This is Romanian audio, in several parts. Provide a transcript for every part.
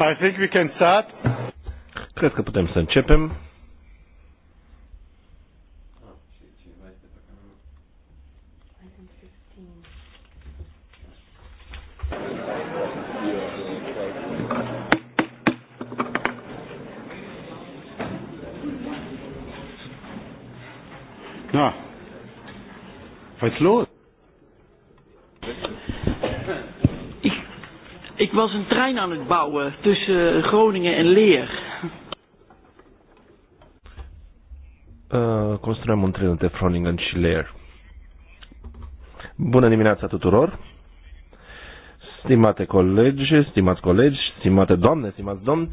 I think we can start. Cred că putem să începem. Na, was los? was een trein aan het bouwen tussen Groningen en Leer. Uh, eh, construim un tren între Groningen și Leer. Bună dimineața tuturor! Stimate colegi, stimați colegi, stimate doamne, stimați domni,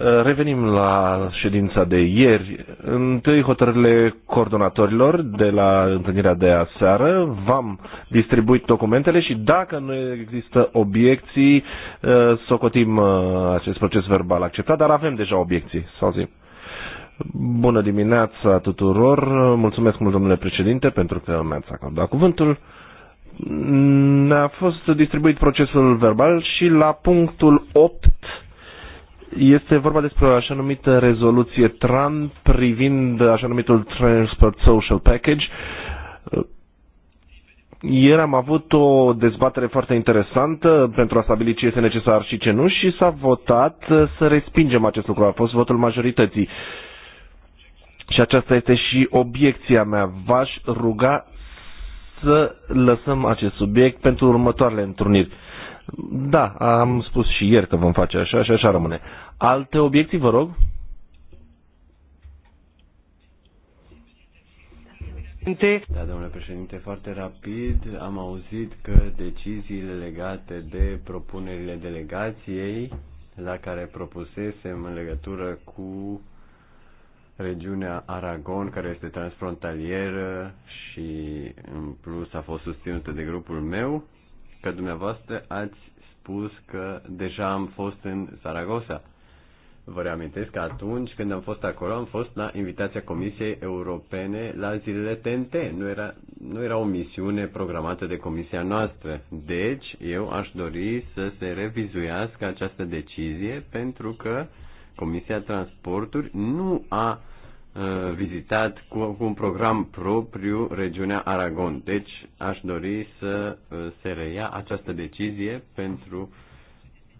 Uh, revenim la ședința de ieri. Întâi hotărârile coordonatorilor de la întâlnirea de aseară. V-am distribuit documentele și dacă nu există obiecții, uh, socotim uh, acest proces verbal acceptat, dar avem deja obiecții, să zi. Bună dimineața tuturor. Mulțumesc mult, domnule președinte, pentru că mi-ați acordat cuvântul. Ne-a fost distribuit procesul verbal și la punctul 8 este vorba despre o așa numită rezoluție TRAN privind așa numitul Transport Social Package. Ieri am avut o dezbatere foarte interesantă pentru a stabili ce este necesar și ce nu și s-a votat să respingem acest lucru. A fost votul majorității. Și aceasta este și obiecția mea. V-aș ruga să lăsăm acest subiect pentru următoarele întruniri. Da, am spus și ieri că vom face așa și așa rămâne. Alte obiectii, vă rog? Da, domnule președinte, foarte rapid am auzit că deciziile legate de propunerile delegației la care propusesem în legătură cu regiunea Aragon, care este transfrontalieră și în plus a fost susținută de grupul meu, că dumneavoastră ați spus că deja am fost în Saragossa. Vă reamintesc că atunci când am fost acolo, am fost la invitația Comisiei Europene la zilele TNT. Nu era, nu era o misiune programată de comisia noastră. Deci, eu aș dori să se revizuiască această decizie pentru că Comisia Transporturi nu a Uh, vizitat cu, un program propriu regiunea Aragon. Deci aș dori să uh, se reia această decizie pentru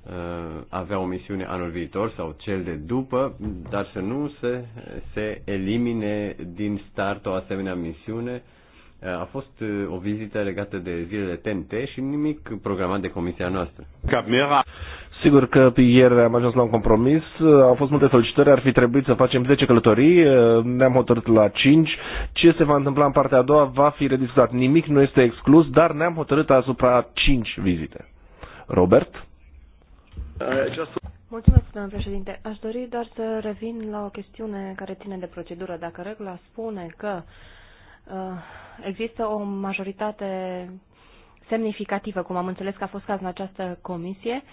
uh, avea o misiune anul viitor sau cel de după, dar să nu se, se elimine din start o asemenea misiune. A fost o vizită legată de zilele TNT și nimic programat de comisia noastră. Camera. Sigur că ieri am ajuns la un compromis, au fost multe solicitări, ar fi trebuit să facem 10 călătorii, ne-am hotărât la 5. Ce se va întâmpla în partea a doua va fi rediscutat. Nimic nu este exclus, dar ne-am hotărât asupra 5 vizite. Robert? Mulțumesc, doamnă președinte. Aș dori doar să revin la o chestiune care ține de procedură. Dacă regula spune că uh, există o majoritate semnificativă, cum am înțeles că a fost caz în această comisie, uh,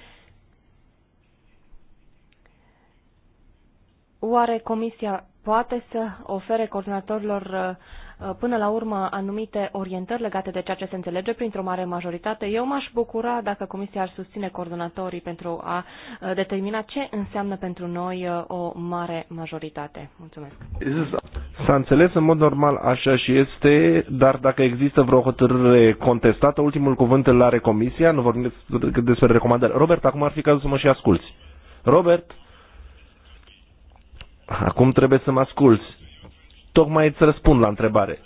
Oare Comisia poate să ofere coordonatorilor uh, uh, până la urmă anumite orientări legate de ceea ce se înțelege printr-o mare majoritate? Eu m-aș bucura dacă Comisia ar susține coordonatorii pentru a uh, determina ce înseamnă pentru noi o mare majoritate. Mulțumesc. S-a înțeles în mod normal așa și este, dar dacă există vreo hotărâre contestată, ultimul cuvânt îl are Comisia, nu vorbim despre recomandări. Robert, acum ar fi cazul să mă și asculți. Robert? Acum trebuie să mă asculți. Tocmai îți răspund la întrebare.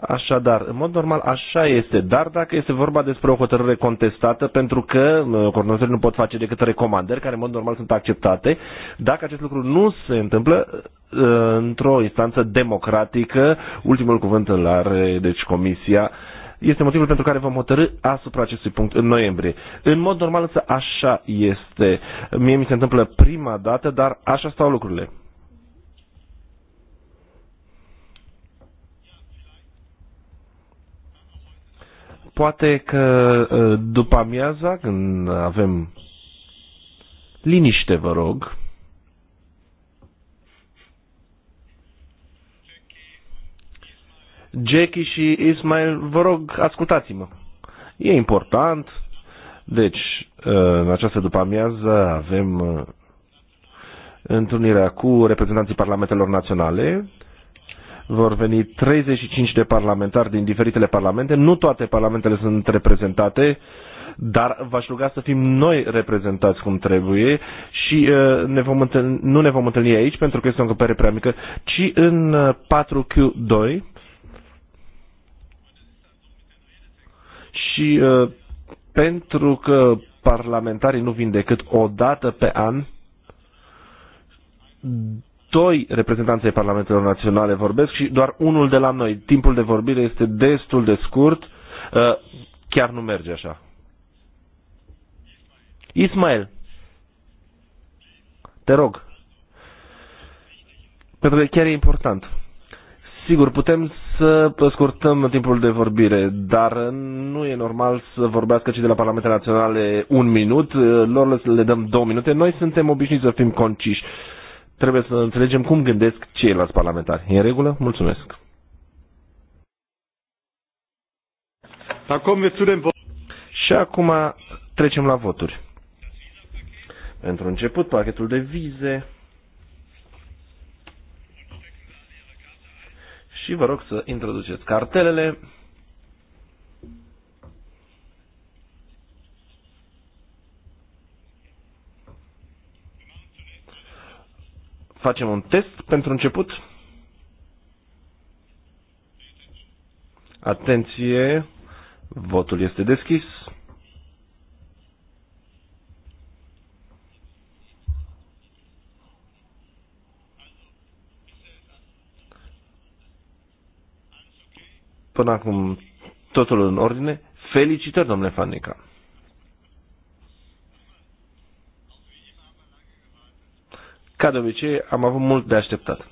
Așadar, în mod normal așa este, dar dacă este vorba despre o hotărâre contestată, pentru că uh, coordonatorii nu pot face decât recomandări care în mod normal sunt acceptate, dacă acest lucru nu se întâmplă uh, într-o instanță democratică, ultimul cuvânt îl are deci Comisia este motivul pentru care vom hotărâ asupra acestui punct în noiembrie. În mod normal însă așa este. Mie mi se întâmplă prima dată, dar așa stau lucrurile. Poate că uh, după amiaza, când avem liniște, vă rog, Jackie și Ismail, vă rog, ascultați-mă. E important. Deci, în această după-amiază avem uh, întâlnirea cu reprezentanții parlamentelor naționale. Vor veni 35 de parlamentari din diferitele parlamente. Nu toate parlamentele sunt reprezentate, dar v-aș ruga să fim noi reprezentați cum trebuie și uh, ne vom întâlni, nu ne vom întâlni aici pentru că este o încăpere prea mică, ci în 4Q2 uh, și uh, pentru că parlamentarii nu vin decât o dată pe an, doi reprezentanții Parlamentelor Naționale vorbesc și doar unul de la noi. Timpul de vorbire este destul de scurt, uh, chiar nu merge așa. Ismail, te rog, pentru că chiar e important. Sigur, putem să scurtăm timpul de vorbire, dar nu e normal să vorbească cei de la Parlamentele Naționale un minut, lor le dăm două minute. Noi suntem obișnuiți să fim conciși. Trebuie să înțelegem cum gândesc ceilalți parlamentari. E în regulă? Mulțumesc. Acum Și acum trecem la voturi. Pentru început, pachetul de vize. și vă rog să introduceți cartelele. Facem un test pentru început. Atenție, votul este deschis. Până acum totul în ordine. Felicitări, domnule Fanica. Ca de obicei, am avut mult de așteptat.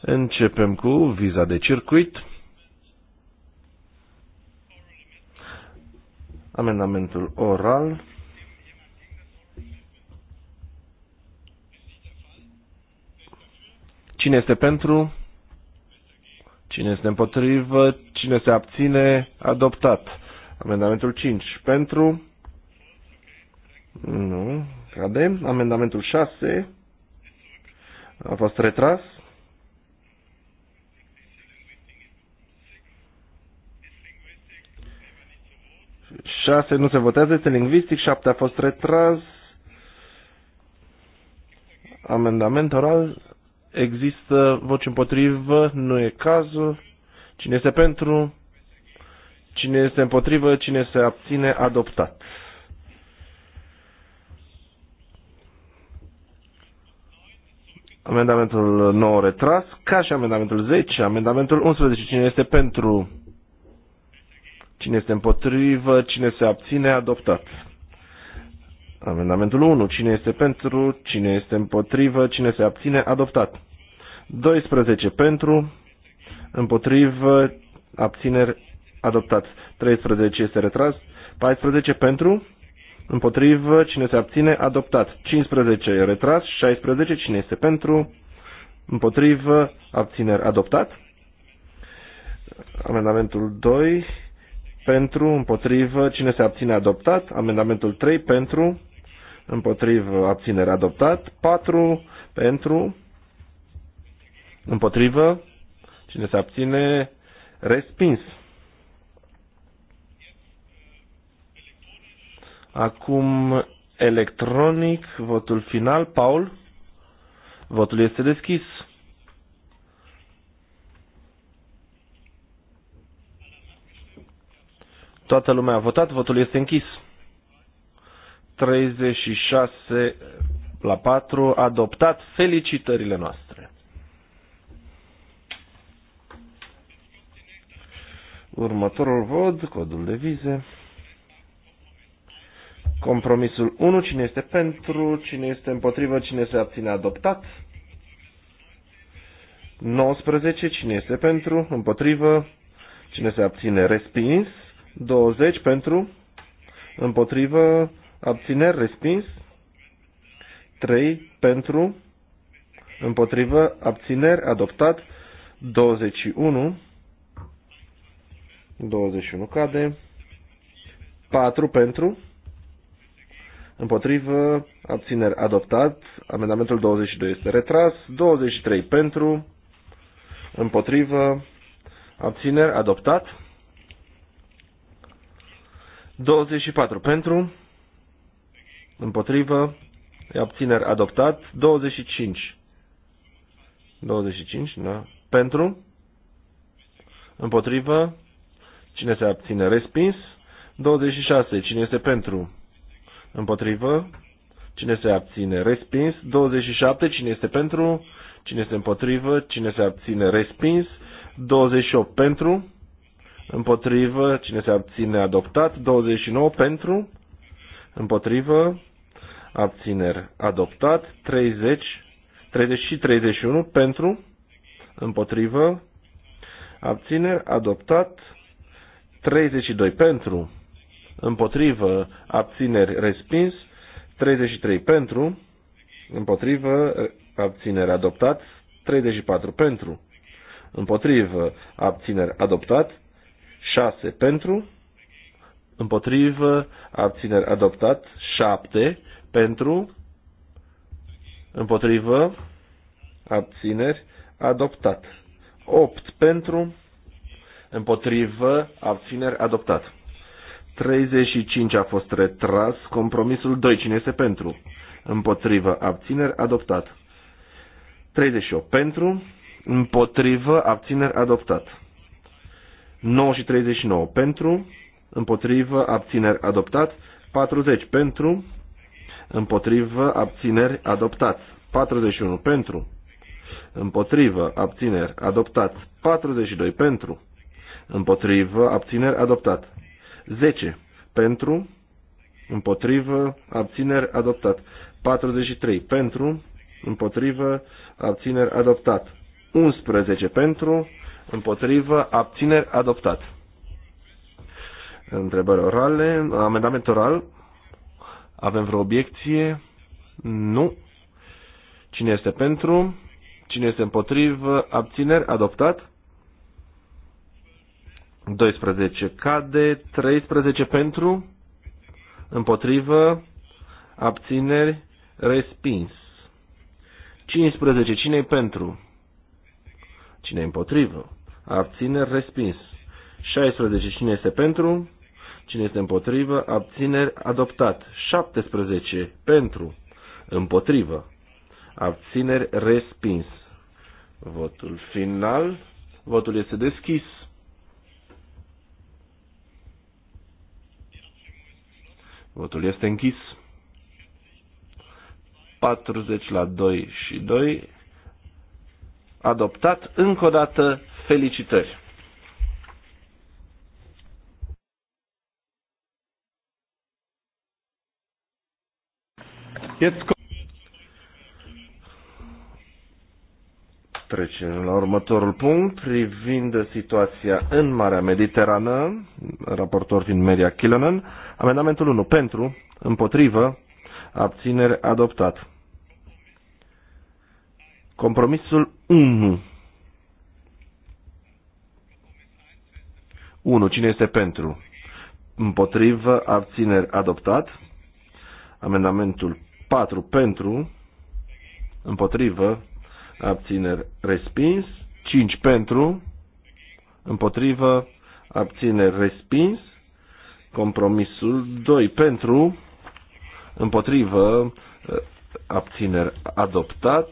Începem cu viza de circuit. Amendamentul oral. Cine este pentru? Cine este împotrivă? Cine se abține? Adoptat. Amendamentul 5. Pentru? Nu. Cade. Amendamentul 6. A fost retras. Șase nu se votează, este lingvistic, șapte a fost retras. Amendament oral Există voci împotrivă? Nu e cazul. Cine este pentru? Cine este împotrivă? Cine se abține? Adoptat. Amendamentul 9 retras, ca și amendamentul 10, amendamentul 11. Cine este pentru? Cine este împotrivă? Cine se abține? Adoptat. Amendamentul 1. Cine este pentru? Cine este împotrivă? Cine se abține? Adoptat. 12 pentru, împotrivă, abțineri, adoptat. 13 este retras. 14 pentru, împotrivă, cine se abține, adoptat. 15 retras. 16 cine este pentru, împotrivă, abțineri, adoptat. Amendamentul 2 pentru, împotrivă, cine se abține adoptat, amendamentul 3 pentru, împotrivă, abținere adoptat, 4 pentru, împotrivă, cine se abține, respins. Acum electronic, votul final, Paul, votul este deschis. Toată lumea a votat, votul este închis. 36 la 4 adoptat. Felicitările noastre! Următorul vot, codul de vize. Compromisul 1, cine este pentru, cine este împotrivă, cine se abține adoptat. 19, cine este pentru, împotrivă, cine se abține respins. 20 pentru, împotrivă, abțineri, respins. 3 pentru, împotrivă, abțineri, adoptat. 21, 21 cade. 4 pentru, împotrivă, abțineri, adoptat. Amendamentul 22 este retras. 23 pentru, împotrivă, abțineri, adoptat. 24 pentru, Împotrivă. Abțineri adoptat. 25. 25, da. Pentru. Împotrivă. Cine se abține? Respins. 26. Cine este pentru? Împotrivă. Cine se abține? Respins. 27. Cine este pentru? Cine este împotrivă? Cine se abține? Respins. 28 pentru. Împotrivă. Cine se abține? Adoptat. 29 pentru. Împotrivă abțineri adoptat, 30, 30 și 31 pentru, împotrivă, abțineri adoptat, 32 pentru, împotrivă, abțineri respins, 33 pentru, împotrivă, abțineri adoptat, 34 pentru, împotrivă, abțineri adoptat, 6 pentru, împotrivă, abțineri adoptat, 7 pentru, împotrivă, abțineri, adoptat. 8 pentru, împotrivă, abțineri, adoptat. 35 a fost retras, compromisul 2, cine este pentru? Împotrivă, abțineri, adoptat. 38 pentru, împotrivă, abțineri, adoptat. 9 și 39 pentru, împotrivă, abțineri, adoptat. 40 pentru, împotrivă, abțineri, adoptați. 41 pentru, împotrivă, abțineri, adoptați. 42 pentru, împotrivă, abțineri, adoptat. 10 pentru, împotrivă, abțineri, adoptat. 43 pentru, împotrivă, abțineri, adoptat. 11 pentru, împotrivă, abțineri, adoptat. Întrebări orale, amendament oral, avem vreo obiecție? Nu. Cine este pentru? Cine este împotrivă? Abțineri? Adoptat? 12 cade, 13 pentru, împotrivă, abțineri, respins. 15. Cine-i pentru? cine împotrivă? Abțineri, respins. 16. Cine este pentru? Cine este împotrivă? Abțineri. Adoptat. 17. Pentru. Împotrivă. Abțineri. Respins. Votul final. Votul este deschis. Votul este închis. 40 la 2 și 2. Adoptat. Încă o dată, felicitări! Jetzt Trecem la următorul punct privind situația în Marea Mediterană, raportor din Media Kilonen, amendamentul 1 pentru, împotrivă, abținere adoptat. Compromisul 1. 1. Cine este pentru? Împotrivă, abțineri adoptat. Amendamentul 4 pentru, împotrivă, abțineri respins, 5 pentru, împotrivă, abțineri respins, compromisul 2 pentru, împotrivă, abțineri adoptat,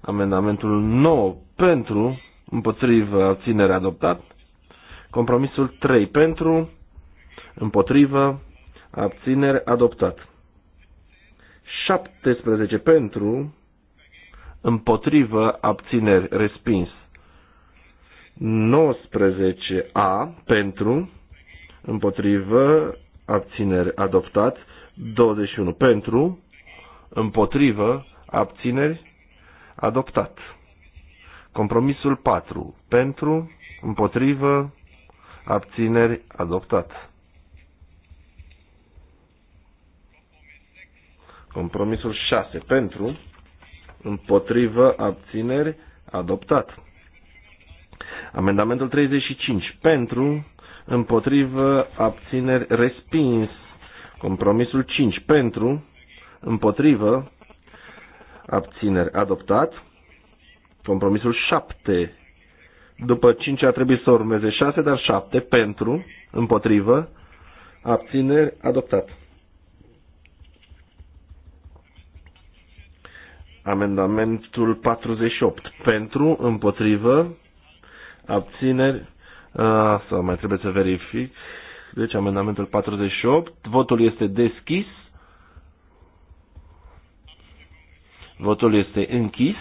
amendamentul 9 pentru, împotrivă, abțineri adoptat, compromisul 3 pentru, împotrivă, abțineri adoptat. 17 pentru, împotrivă, abțineri, respins. 19A pentru, împotrivă, abțineri, adoptat. 21 pentru, împotrivă, abțineri, adoptat. Compromisul 4 pentru, împotrivă, abțineri, adoptat. Compromisul 6 pentru, împotrivă, abțineri, adoptat. Amendamentul 35 pentru, împotrivă, abțineri, respins. Compromisul 5 pentru, împotrivă, abțineri, adoptat. Compromisul 7 după 5 a trebuit să urmeze 6, dar 7 pentru, împotrivă, abțineri, adoptat. Amendamentul 48. Pentru, împotrivă, abțineri, Asta sau mai trebuie să verific. Deci amendamentul 48. Votul este deschis. Votul este închis.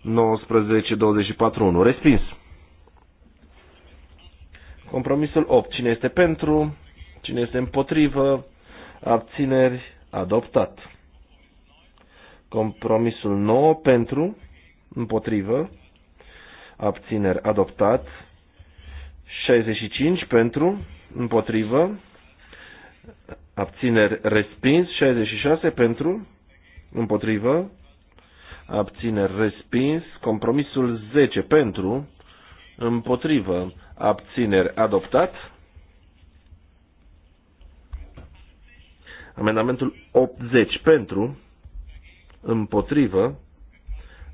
19, 24, 1. Respins. Compromisul 8. Cine este pentru? Cine este împotrivă? abțineri, adoptat. Compromisul 9 pentru, împotrivă, abțineri, adoptat. 65 pentru, împotrivă, abțineri, respins. 66 pentru, împotrivă, abțineri, respins. Compromisul 10 pentru, împotrivă, abțineri, adoptat. Amendamentul 80 pentru, împotrivă,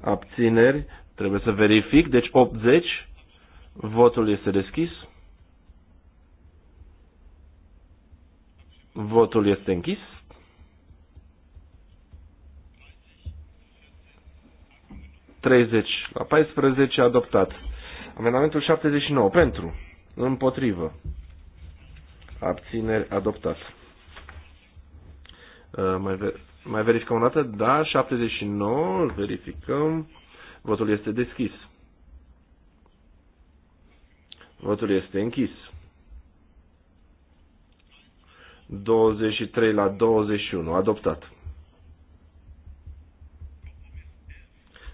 abțineri, trebuie să verific, deci 80, votul este deschis, votul este închis. 30 la 14 adoptat. Amendamentul 79 pentru, împotrivă, abțineri adoptat. Uh, mai, ver, mai verificăm o dată? Da, 79, verificăm. Votul este deschis. Votul este închis. 23 la 21, adoptat.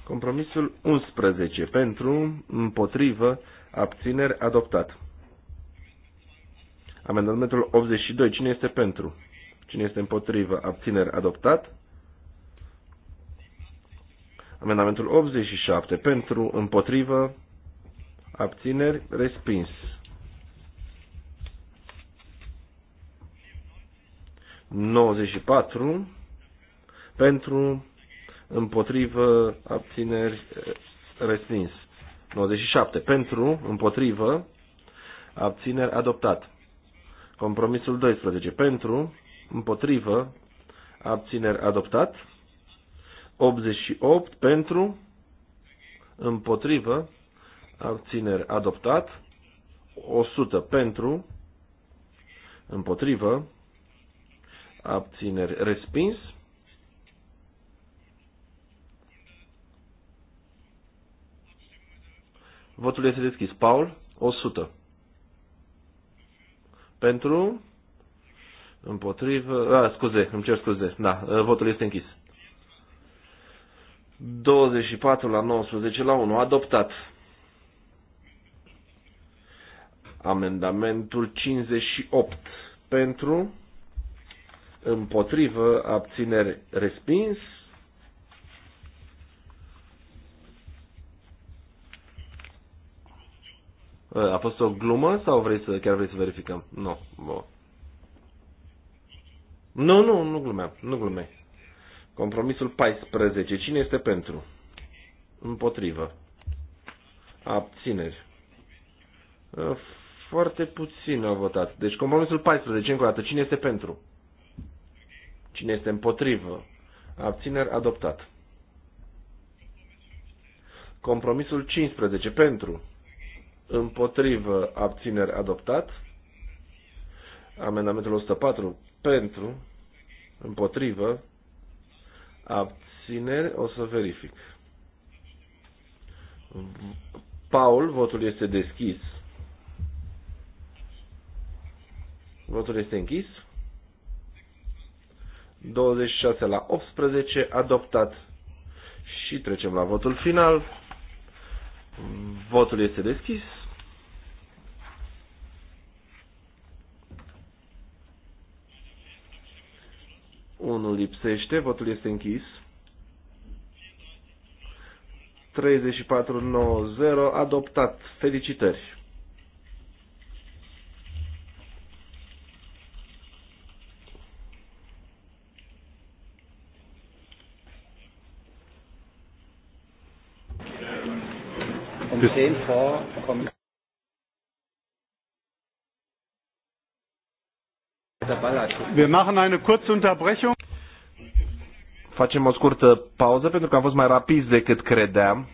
Compromisul 11 pentru, împotrivă, abțineri, adoptat. Amendamentul 82, cine este pentru? Cine este împotrivă? Abțineri adoptat. Amendamentul 87 pentru, împotrivă, abțineri, respins. patru pentru, împotrivă, abțineri, respins. 97 pentru, împotrivă, abțineri, adoptat. Compromisul 12 pentru, împotrivă, abțineri adoptat, 88 pentru, împotrivă, abțineri adoptat, 100 pentru, împotrivă, abțineri respins, 100. Votul este deschis. Paul, 100. Pentru Împotrivă. A, scuze, îmi cer scuze. Da, votul este închis. 24 la 19 la 1. Adoptat. Amendamentul 58 pentru, împotrivă, abținere, respins. A fost o glumă sau vrei să, chiar vrei să verificăm? Nu. Bun. Nu, nu, nu glumeam, nu glumeam. Compromisul 14. Cine este pentru? Împotrivă. Abțineri. Foarte puțin au votat. Deci compromisul 14, încă o dată, cine este pentru? Cine este împotrivă? Abțineri adoptat. Compromisul 15, pentru. Împotrivă, abțineri adoptat. Amendamentul 104, pentru. Împotrivă. Abțineri. O să verific. Paul, votul este deschis. Votul este închis. 26 la 18, adoptat. Și trecem la votul final. Votul este deschis. 1 lipsește, votul este închis. 34.90 adoptat. Felicitări! Wir machen eine kurze Unterbrechung. Facem o scurtă pauză pentru că am fost mai rapid decât credeam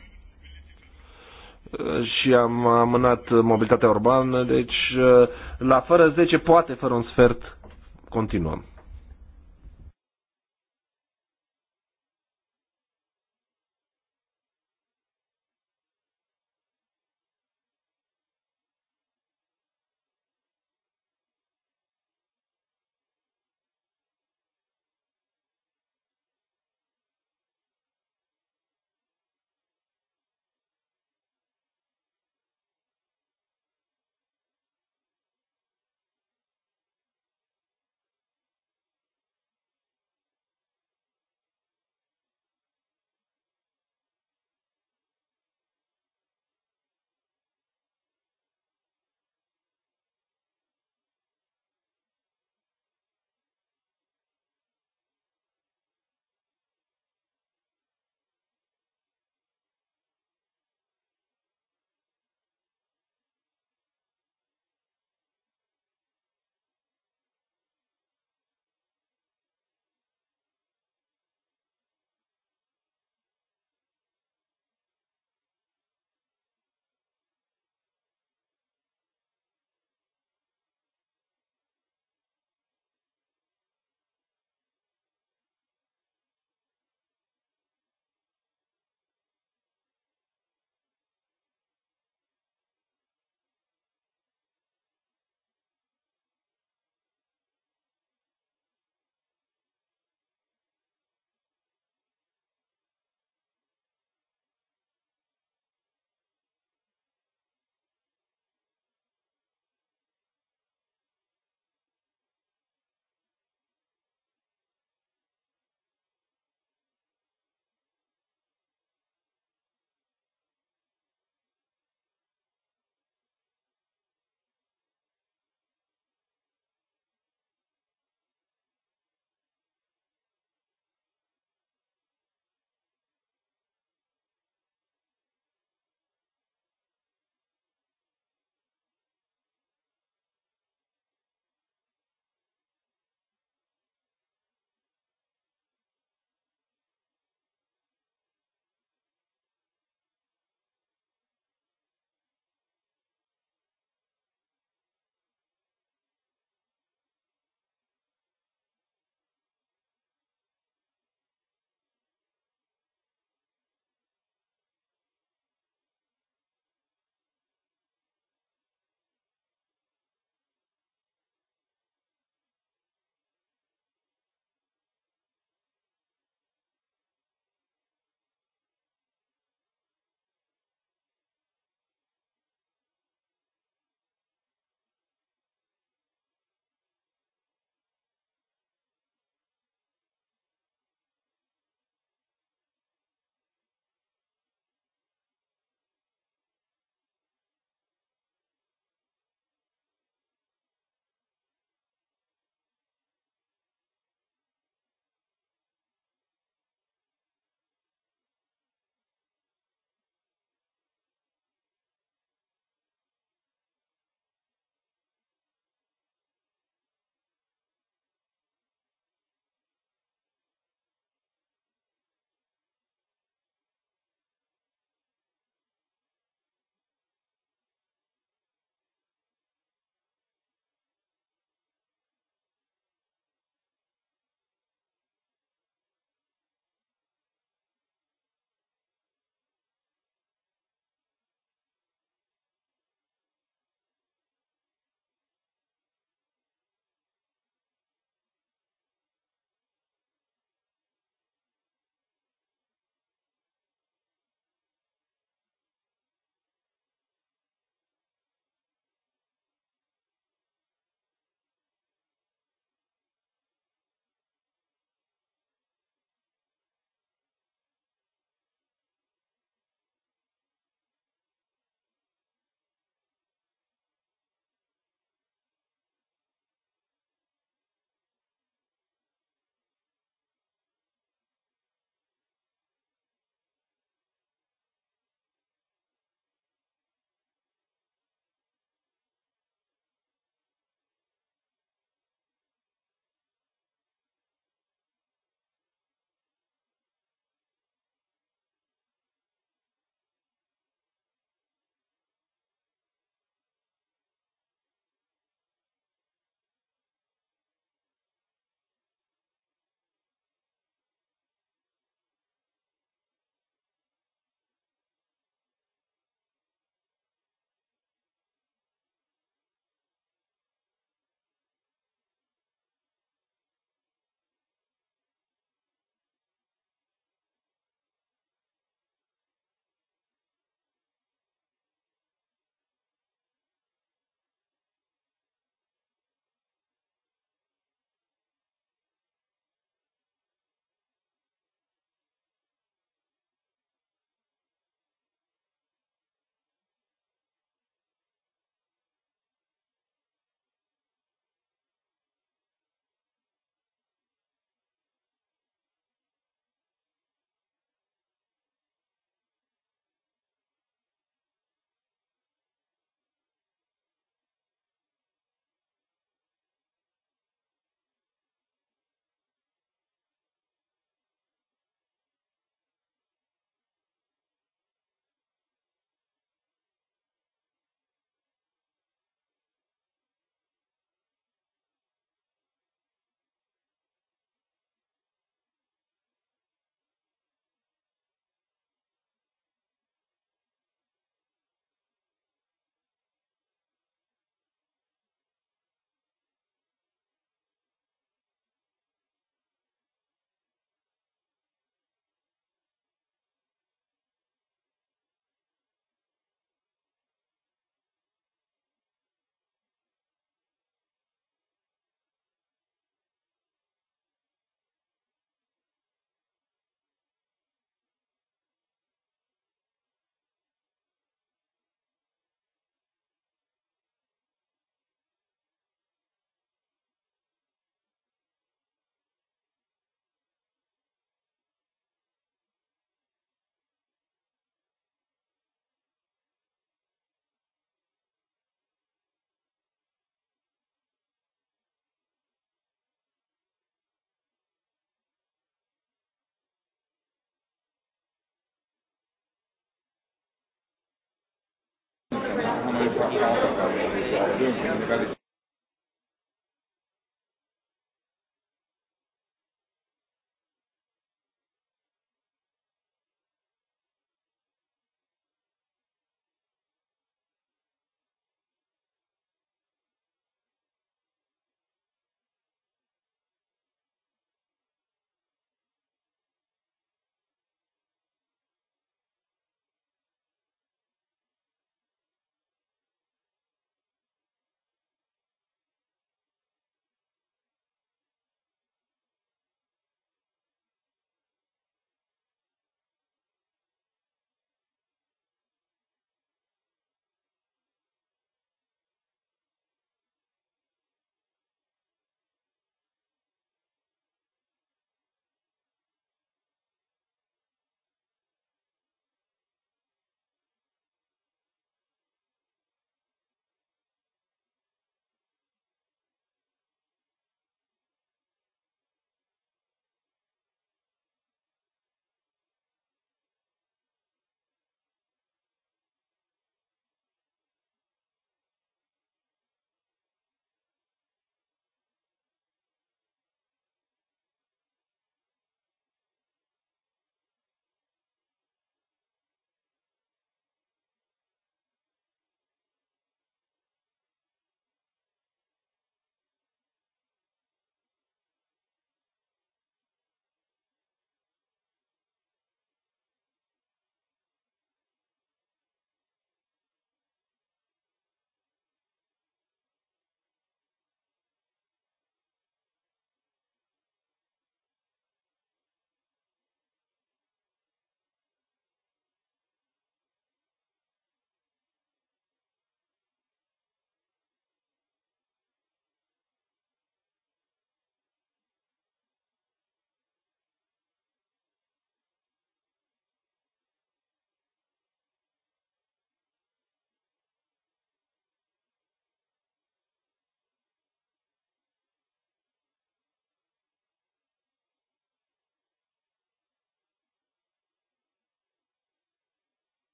uh, și am amânat mobilitatea urbană, deci uh, la fără 10 poate, fără un sfert, continuăm.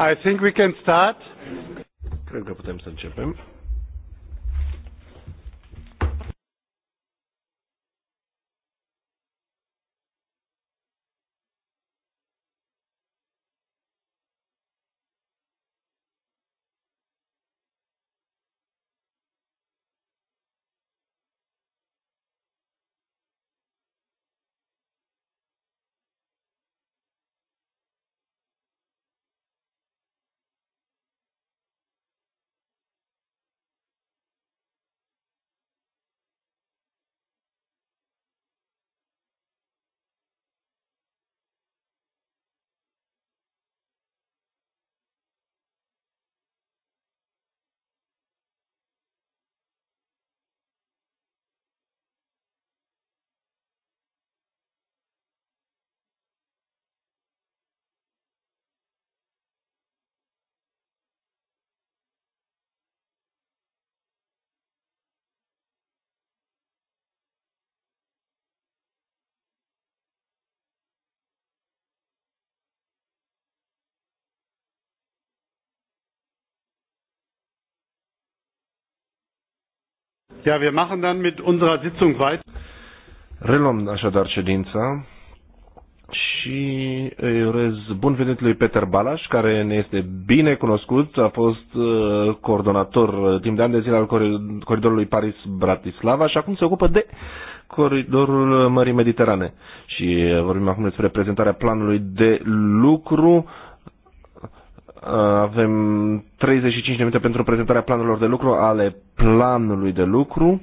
I think we can start. Cred că putem să începem. Ja, wir machen dann mit unserer Sitzung weiter. Reluăm așadar ședința și îi urez bun venit lui Peter Balas, care ne este bine cunoscut, a fost uh, coordonator uh, timp de ani de zile al coridorului Paris-Bratislava și acum se ocupă de coridorul uh, Mării Mediterane. Și vorbim acum despre prezentarea planului de lucru Uh, avem 35 de minute pentru prezentarea planurilor de lucru ale planului de lucru.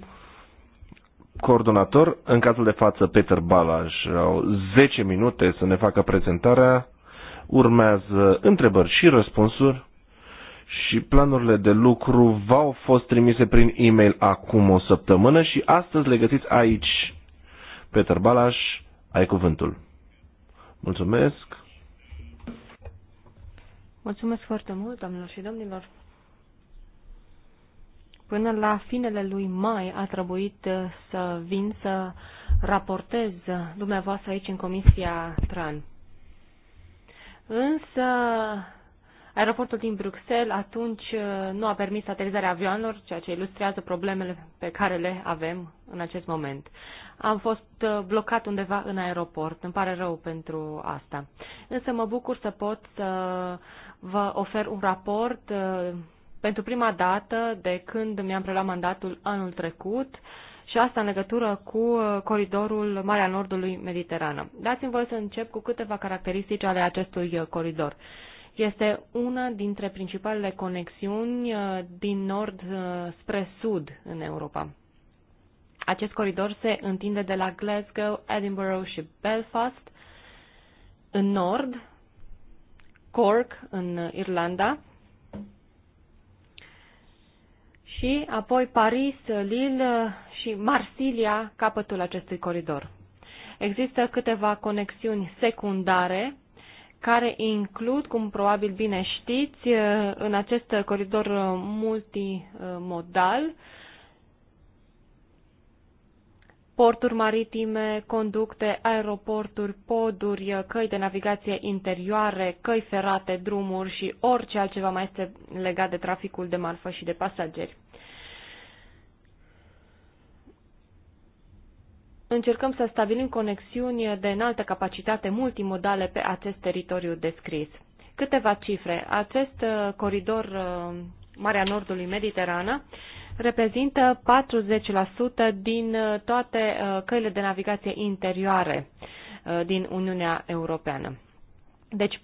Coordonator, în cazul de față, Peter Balaj, au 10 minute să ne facă prezentarea. Urmează întrebări și răspunsuri și planurile de lucru v-au fost trimise prin e-mail acum o săptămână și astăzi le găsiți aici. Peter Balaj, ai cuvântul. Mulțumesc. Mulțumesc foarte mult, doamnelor și domnilor. Până la finele lui mai a trebuit uh, să vin să raportez uh, dumneavoastră aici în Comisia TRAN. Însă aeroportul din Bruxelles atunci uh, nu a permis aterizarea avioanelor, ceea ce ilustrează problemele pe care le avem în acest moment. Am fost blocat undeva în aeroport, îmi pare rău pentru asta. Însă mă bucur să pot să vă ofer un raport uh, pentru prima dată de când mi-am preluat mandatul anul trecut și asta în legătură cu uh, coridorul Marea Nordului Mediterană. Dați-mi voi să încep cu câteva caracteristici ale acestui uh, coridor. Este una dintre principalele conexiuni din nord spre sud în Europa. Acest coridor se întinde de la Glasgow, Edinburgh și Belfast în nord Cork, în Irlanda, și apoi Paris, Lille și Marsilia, capătul acestui coridor. Există câteva conexiuni secundare care includ, cum probabil bine știți, în acest coridor multimodal, porturi maritime, conducte, aeroporturi, poduri, căi de navigație interioare, căi ferate, drumuri și orice altceva mai este legat de traficul de marfă și de pasageri. Încercăm să stabilim conexiuni de înaltă capacitate multimodale pe acest teritoriu descris. Câteva cifre. Acest uh, coridor uh, Marea Nordului Mediterană reprezintă 40% din uh, toate uh, căile de navigație interioare uh, din Uniunea Europeană. Deci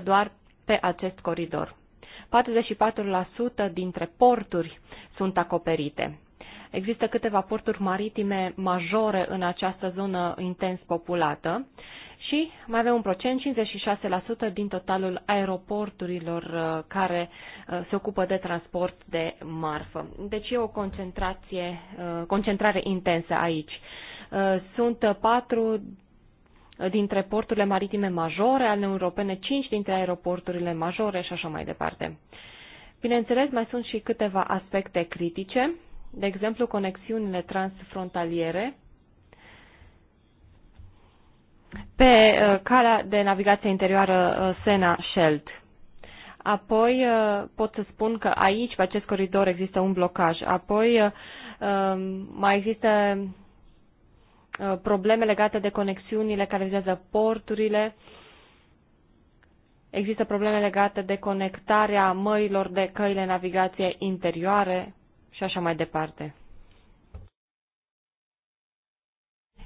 40% doar pe acest coridor. 44% dintre porturi sunt acoperite. Există câteva porturi maritime majore în această zonă intens populată și mai avem un procent, 56% din totalul aeroporturilor uh, care uh, se ocupă de transport de marfă. Deci e o concentrație, uh, concentrare intensă aici. Sunt patru dintre porturile maritime majore ale europene, cinci dintre aeroporturile majore și așa mai departe. Bineînțeles, mai sunt și câteva aspecte critice, de exemplu conexiunile transfrontaliere, pe uh, calea de navigație interioară uh, Sena-Sheld. Apoi uh, pot să spun că aici, pe acest coridor, există un blocaj. Apoi um, mai există probleme legate de conexiunile care vizează porturile. Există probleme legate de conectarea mărilor de căile navigație interioare și așa mai departe.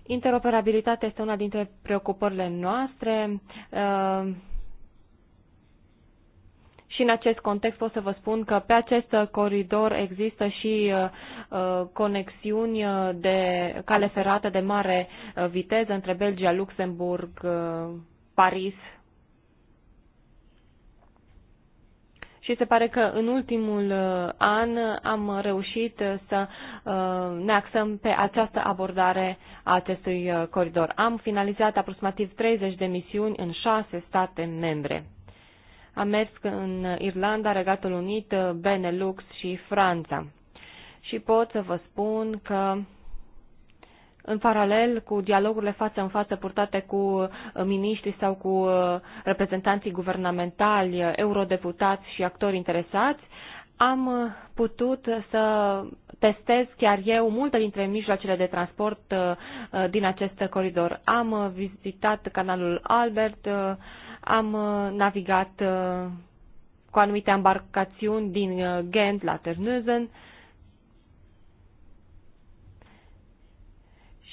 Interoperabilitatea este una dintre preocupările noastre. Uh, și în acest context pot să vă spun că pe acest coridor există și uh, uh, conexiuni de cale ferată de mare viteză între Belgia, Luxemburg, Paris și se pare că în ultimul uh, an am reușit uh, să uh, ne axăm pe această abordare a acestui coridor. Am finalizat aproximativ 30 de misiuni în șase state membre. Am mers în Irlanda, Regatul Unit, Benelux și Franța. Și pot să vă spun că în paralel cu dialogurile față în față purtate cu uh, miniștri sau cu uh, reprezentanții guvernamentali, uh, eurodeputați și actori interesați, am putut să testez chiar eu multe dintre mijloacele de transport din acest coridor. Am vizitat canalul Albert, am navigat cu anumite embarcațiuni din Ghent la Terneuzen,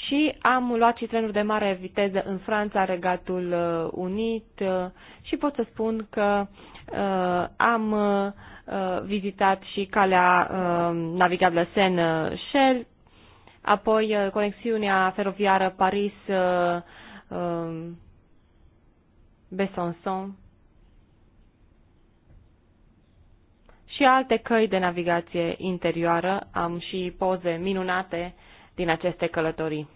și am luat și trenuri de mare viteză în Franța, Regatul uh, Unit uh, și pot să spun că uh, am uh, uh vizitat și calea uh, navigabilă Seine-Shell, apoi uh, conexiunea feroviară Paris uh, uh, Besançon și alte căi de navigație interioară. Am și poze minunate uh, din aceste călătorii.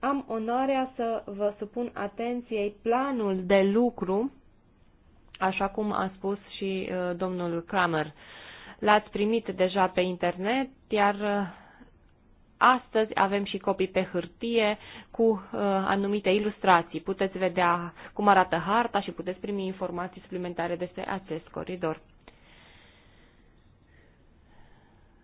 Am onoarea să vă supun atenției planul de lucru, așa cum a spus și uh, domnul Kramer. L-ați primit deja pe internet, iar uh, astăzi avem și copii pe hârtie cu uh, anumite ilustrații. Puteți vedea cum arată harta și puteți primi informații suplimentare despre acest coridor.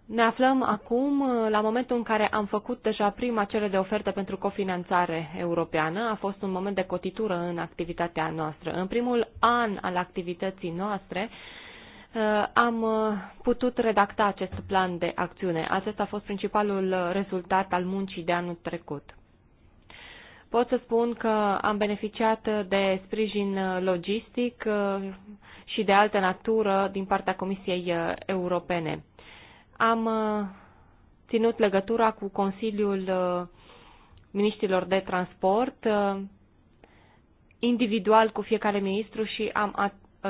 Ne aflăm acum uh, la momentul în care am făcut deja prima cele de ofertă pentru cofinanțare europeană. A fost un moment de cotitură în activitatea noastră. În primul an al activității noastre uh, am uh, putut redacta acest plan de acțiune. Acesta a fost principalul rezultat al muncii de anul trecut. Pot să spun că am beneficiat de sprijin logistic și de altă natură din partea Comisiei Europene am uh, ținut legătura cu Consiliul uh, Ministrilor de Transport, uh, individual cu fiecare ministru și am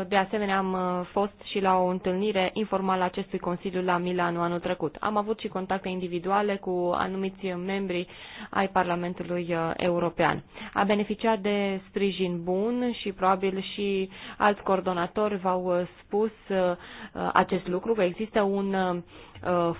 de asemenea, am uh, fost și la o întâlnire informală a acestui Consiliu la Milano anul trecut. Am avut și contacte individuale cu anumiți membri ai Parlamentului uh, European. A beneficiat de sprijin bun și probabil și alți coordonatori v-au uh, spus acest lucru, că există un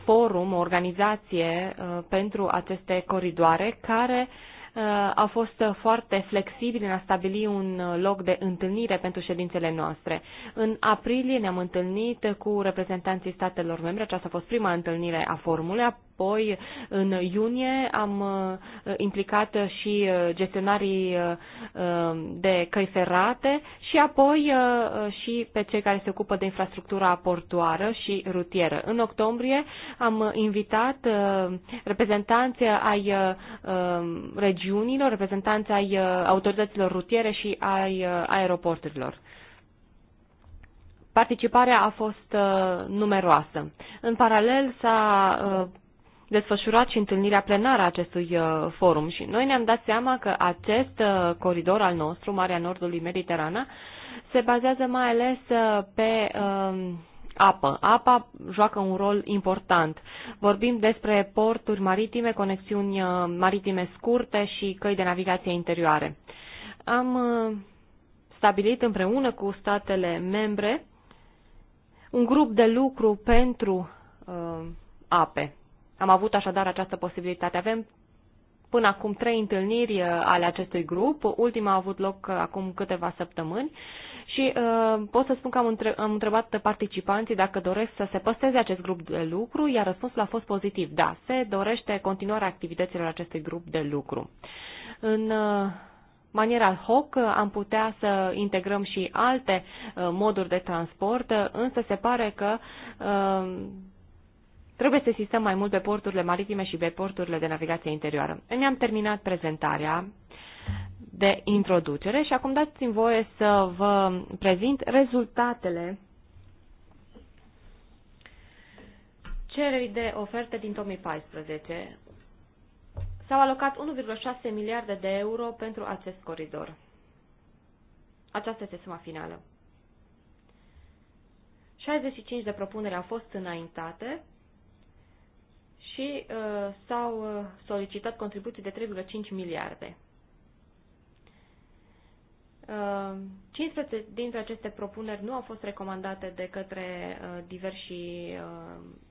forum, o organizație pentru aceste coridoare care uh, Uh, a fost foarte flexibil în a stabili un loc de întâlnire pentru ședințele noastre. În aprilie ne-am întâlnit cu reprezentanții statelor membre, aceasta a fost prima întâlnire a formulei, Apoi, în iunie, am uh, implicat și uh, gestionarii uh, de căi ferate și apoi și pe cei care se ocupă de infrastructura portoară și rutieră. În octombrie am invitat reprezentanții ai regiunilor, reprezentanții ai autorităților rutiere și ai aeroporturilor. Participarea a fost numeroasă. În paralel s-a desfășurat și întâlnirea plenară a acestui uh, forum și noi ne-am dat seama că acest uh, coridor al nostru, Marea Nordului Mediterana, se bazează mai ales uh, pe um, apă. Apa joacă un rol important. Vorbim despre porturi maritime, conexiuni maritime scurte și căi de navigație interioare. Am stabilit împreună cu statele membre un grup de lucru pentru uh, ape. Am avut așadar această posibilitate. Avem până acum trei întâlniri uh, ale acestui grup. Ultima a avut loc uh, acum câteva săptămâni și uh, pot să spun că am, între- am întrebat participanții dacă doresc să se păsteze acest grup de lucru, iar răspunsul a fost pozitiv. Da, se dorește continuarea activităților acestui grup de lucru. În uh, maniera hoc uh, am putea să integrăm și alte uh, moduri de transport, însă se pare că uh, Trebuie să existăm mai mult pe porturile maritime și pe porturile de navigație interioară. Ne-am terminat prezentarea de introducere și acum dați-mi voie să vă prezint rezultatele cererii de oferte din 2014. S-au alocat 1,6 miliarde de euro pentru acest coridor. Aceasta este suma finală. 65 de propuneri au fost înaintate și uh, s-au uh, solicitat contribuții de 3,5 miliarde. 15 uh, dintre aceste propuneri nu au fost recomandate de către uh, diversi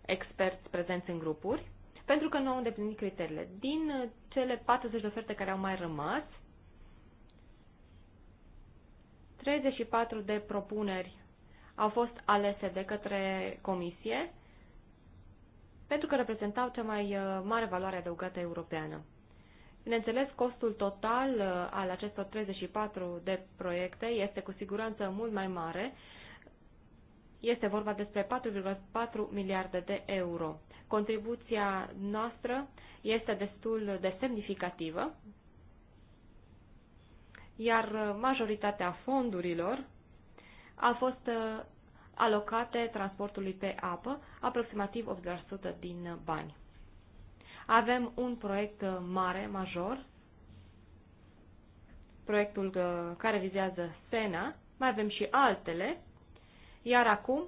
experți prezenți în grupuri, pentru că nu au îndeplinit criteriile. Din cele 40 de oferte care au mai rămas, 34 de propuneri au fost alese de către comisie pentru că reprezentau cea mai uh, mare valoare adăugată europeană. Bineînțeles, costul total uh, al acestor 34 de proiecte este cu siguranță mult mai mare. Este vorba despre 4,4 miliarde de euro. Contribuția noastră este destul de semnificativă, iar uh, majoritatea fondurilor a fost alocate transportului pe apă, aproximativ 80% din bani. Avem un proiect uh, mare, major, proiectul uh, care vizează Sena, mai avem și altele, iar acum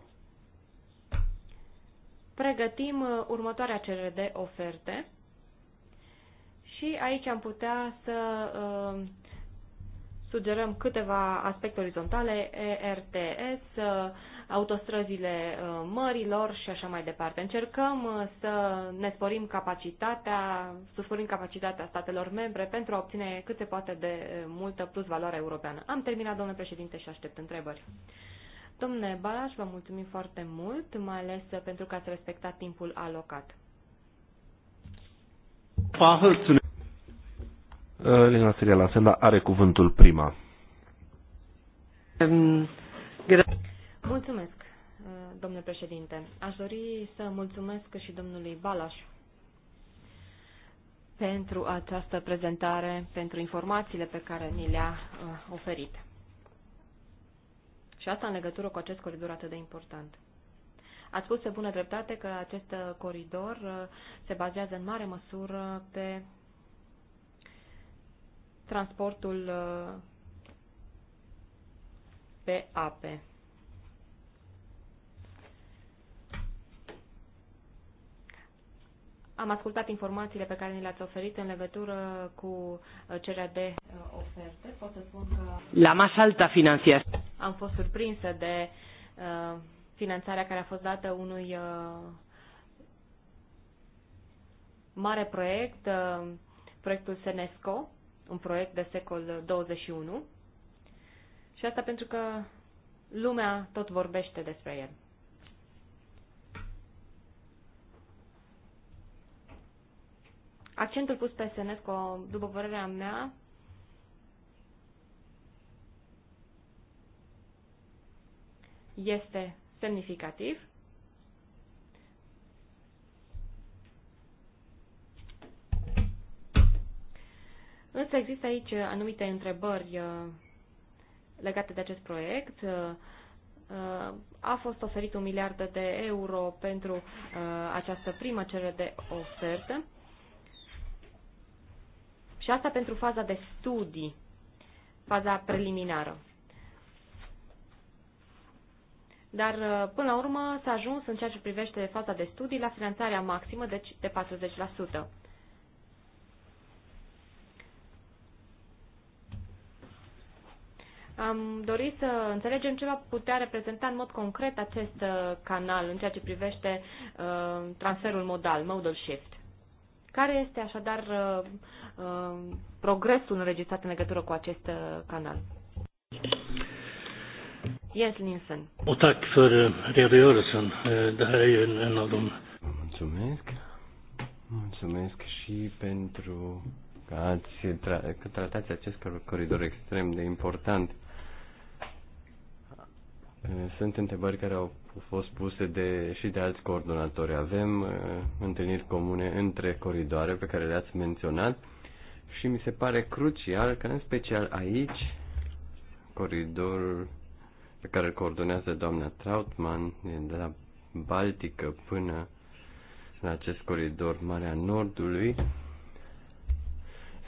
pregătim uh, următoarea cerere de oferte și aici am putea să sugerăm câteva aspecte orizontale, ERTS, autostrăzile uh, mărilor și așa mai departe. Încercăm uh, să ne sporim capacitatea, să sporim capacitatea statelor membre pentru a obține cât se poate de uh, multă plus valoare europeană. Am terminat, domnule președinte, și aștept întrebări. Domnule Balaș, vă mulțumim foarte mult, mai ales pentru că ați respectat timpul alocat. Lina Siria Lasenda are cuvântul prima. Um, Mulțumesc, domnule președinte. Aș dori să mulțumesc și domnului Balaș pentru această prezentare, pentru informațiile pe care ni le-a uh, oferit. Și asta în legătură cu acest coridor atât de important. Ați spus pe bună dreptate că acest coridor uh, se bazează în mare măsură pe transportul uh, pe ape. Am ascultat informațiile pe care ni le-ați oferit în legătură cu uh, cererea de uh, oferte. Pot să spun că... La mai alta financiar. Am fost surprinsă de uh, finanțarea care a fost dată unui uh, mare proiect, uh, proiectul Senesco, un proiect de secol 21. Și asta pentru că lumea tot vorbește despre el. Accentul pus pe Senesco, după părerea mea, este semnificativ. Însă există aici anumite întrebări uh, legate de acest proiect. Uh, uh, a fost oferit un miliard de euro pentru această primă cerere de ofertă. Și asta pentru faza de studii, faza preliminară. Dar, uh, până la urmă, s-a ajuns în ceea ce privește faza de studii la finanțarea maximă, deci de 40%. Am dorit să înțelegem ce va putea reprezenta în mod concret acest uh, canal în ceea ce privește uh, transferul modal, modal shift. Care este așadar uh, uh, progresul înregistrat în legătură cu acest uh, canal? Jens Nielsen. O tac för eh, redogörelsen. Eh, det här är ju en, en av de... Mulțumesc. Mulțumesc și pentru că ați tra- că tratați acest coridor extrem de important. Sunt întrebări care au fost puse de, și de alți coordonatori. Avem uh, întâlniri comune între coridoare pe care le-ați menționat și mi se pare crucial că în special aici coridorul pe care îl coordonează doamna Trautman de la Baltică până la acest coridor Marea Nordului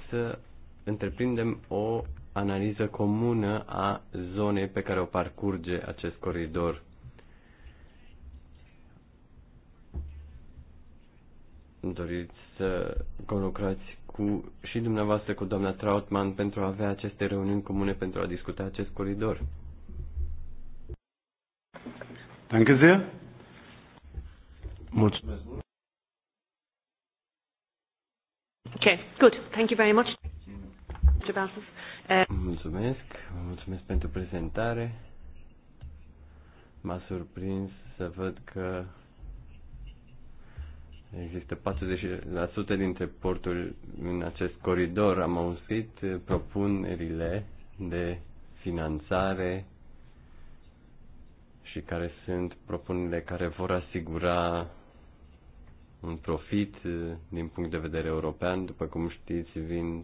să întreprindem o analiză comună a zonei pe care o parcurge acest coridor. Doriți să conlucrați cu, și dumneavoastră cu doamna Trautman pentru a avea aceste reuniuni comune pentru a discuta acest coridor. Danke sehr. Mulțumesc. Okay, good. Thank you very much. Mr. Bassis. Mulțumesc, vă mulțumesc pentru prezentare. M-a surprins să văd că există 40% dintre porturi în acest coridor. Am auzit propunerile de finanțare și care sunt propunerile care vor asigura un profit eh, din punct de vedere european. După cum știți, vin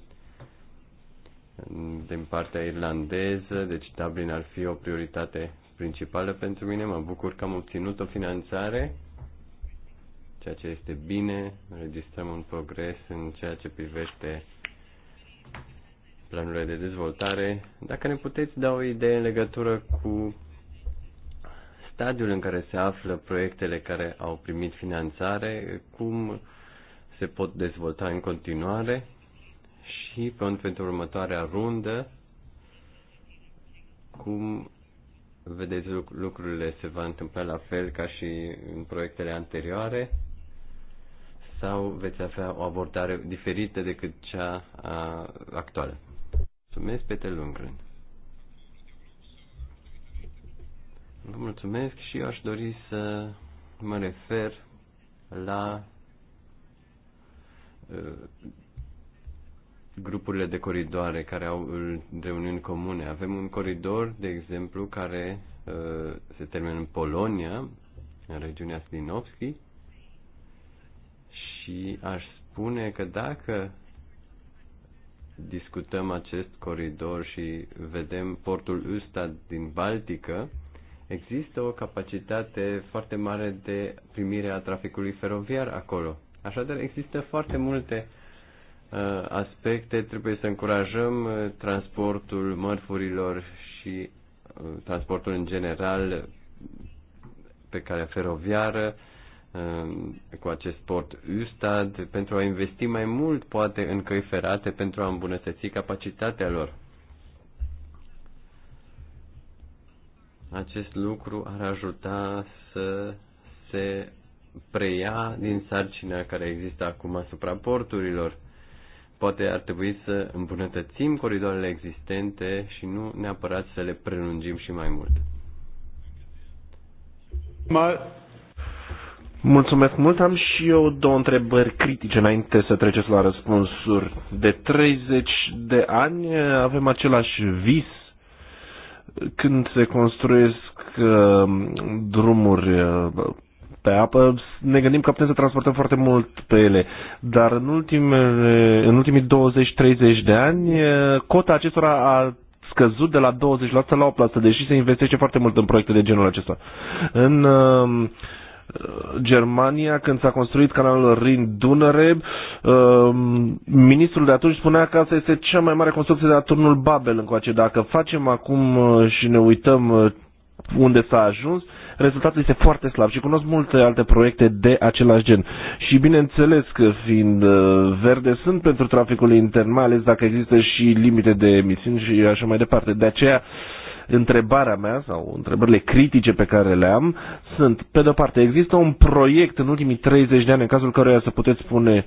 din partea irlandeză, deci Dublin ar fi o prioritate principală pentru mine. Mă bucur că am obținut o finanțare, ceea ce este bine. Registrăm un progres în ceea ce privește planurile de dezvoltare. Dacă ne puteți da o idee în legătură cu stadiul în care se află proiectele care au primit finanțare, cum se pot dezvolta în continuare și pentru următoarea rundă cum vedeți lucrurile se va întâmpla la fel ca și în proiectele anterioare sau veți avea o abordare diferită decât cea a, actuală. Mulțumesc, Peter Lundgren. Vă mulțumesc și eu aș dori să mă refer la uh, grupurile de coridoare care au reuniuni comune. Avem un coridor, de exemplu, care uh, se termină în Polonia, în regiunea Slinovski, și aș spune că dacă discutăm acest coridor și vedem portul ăsta din Baltică, există o capacitate foarte mare de primire a traficului feroviar acolo. Așadar, există foarte multe uh, Uh, aspecte, trebuie să încurajăm uh, transportul mărfurilor și uh, transportul în general pe care feroviară cu acest port Ustad pentru a investi mai mult poate în căi ferate pentru a îmbunătăți capacitatea lor. Acest lucru ar ajuta să se preia din sarcina care există acum asupra porturilor Poate ar trebui să îmbunătățim coridoarele existente și nu neapărat să le prelungim și mai mult. Mulțumesc mult. Am și eu două întrebări critice înainte să treceți la răspunsuri. De 30 de ani avem același vis când se construiesc uh, drumuri uh, pe apă, ne gândim că putem să transportăm foarte mult pe ele. Dar în, ultimele, în ultimii 20-30 de ani, eh, cota acestora a scăzut de la 20% la 8%, deși se investește foarte mult în proiecte de genul acesta. În uh, Germania, când s-a construit canalul Rin-Dunăre, uh, ehm, ministrul de atunci spunea că asta este cea mai mare construcție de la turnul Babel încoace. Dacă facem acum eh, și ne uităm eh, unde s-a ajuns, rezultatul este foarte slab și cunosc multe alte proiecte de același gen. Și bineînțeles că fiind uh, verde sunt pentru traficul intern, mai ales dacă există și limite de emisiuni și așa mai departe. De aceea întrebarea mea sau întrebările critice pe care le am sunt, pe de-o parte, există un proiect în ultimii 30 de ani în cazul căruia să puteți spune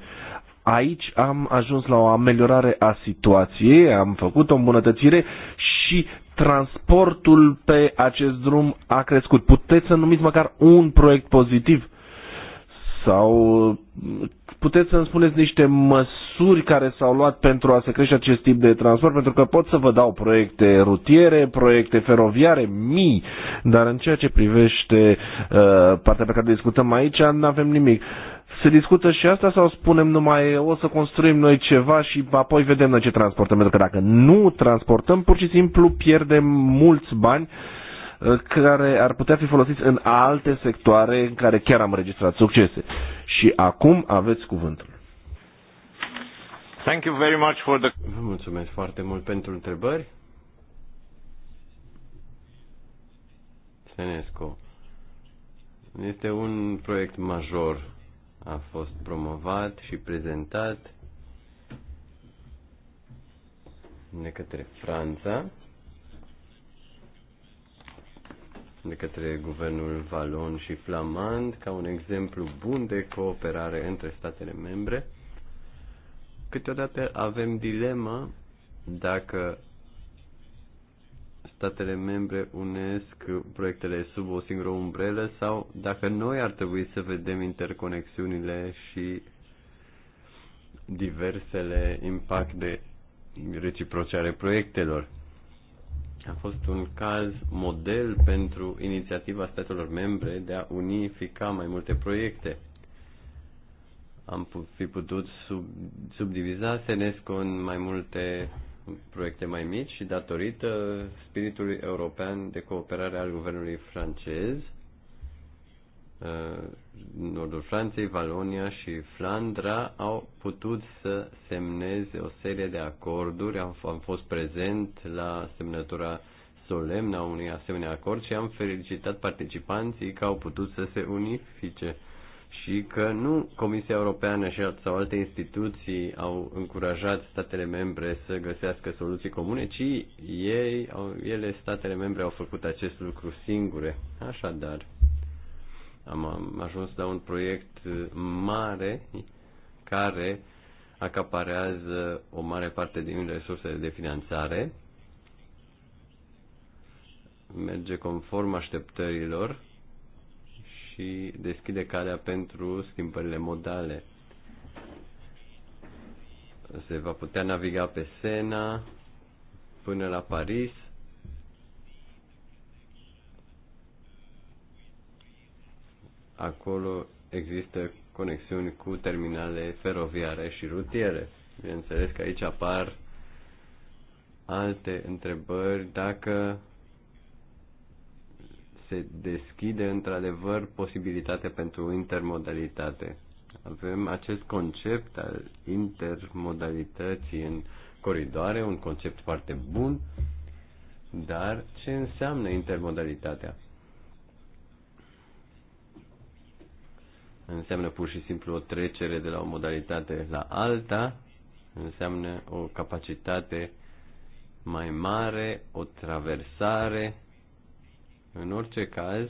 aici am ajuns la o ameliorare a situației, am făcut o îmbunătățire și transportul pe acest drum a crescut. Puteți să numiți măcar un proiect pozitiv? Sau puteți să-mi spuneți niște măsuri care s-au luat pentru a se crește acest tip de transport? Pentru că pot să vă dau proiecte rutiere, proiecte feroviare, mii, dar în ceea ce privește uh, partea pe care discutăm aici, nu avem nimic. Uh, se discută și asta sau spunem numai o să construim noi ceva și apoi vedem noi ce transportăm? Pentru că dacă nu transportăm, pur și simplu pierdem mulți bani uh, care ar putea fi folosiți în alte sectoare în care chiar am registrat succese. Și acum aveți cuvântul. Thank you very much for the... Vă mulțumesc foarte mult pentru întrebări. Senesco. Este un proiect major a fost promovat și prezentat de către Franța, de către guvernul valon și flamand, ca un exemplu bun de cooperare între statele membre. Câteodată avem dilema dacă statele membre unesc proiectele sub o singură umbrelă sau dacă noi ar trebui să vedem interconexiunile și diversele impacte reciproce ale proiectelor. A fost un caz model pentru inițiativa statelor membre de a unifica mai multe proiecte. Am fi putut sub, subdiviza SENESCO în mai multe proiecte mai mici și datorită spiritului european de cooperare al guvernului francez, uh, nordul Franței, Valonia și Flandra au putut să semneze o serie de acorduri. Am, am fost prezent la semnătura solemnă a unui asemenea acord și am felicitat participanții că au putut să se unifice și că nu Comisia Europeană și sau alte instituții au încurajat statele membre să găsească soluții comune, ci ei, ele, statele membre, au făcut acest lucru singure. Așadar, am ajuns la un proiect mare care acaparează o mare parte din resursele de finanțare, merge conform așteptărilor și deschide calea pentru schimbările modale. Se va putea naviga pe Sena până la Paris. Acolo există conexiuni cu terminale feroviare și rutiere. Bineînțeles că aici apar alte întrebări dacă se deschide într-adevăr posibilitatea pentru intermodalitate. Avem acest concept al intermodalității în coridoare, un concept foarte bun, dar ce înseamnă intermodalitatea? Înseamnă pur și simplu o trecere de la o modalitate la alta, înseamnă o capacitate mai mare, o traversare în orice caz,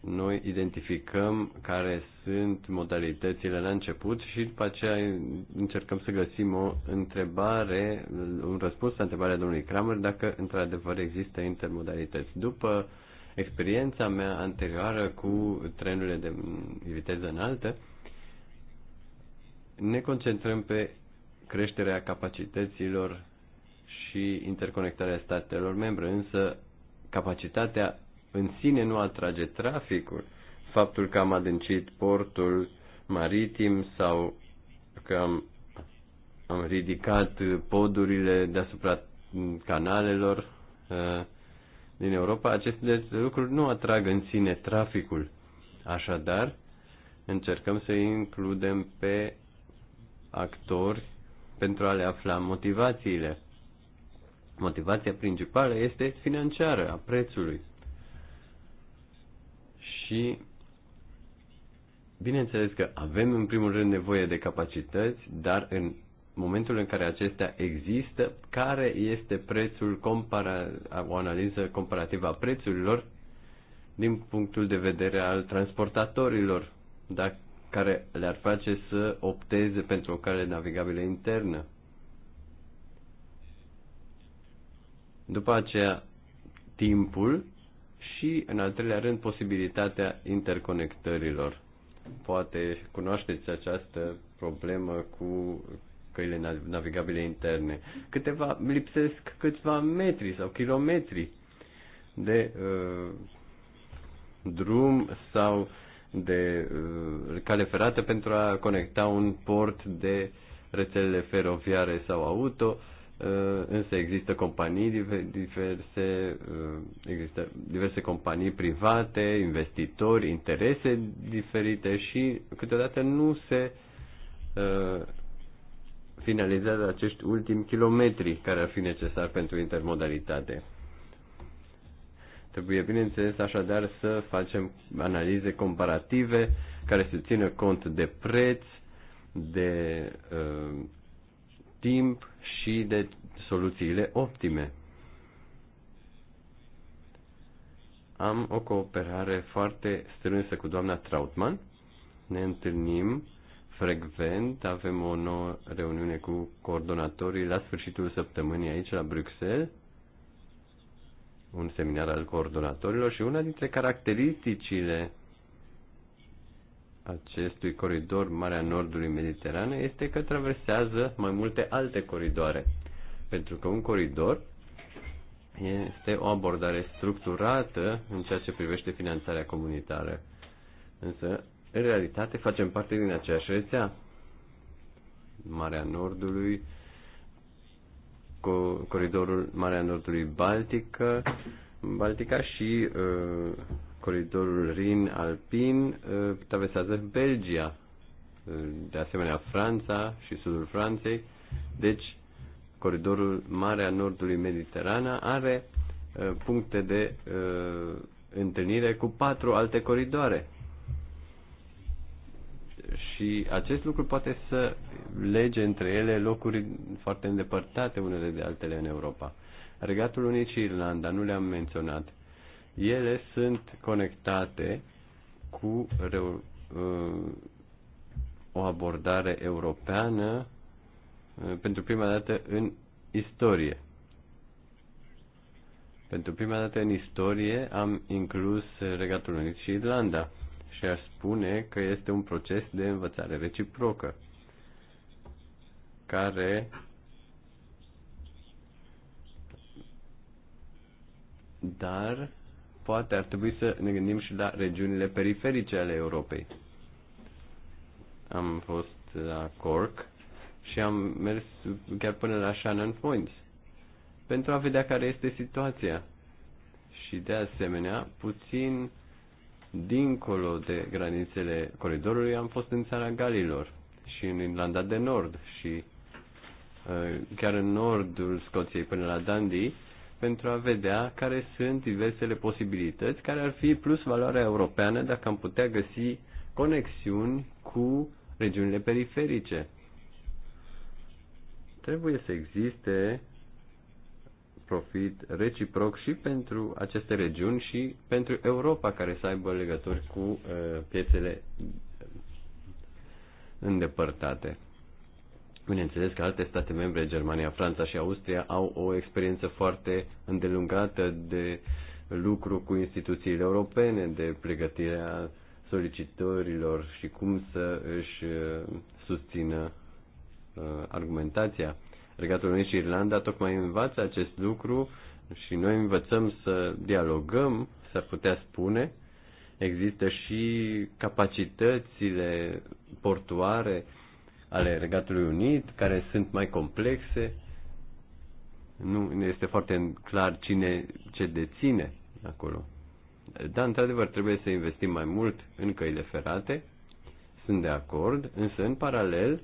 noi identificăm care sunt modalitățile la început și după aceea încercăm să găsim o întrebare, un răspuns la întrebarea domnului Kramer dacă într-adevăr există intermodalități. După experiența mea anterioară cu trenurile de viteză înaltă, ne concentrăm pe creșterea capacităților și interconectarea statelor membre, însă capacitatea în sine nu atrage traficul. Faptul că am adâncit portul maritim sau că am, am ridicat podurile deasupra canalelor uh, din Europa, aceste lucruri nu atrag în sine traficul. Așadar, încercăm să includem pe actori pentru a le afla motivațiile. Motivația principală este financiară a prețului. Și bineînțeles că avem în primul rând nevoie de capacități, dar în momentul în care acestea există, care este prețul compara, o analiză comparativă a prețurilor din punctul de vedere al transportatorilor, dacă, care le-ar face să opteze pentru o cale navigabilă internă. după aceea timpul și, în al treilea rând, posibilitatea interconectărilor. Poate cunoașteți această problemă cu căile navigabile interne. Câteva, lipsesc câțiva metri sau kilometri de uh, drum sau de uh, cale ferată pentru a conecta un port de rețelele feroviare sau auto uh, Uh, însă există companii diverse, uh, există diverse companii private, investitori, interese diferite și câteodată nu se uh, finalizează acești ultimi kilometri care ar fi necesar pentru intermodalitate. Trebuie, bineînțeles, așadar să facem analize comparative care să țină cont de preț, de uh, timp și de soluțiile optime. Am o cooperare foarte strânsă cu doamna Trautmann. Ne întâlnim frecvent, avem o nouă reuniune cu coordonatorii la sfârșitul săptămânii aici la Bruxelles, un seminar al coordonatorilor și una dintre caracteristicile acestui coridor Marea Nordului Mediterană este că traversează mai multe alte coridoare. Pentru că un coridor este o abordare structurată în ceea ce privește finanțarea comunitară. Însă, în realitate, facem parte din aceeași rețea. Marea Nordului, coridorul Marea Nordului Baltică, Baltica și uh, Coridorul Rin-Alpin uh, traversează Belgia, uh, de asemenea Franța și sudul Franței. Deci, coridorul Marea Nordului Mediterana are uh, puncte de întâlnire cu patru alte coridoare. Și acest lucru poate să lege între ele locuri foarte îndepărtate unele de altele în Europa. Regatul Unic și Irlanda nu le-am menționat ele sunt conectate cu uh, o abordare europeană uh, pentru prima dată în istorie. Pentru prima dată în istorie am inclus Regatul Unit și Irlanda și aș spune că este un proces de învățare reciprocă care dar poate ar trebui să ne gândim și la regiunile periferice ale Europei. Am fost la Cork și am mers chiar până la Shannon Point pentru a vedea care este situația. Și de asemenea, puțin dincolo de granițele coridorului, am fost în țara Galilor și în Irlanda de Nord și uh, chiar în nordul Scoției până la Dundee pentru a vedea care sunt diversele posibilități, care ar fi plus valoarea europeană dacă am putea găsi conexiuni cu regiunile periferice. Trebuie să existe profit reciproc și pentru aceste regiuni și pentru Europa care să aibă legături cu uh, piețele îndepărtate. Bineînțeles că alte state membre, Germania, Franța și Austria, au o experiență foarte îndelungată de lucru cu instituțiile europene, de pregătirea solicitorilor și cum să își uh, susțină uh, argumentația. Regatul Unit și Irlanda tocmai învață acest lucru și noi învățăm să dialogăm, s-ar putea spune. Există și capacitățile portoare ale Regatului Unit, care sunt mai complexe. Nu este foarte clar cine ce deține acolo. Da, într-adevăr, trebuie să investim mai mult în căile ferate, sunt de acord, însă în paralel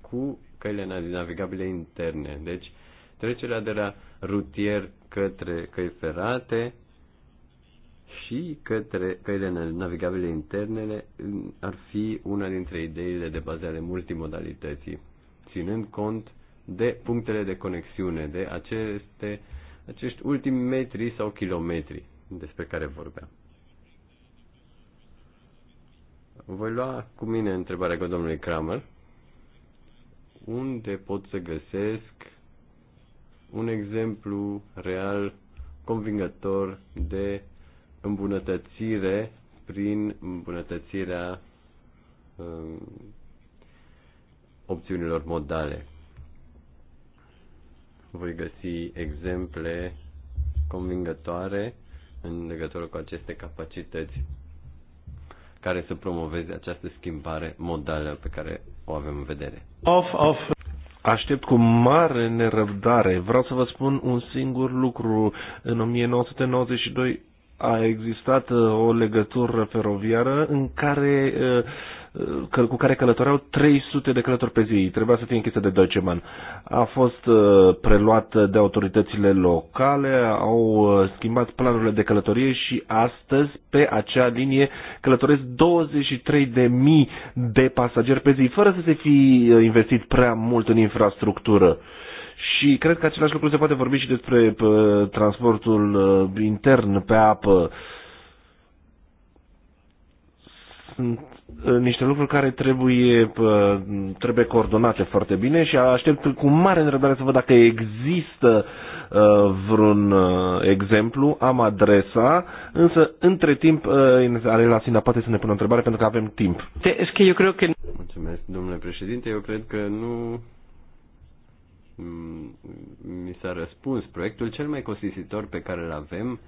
cu căile navigabile interne. Deci, trecerea de la rutier către căi ferate și către căile navigabile interne ar fi una dintre ideile de bază ale multimodalității, ținând cont de punctele de conexiune, de aceste, acești ultimi metri sau kilometri despre care vorbeam. Voi lua cu mine întrebarea cu domnului Kramer. Unde pot să găsesc un exemplu real convingător de îmbunătățire prin îmbunătățirea um, opțiunilor modale. Voi găsi exemple convingătoare în legătură cu aceste capacități care să promoveze această schimbare modală pe care o avem în vedere. Of, of. Aștept cu mare nerăbdare. Vreau să vă spun un singur lucru. În 1992 a existat uh, o legătură feroviară în care, uh, uh, cu care călătoreau 300 de călători pe zi. Trebuia să fie închisă de Deutsche Bahn. A fost preluată de autoritățile locale, au schimbat planurile de călătorie și astăzi pe acea linie călătoresc 23.000 de pasageri pe zi, fără să se fi investit prea mult în infrastructură. Uh, și cred că același lucru se poate vorbi și despre transportul ă, intern pe apă. Sunt ă, niște lucruri care trebuie, trebuie coordonate foarte bine și aștept cu mare nerăbdare să văd dacă există ă, vreun exemplu, am adresa, însă între timp Arela poate să ne pună o întrebare pentru că avem timp. Mulțumesc, domnule președinte, eu cred că nu Mm, mi s-a răspuns. Proiectul cel mai costisitor pe care îl avem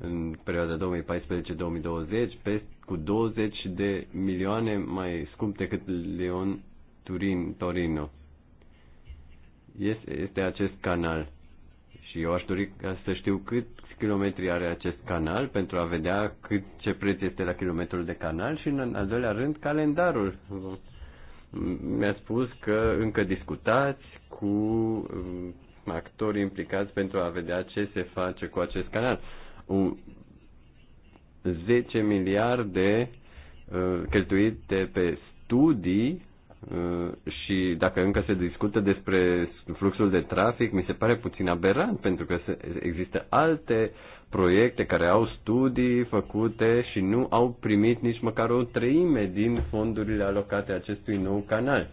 în perioada 2014-2020 cu 20 de milioane mai scump decât Leon Turin, Torino. Este, este acest canal. Și eu aș dori ca să știu cât kilometri are acest canal pentru a vedea cât, ce preț este la kilometrul de canal și în al doilea rând calendarul. Mi-a spus că încă discutați, cu um, actorii implicați pentru a vedea ce se face cu acest canal. 10 miliarde uh, cheltuite pe studii uh, și dacă încă se discută despre fluxul de trafic, mi se pare puțin aberant, pentru că există alte proiecte care au studii făcute și nu au primit nici măcar o treime din fondurile alocate acestui nou canal.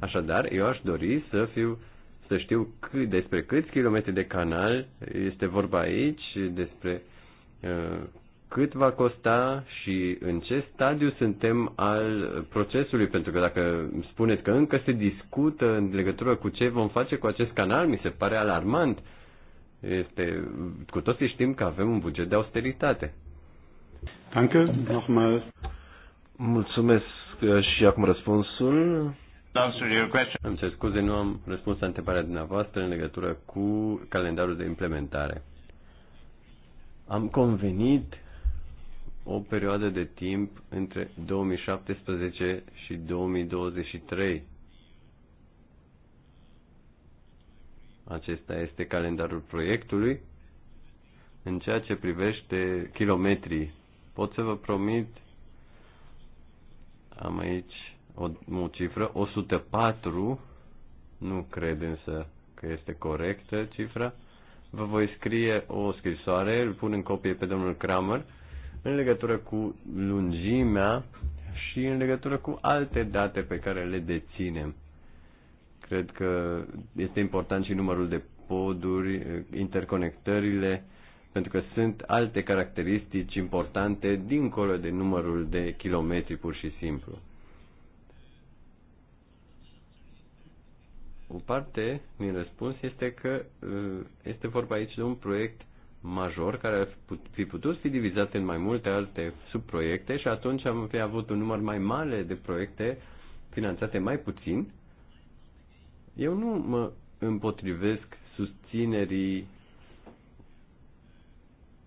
Așadar, eu aș dori să fiu să știu cât, despre câți kilometri de canal este vorba aici, despre uh, cât va costa și în ce stadiu suntem al procesului, pentru că dacă spuneți că încă se discută în legătură cu ce vom face cu acest canal, mi se pare alarmant. Este, cu toții știm că avem un buget de austeritate. Danke, nochmal. Mulțumesc uh, și acum răspunsul. Îmi cer scuze, nu am răspuns la întrebarea dumneavoastră în legătură cu calendarul de implementare. Am convenit o perioadă de timp între 2017 și 2023. Acesta este calendarul proiectului. În ceea ce privește kilometrii, pot să vă promit, am aici o, o cifră, 104, nu cred însă că este corectă cifra, vă voi scrie o scrisoare, îl pun în copie pe domnul Kramer, în legătură cu lungimea și în legătură cu alte date pe care le deținem. Cred că este important și numărul de poduri, interconectările, pentru că sunt alte caracteristici importante dincolo de numărul de kilometri pur și simplu. O parte din răspuns este că uh, este vorba aici de un proiect major care ar fi putut fi divizat în mai multe alte subproiecte și atunci am fi avut un număr mai mare de proiecte finanțate mai puțin. Eu nu mă împotrivesc susținerii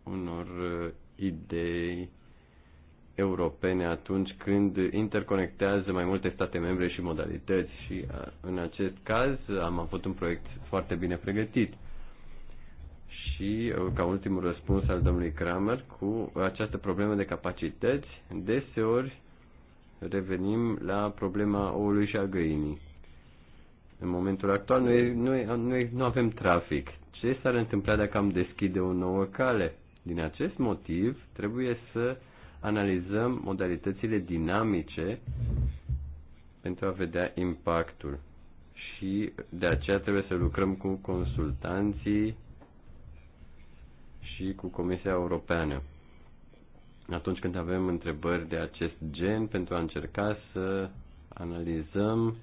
unor uh, idei europene atunci când interconectează mai multe state membre și modalități și în acest caz am avut un proiect foarte bine pregătit. Și uh, ca ultimul răspuns al domnului Kramer, cu această problemă de capacități, deseori revenim la problema oului și a găinii. În momentul actual noi, noi, noi nu avem trafic. Ce s-ar întâmpla dacă am deschide o nouă cale? Din acest motiv trebuie să analizăm modalitățile dinamice pentru a vedea impactul. Și de aceea trebuie să lucrăm cu consultanții și cu Comisia Europeană. Atunci când avem întrebări de acest gen, pentru a încerca să analizăm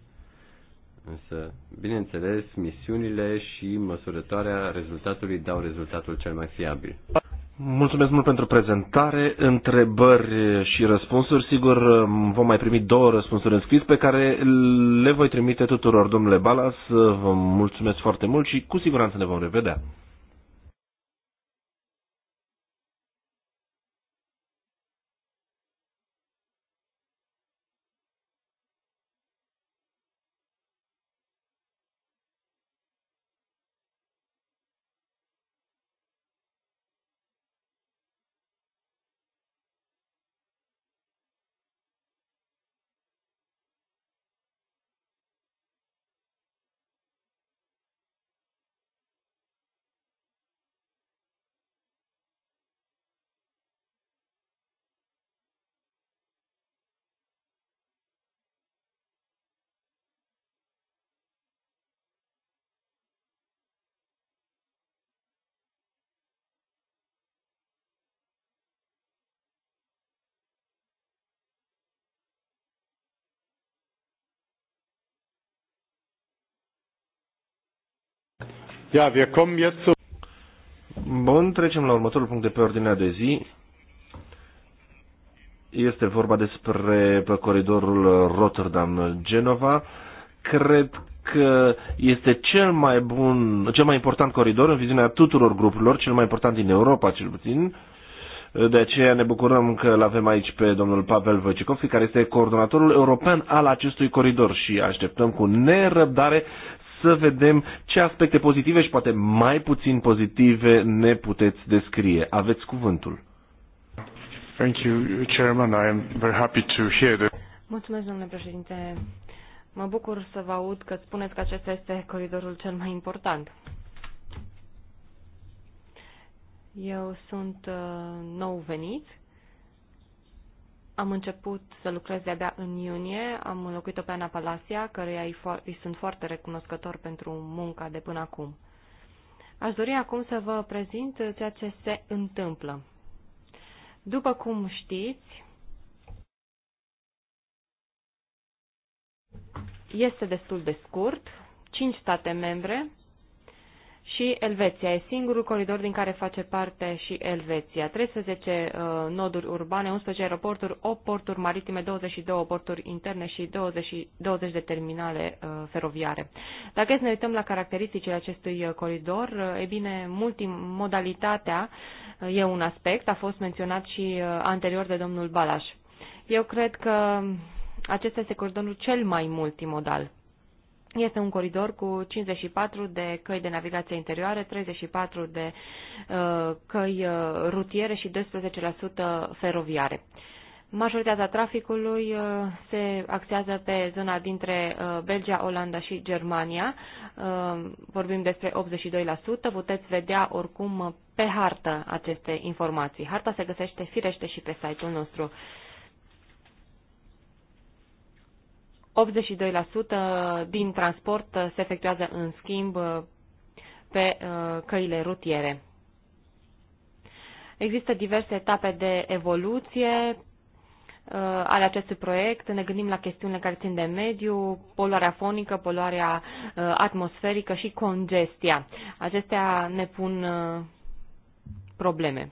Însă, bineînțeles, misiunile și măsurătoarea rezultatului dau rezultatul cel mai fiabil. Mulțumesc mult pentru prezentare, întrebări și răspunsuri. Sigur, vom mai primi două răspunsuri în scris pe care le voi trimite tuturor. Domnule Balas, vă mulțumesc foarte mult și cu siguranță ne vom revedea. Ja, wir kommen jetzt zu... Bun, trecem la următorul punct de pe ordinea de zi. Este vorba despre pe coridorul Rotterdam-Genova. Cred că este cel mai bun, cel mai important coridor în viziunea tuturor grupurilor, cel mai important din Europa cel puțin. De aceea ne bucurăm că îl avem aici pe domnul Pavel Văcicofi, care este coordonatorul european al acestui coridor și așteptăm cu nerăbdare să vedem ce aspecte pozitive și poate mai puțin pozitive ne puteți descrie. Aveți cuvântul. Thank you, Chairman. I am very happy to hear that. Mulțumesc, domnule președinte. Mă bucur să vă aud că spuneți că acesta este coridorul cel mai important. Eu sunt uh, nou venit am început să lucrez de-abia în iunie, am înlocuit-o pe Ana Palasia, căreia îi, îi sunt foarte recunoscător pentru munca de până acum. Aș dori acum să vă prezint ceea ce se întâmplă. După cum știți, este destul de scurt, 5 state membre și Elveția. E singurul coridor din care face parte și Elveția. 13 uh, noduri urbane, 11 aeroporturi, 8 porturi maritime, 22 porturi interne și 20, 20 de terminale uh, feroviare. Dacă să ne uităm la caracteristicile acestui uh, coridor, uh, e bine, multimodalitatea uh, e un aspect, a fost menționat și uh, anterior de domnul Balaș. Eu cred că acesta este coridorul cel mai multimodal este un coridor cu 54 de căi de navigație interioare, 34 de uh, căi uh, rutiere și 12% feroviare. Majoritatea traficului uh, se axează pe zona dintre uh, Belgia, Olanda și Germania. Uh, vorbim despre 82%. Puteți vedea oricum pe hartă aceste informații. Harta se găsește firește și pe site-ul nostru. 82% din transport se efectuează în schimb uh, pe uh, căile rutiere. Există diverse etape de evoluție uh, ale acestui proiect. Ne gândim la chestiunile care țin de mediu, poluarea fonică, poluarea atmosferică și congestia. Acestea ne pun probleme.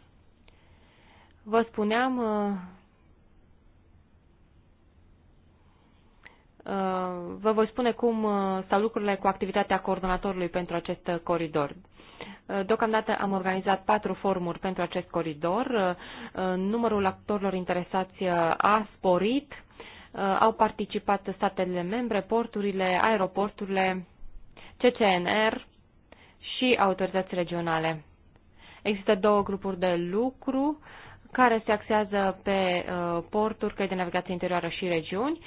Vă spuneam, Uh, vă voi spune cum uh, stau lucrurile cu activitatea coordonatorului pentru acest uh, coridor. Deocamdată am organizat patru forumuri pentru acest coridor. Numărul actorilor interesați a sporit. Au participat statele membre, porturile, aeroporturile, CCNR și autorități regionale. Există două grupuri de lucru care se axează pe porturi, căi de navigație interioară și regiuni.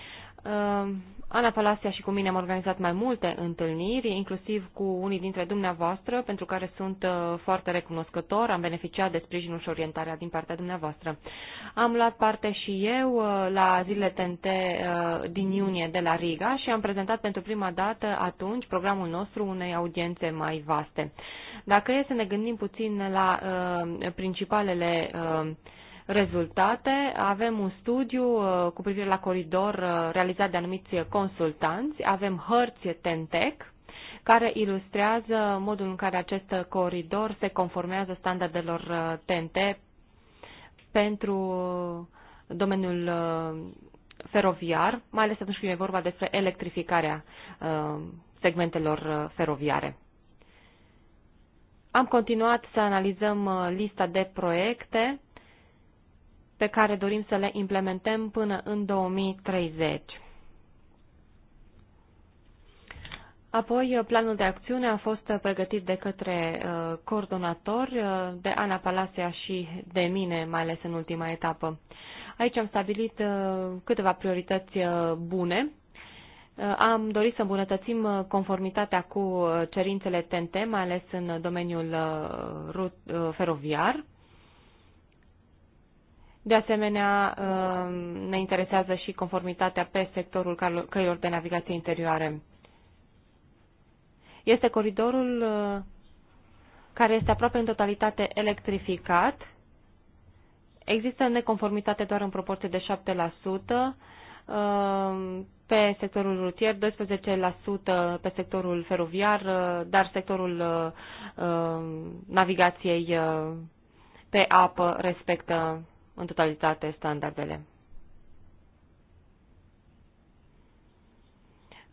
Ehm, Ana Palasia și cu mine am organizat mai multe întâlniri, inclusiv cu unii dintre dumneavoastră, pentru care sunt eh, foarte recunoscător, am beneficiat de sprijinul și orientarea din partea dumneavoastră. Am luat parte și eu eh, la zilele TNT eh, din iunie de la Riga și am prezentat pentru prima dată atunci programul nostru unei audiențe mai vaste. Dacă e să ne gândim puțin la principalele uh, rezultate. Avem un studiu uh, cu privire la coridor uh, realizat de anumiți consultanți, avem hărți Tentec care ilustrează modul în care acest coridor se conformează standardelor TNT uh, pentru domeniul feroviar, mai ales atunci când e vorba despre electrificarea segmentelor feroviare. Am continuat să analizăm lista de proiecte pe care dorim să le implementăm până în 2030. Apoi, planul de acțiune a fost pregătit de către uh, coordonatori, uh, de Ana Palasia și de mine, mai ales în ultima etapă. Aici am stabilit uh, câteva priorități bune. Am dorit să îmbunătățim conformitatea cu cerințele TNT, mai ales în domeniul feroviar. De asemenea, um, ne interesează și conformitatea pe sectorul căilor de navigație interioare. Este coridorul uh, care este aproape în totalitate electrificat. Există neconformitate doar în proporție de 7% um, pe sectorul rutier, 12% pe sectorul feroviar, uh, dar sectorul uh, um, navigației pe apă respectă în totalitate standardele.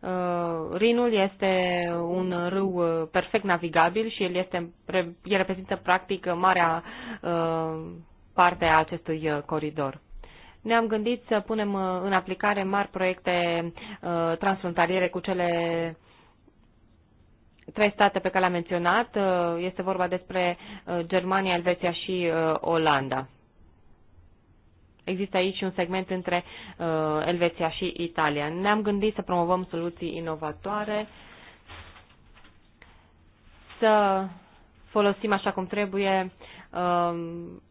Uh, Rinul este un râu uh, perfect navigabil și el, este, el reprezintă practic marea uh, parte a acestui coridor. Ne-am gândit să punem în aplicare mari proiecte transfrontaliere cu cele trei state pe care le-am menționat. Este vorba despre Germania, Elveția și Olanda există aici un segment între uh, Elveția și Italia. Ne-am gândit să promovăm soluții inovatoare, să folosim așa cum trebuie uh,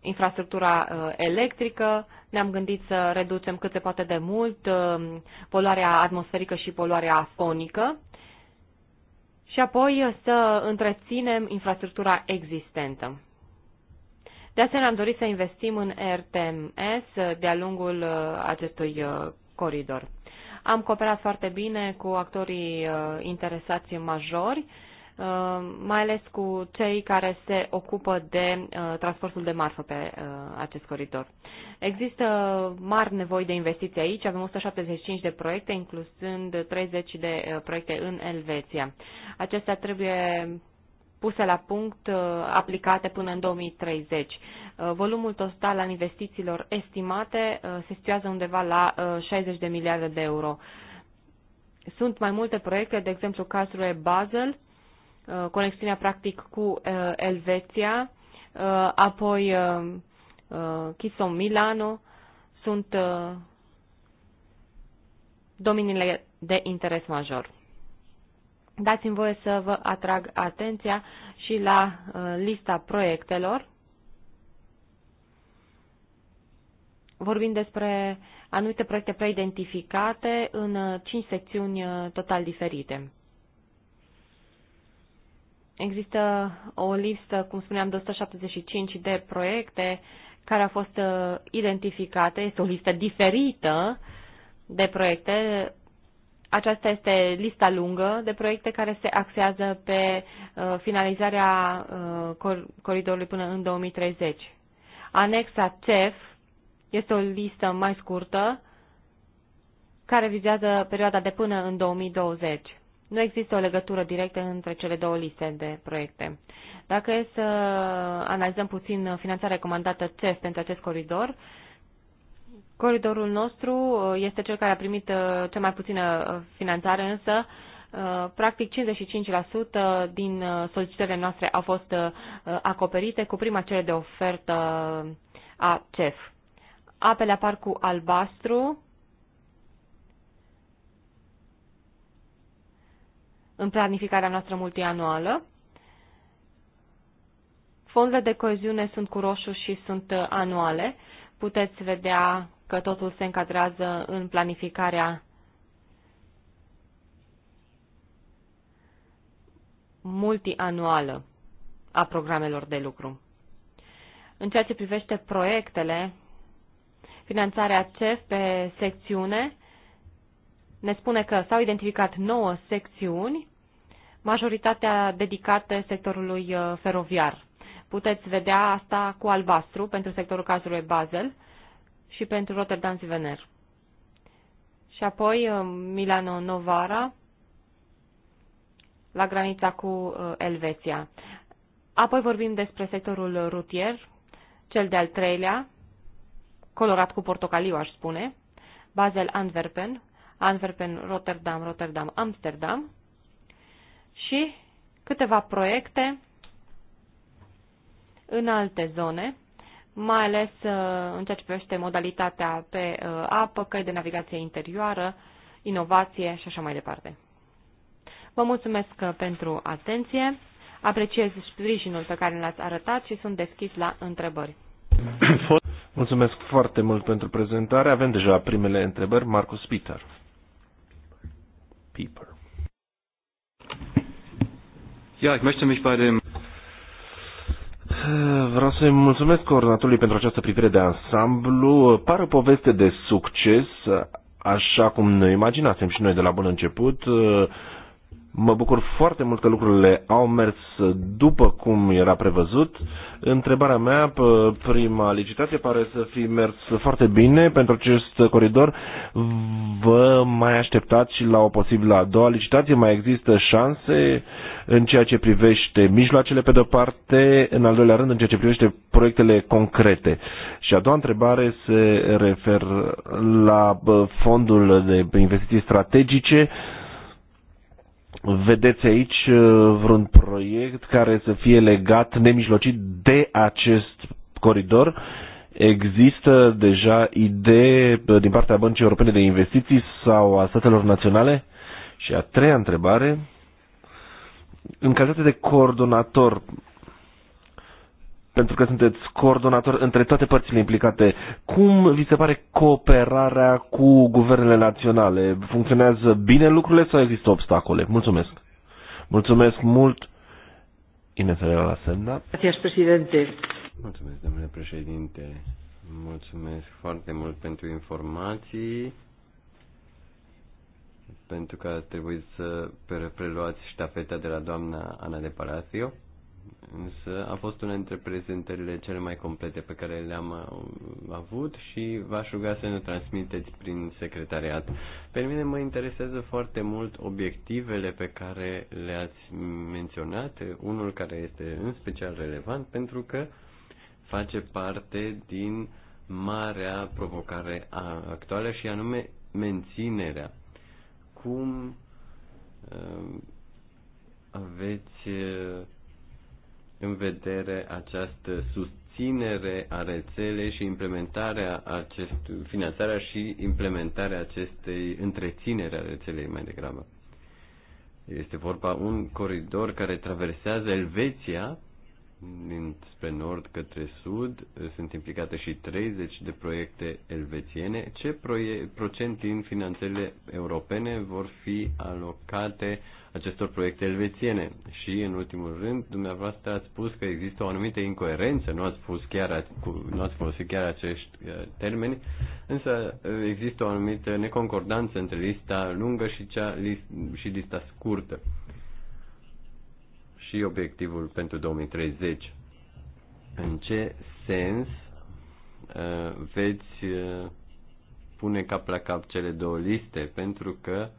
infrastructura uh, electrică, ne-am gândit să reducem cât se poate de mult uh, poluarea atmosferică și poluarea fonică și apoi să întreținem infrastructura existentă. De asemenea, am dorit să investim în RTMS de-a lungul uh, acestui uh, coridor. Am cooperat foarte bine cu actorii uh, interesați majori, mai ales cu cei care se ocupă de transportul de marfă pe acest coridor. Există mari nevoi de investiții aici, avem 175 de proiecte, inclusând 30 de proiecte în Elveția. Acestea trebuie puse la punct uh, aplicate până în 2030. Uh, volumul total al investițiilor estimate uh, se situează undeva la 60 de miliarde de euro. Sunt mai multe proiecte, de exemplu e Basel, conexiunea practic cu Elveția, apoi Chisom Milano, sunt domeniile de interes major. Dați-mi voie să vă atrag atenția și la uh, lista proiectelor. Vorbim despre anumite proiecte preidentificate în uh, cinci secțiuni uh, total diferite. Există o listă, cum spuneam, de 175 de proiecte care au fost identificate. Este o listă diferită de proiecte aceasta este lista lungă de proiecte care se axează pe uh, finalizarea uh, coridorului până în 2030. Anexa CEF este o listă mai scurtă care vizează perioada de până în 2020. Nu există o legătură directă între cele două liste de proiecte. Dacă e să analizăm puțin finanțarea recomandată CEF pentru acest coridor, uh, Coridorul nostru uh, este cel care a primit uh, cea mai puțină uh, finanțare, însă practic 55% din solicitările noastre au fost acoperite cu prima cerere de ofertă a CEF. Apele apar cu albastru, în planificarea noastră multianuală. Fondurile de coeziune sunt cu roșu și sunt anuale. Puteți vedea că totul se încadrează în planificarea multianuală a programelor de lucru. În ceea ce privește proiectele, finanțarea CEF pe secțiune ne spune că s-au identificat 9 secțiuni, majoritatea dedicate sectorului uh, feroviar. Puteți vedea asta cu albastru pentru sectorul cazului Basel, și pentru Rotterdam Zivener. Și apoi uh, Milano-Novara la granița cu uh, Elveția. Apoi vorbim despre sectorul rutier, cel de-al treilea, colorat cu portocaliu, aș spune, Basel-Antwerpen, Antwerpen-Rotterdam, Rotterdam-Amsterdam și câteva proiecte în alte zone, mai ales uh, în ceea ce privește modalitatea pe uh, apă, căi de navigație interioară, inovație și așa mai departe. Vă mulțumesc uh, pentru atenție, apreciez sprijinul pe care l-ați arătat și sunt deschis la întrebări. Mulțumesc foarte mult pentru prezentare. Avem deja primele întrebări. Marcus Peter. Peter. Ja, ich möchte mich bei dem Eh, vreau să-i mulțumesc coordonatorului pentru această privire de ansamblu. Pare o poveste de succes, așa cum ne imaginasem și noi de la bun început. Eh, Mă bucur foarte mult că lucrurile au mers după cum era prevăzut. Întrebarea mea, prima licitație pare să fi mers foarte bine pentru acest coridor. Vă mai așteptați și la o posibilă a doua licitație? Mai există șanse în ceea ce privește mijloacele pe de-o parte, în al doilea rând în ceea ce privește proiectele concrete? Și a doua întrebare se refer la fondul de investiții strategice Vedeți aici uh, vreun proiect care să fie legat nemijlocit de acest coridor? Există deja idee uh, din partea Băncii Europene de Investiții sau a statelor naționale? Și a treia întrebare, în calitate de coordonator pentru că sunteți coordonator între toate părțile implicate. Cum vi se pare cooperarea cu guvernele naționale? Funcționează bine lucrurile sau există obstacole? Mulțumesc! Mulțumesc mult! Ines la semna. Mulțumesc, președinte. Mulțumesc, domnule președinte. Mulțumesc foarte mult pentru informații, pentru că a trebuit să preluați ștafeta de la doamna Ana de Palacio însă a fost una dintre prezentările cele mai complete pe care le-am uh, avut și v-aș ruga să ne transmiteți prin secretariat. Pe mine mă interesează foarte mult obiectivele pe care le-ați menționat, unul care este în special relevant pentru că face parte din marea provocare actuală și anume menținerea. Cum uh, aveți uh, în vedere această susținere a rețelei și implementarea acest, finanțarea și implementarea acestei întreținere a rețelei mai degrabă. Este vorba un coridor care traversează Elveția spre nord către sud. Sunt implicate și 30 de proiecte elvețiene. Ce proie- procent din finanțele europene vor fi alocate acestor proiecte elvețiene. Și, în ultimul rând, dumneavoastră ați spus că există o anumită incoerență, nu ați, spus chiar, nu ați folosit chiar acești uh, termeni, însă uh, există o anumită neconcordanță între lista lungă și, cea, și lista scurtă și obiectivul pentru 2030. În ce sens uh, veți pune cap la cap cele două liste? Pentru că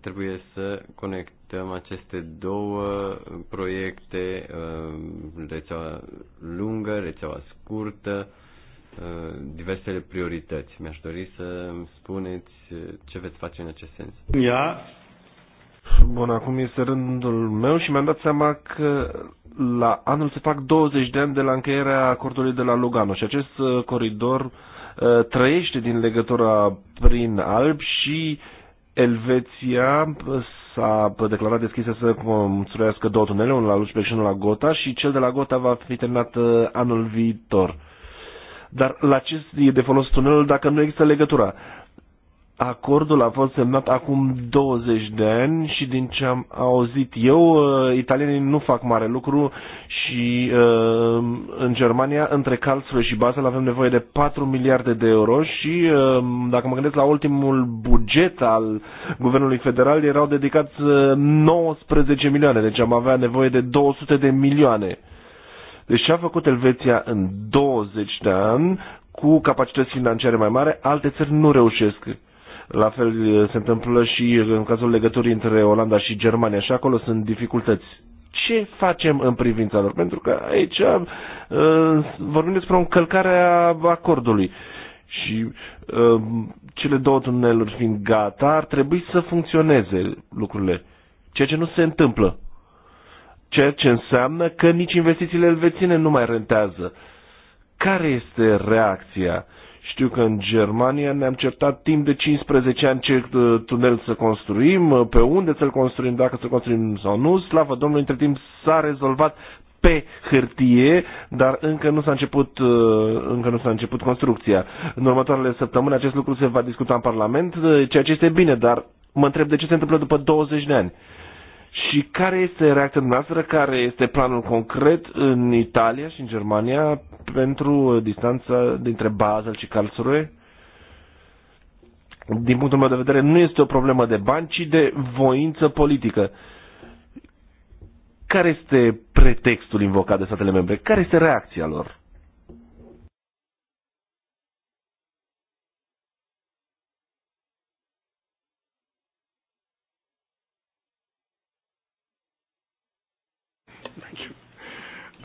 trebuie să conectăm aceste două proiecte, uh, rețeaua lungă, rețeaua scurtă, uh, diversele priorități. Mi-aș dori să spuneți uh, ce veți face în acest sens. Ia. Bun, acum este rândul meu și mi-am dat seama că la anul se fac 20 de ani de la încheierea acordului de la Lugano și acest coridor trăiește din legătura prin Alb și uh, Elveția s-a declarat deschisă să construiască două tunele, unul la Lucebec și unul la Gota și cel de la Gota va fi terminat uh, anul viitor. Dar la ce e de folos tunelul dacă nu există legătura? Acordul a fost semnat acum 20 de ani și din ce am auzit eu, uh, italienii nu fac mare lucru și uh, în Germania, între Karlsruhe și Basel, avem nevoie de 4 miliarde de euro și uh, dacă mă gândesc la ultimul buget al Guvernului Federal, erau dedicați 19 milioane, deci am avea nevoie de 200 de milioane. Deci ce a făcut Elveția în 20 de ani cu capacități financiare mai mare, alte țări nu reușesc. La fel se întâmplă și în cazul legăturii între Olanda și Germania și acolo sunt dificultăți. Ce facem în privința lor? Pentru că aici vorbim despre o încălcare a acordului și uh, cele două tuneluri fiind gata, ar trebui să funcționeze lucrurile. Ceea ce nu se întâmplă. Ceea ce înseamnă că nici investițiile elvețiene nu mai rentează. Care este reacția? Uh, știu că în Germania ne-am certat timp de 15 ani ce uh, tunel să construim, uh, pe unde să-l construim, dacă să-l construim sau nu. Slavă Domnului, între timp s-a rezolvat pe hârtie, dar încă nu s-a început, uh, încă nu s-a început construcția. În următoarele săptămâni acest lucru se va discuta în Parlament, ceea ce este bine, dar mă întreb de ce se întâmplă după 20 de ani. Uh, și care este reacția noastră, care este planul concret în Italia și în Germania pentru uh, distanța dintre Basel și Karlsruhe? Din punctul meu de vedere, nu este o problemă de bani, ci de voință politică. Care este pretextul invocat de statele membre? Care este reacția lor?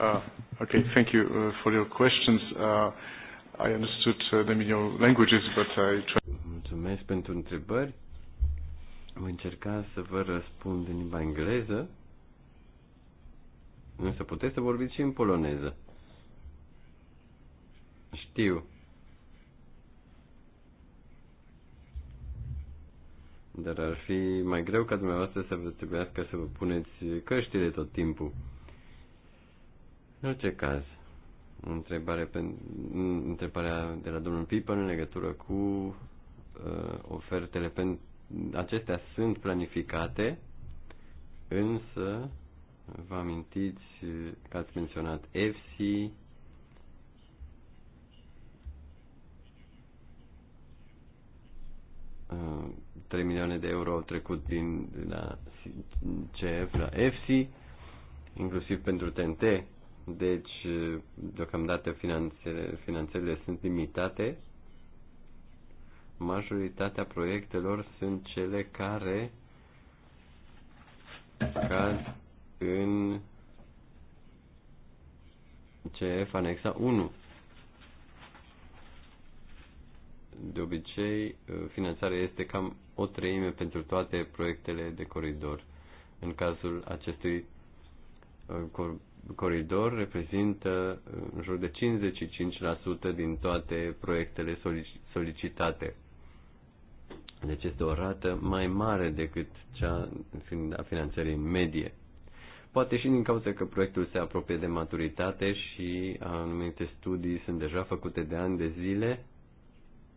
Uh, okay, thank you uh, for your questions. Uh, I understood uh, them in your languages, but I try... Mulțumesc pentru întrebări. Am încercat să vă răspund în limba engleză, Nu să puteți să vorbiți și în poloneză. Știu. Dar ar fi mai greu ca dumneavoastră să vă trebuiască să vă puneți căștile tot timpul. În orice caz, întrebare pe, întrebarea de la domnul Pipă în legătură cu uh, ofertele pentru acestea sunt planificate, însă vă amintiți că ați menționat FC, Uh, 3 milioane de euro au trecut din la CF la EFSI, inclusiv pentru TNT, deci, deocamdată finanțele, finanțele sunt limitate. Majoritatea proiectelor sunt cele care cad în CF anexa 1. De obicei, finanțarea este cam o treime pentru toate proiectele de coridor. În cazul acestui coridor reprezintă uh, în jur de 55% din toate proiectele solicitate. Deci este o rată mai mare decât cea a finanțării medie. Poate și din cauza că proiectul se apropie de maturitate și anumite studii sunt deja făcute de ani de zile,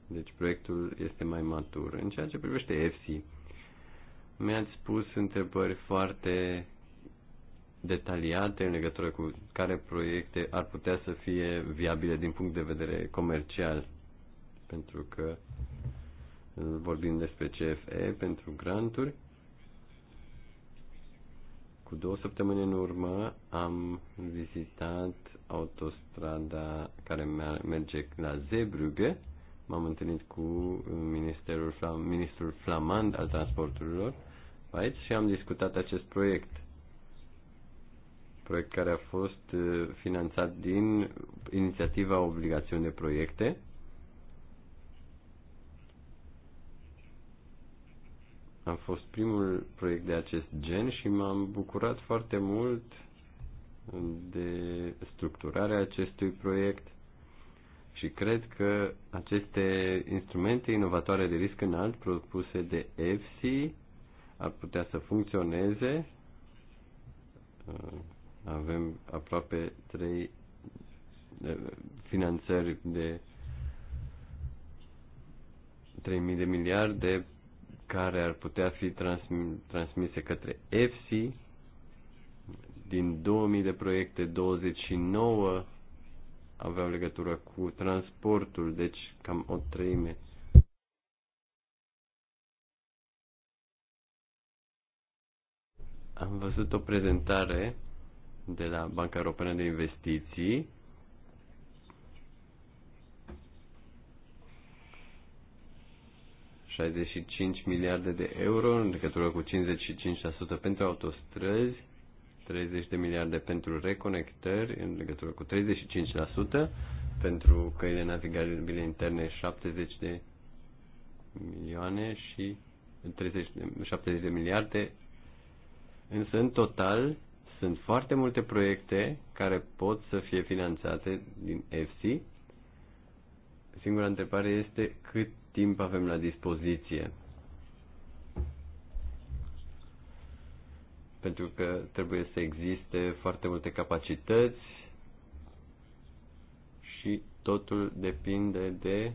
deci proiectul este mai matur. În ceea ce privește EFSI, mi-ați spus întrebări foarte detaliate în legătură cu care proiecte ar putea să fie viabile din punct de vedere comercial. Pentru că vorbim despre CFE pentru granturi. Cu două săptămâni în urmă am vizitat autostrada care merge la Zeebrugge. M-am întâlnit cu ministerul, ministrul flamand al transporturilor aici și am discutat acest proiect proiect care a fost uh, finanțat din inițiativa Obligațiune Proiecte. Am fost primul proiect de acest gen și m-am bucurat foarte mult de structurarea acestui proiect și cred că aceste instrumente inovatoare de risc înalt propuse de EFSI ar putea să funcționeze uh, avem aproape trei eh, finanțări de 3.000 de miliarde care ar putea fi transmise către EFSI. Din 2000 de proiecte, 29 aveau legătură cu transportul, deci cam o treime. Am văzut o prezentare de la Banca Europeană de Investiții ...65 miliarde de euro în legătură cu 55% pentru autostrăzi, 30 de miliarde pentru reconectări în legătură cu 35%, pentru căile navigabile interne 70 de milioane și 30 de, 70 de miliarde, însă în total sunt foarte multe proiecte care pot să fie finanțate din EFSI. Singura întrebare este cât timp avem la dispoziție. Pentru că trebuie să existe foarte multe capacități și totul depinde de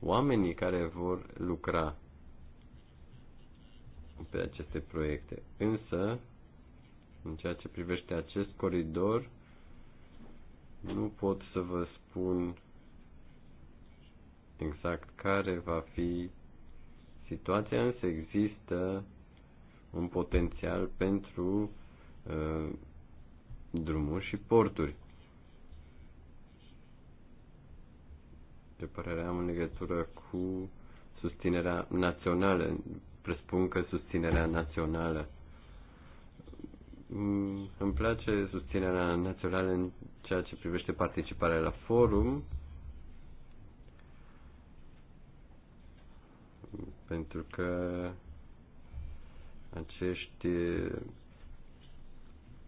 oamenii care vor lucra pe aceste proiecte. Însă, în ceea ce privește acest coridor, nu pot să vă spun exact care va fi situația, însă există un potențial pentru uh, drumuri și porturi. De părerea am în legătură cu susținerea națională. Presupun că susținerea națională Mm, îmi place susținerea națională în ceea ce privește participarea la forum, pentru că acești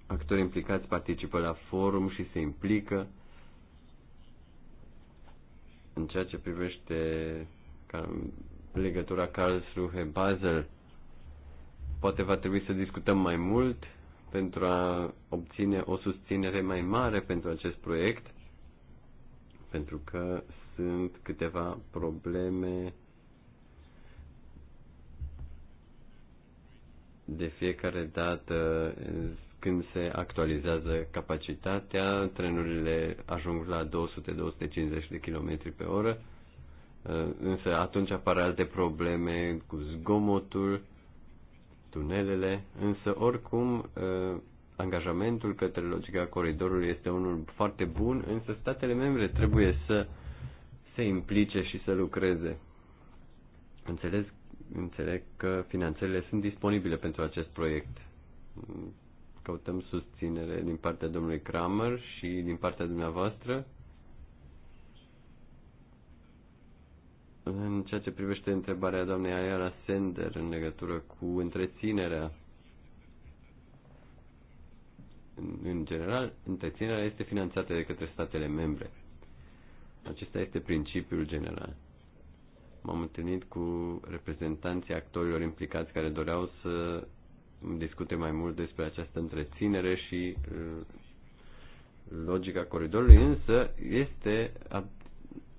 actori implicați participă la forum și se implică în ceea ce privește legătura Karlsruhe-Basel. Poate va trebui să discutăm mai mult pentru a obține o susținere mai mare pentru acest proiect, pentru că sunt câteva probleme de fiecare dată când se actualizează capacitatea, trenurile ajung la 200-250 de km pe oră, însă atunci apar alte probleme cu zgomotul, tunelele, însă oricum ă, angajamentul către logica coridorului este unul foarte bun, însă statele membre trebuie să se implice și să lucreze. Înțeles, înțeleg că finanțele sunt disponibile pentru acest proiect. Căutăm susținere din partea domnului Kramer și din partea dumneavoastră În ceea ce privește întrebarea doamnei Ayara Sender în legătură cu întreținerea, în, în general, întreținerea este finanțată de către statele membre. Acesta este principiul general. M-am întâlnit cu reprezentanții actorilor implicați care doreau să discute mai mult despre această întreținere și uh, logica coridorului, însă este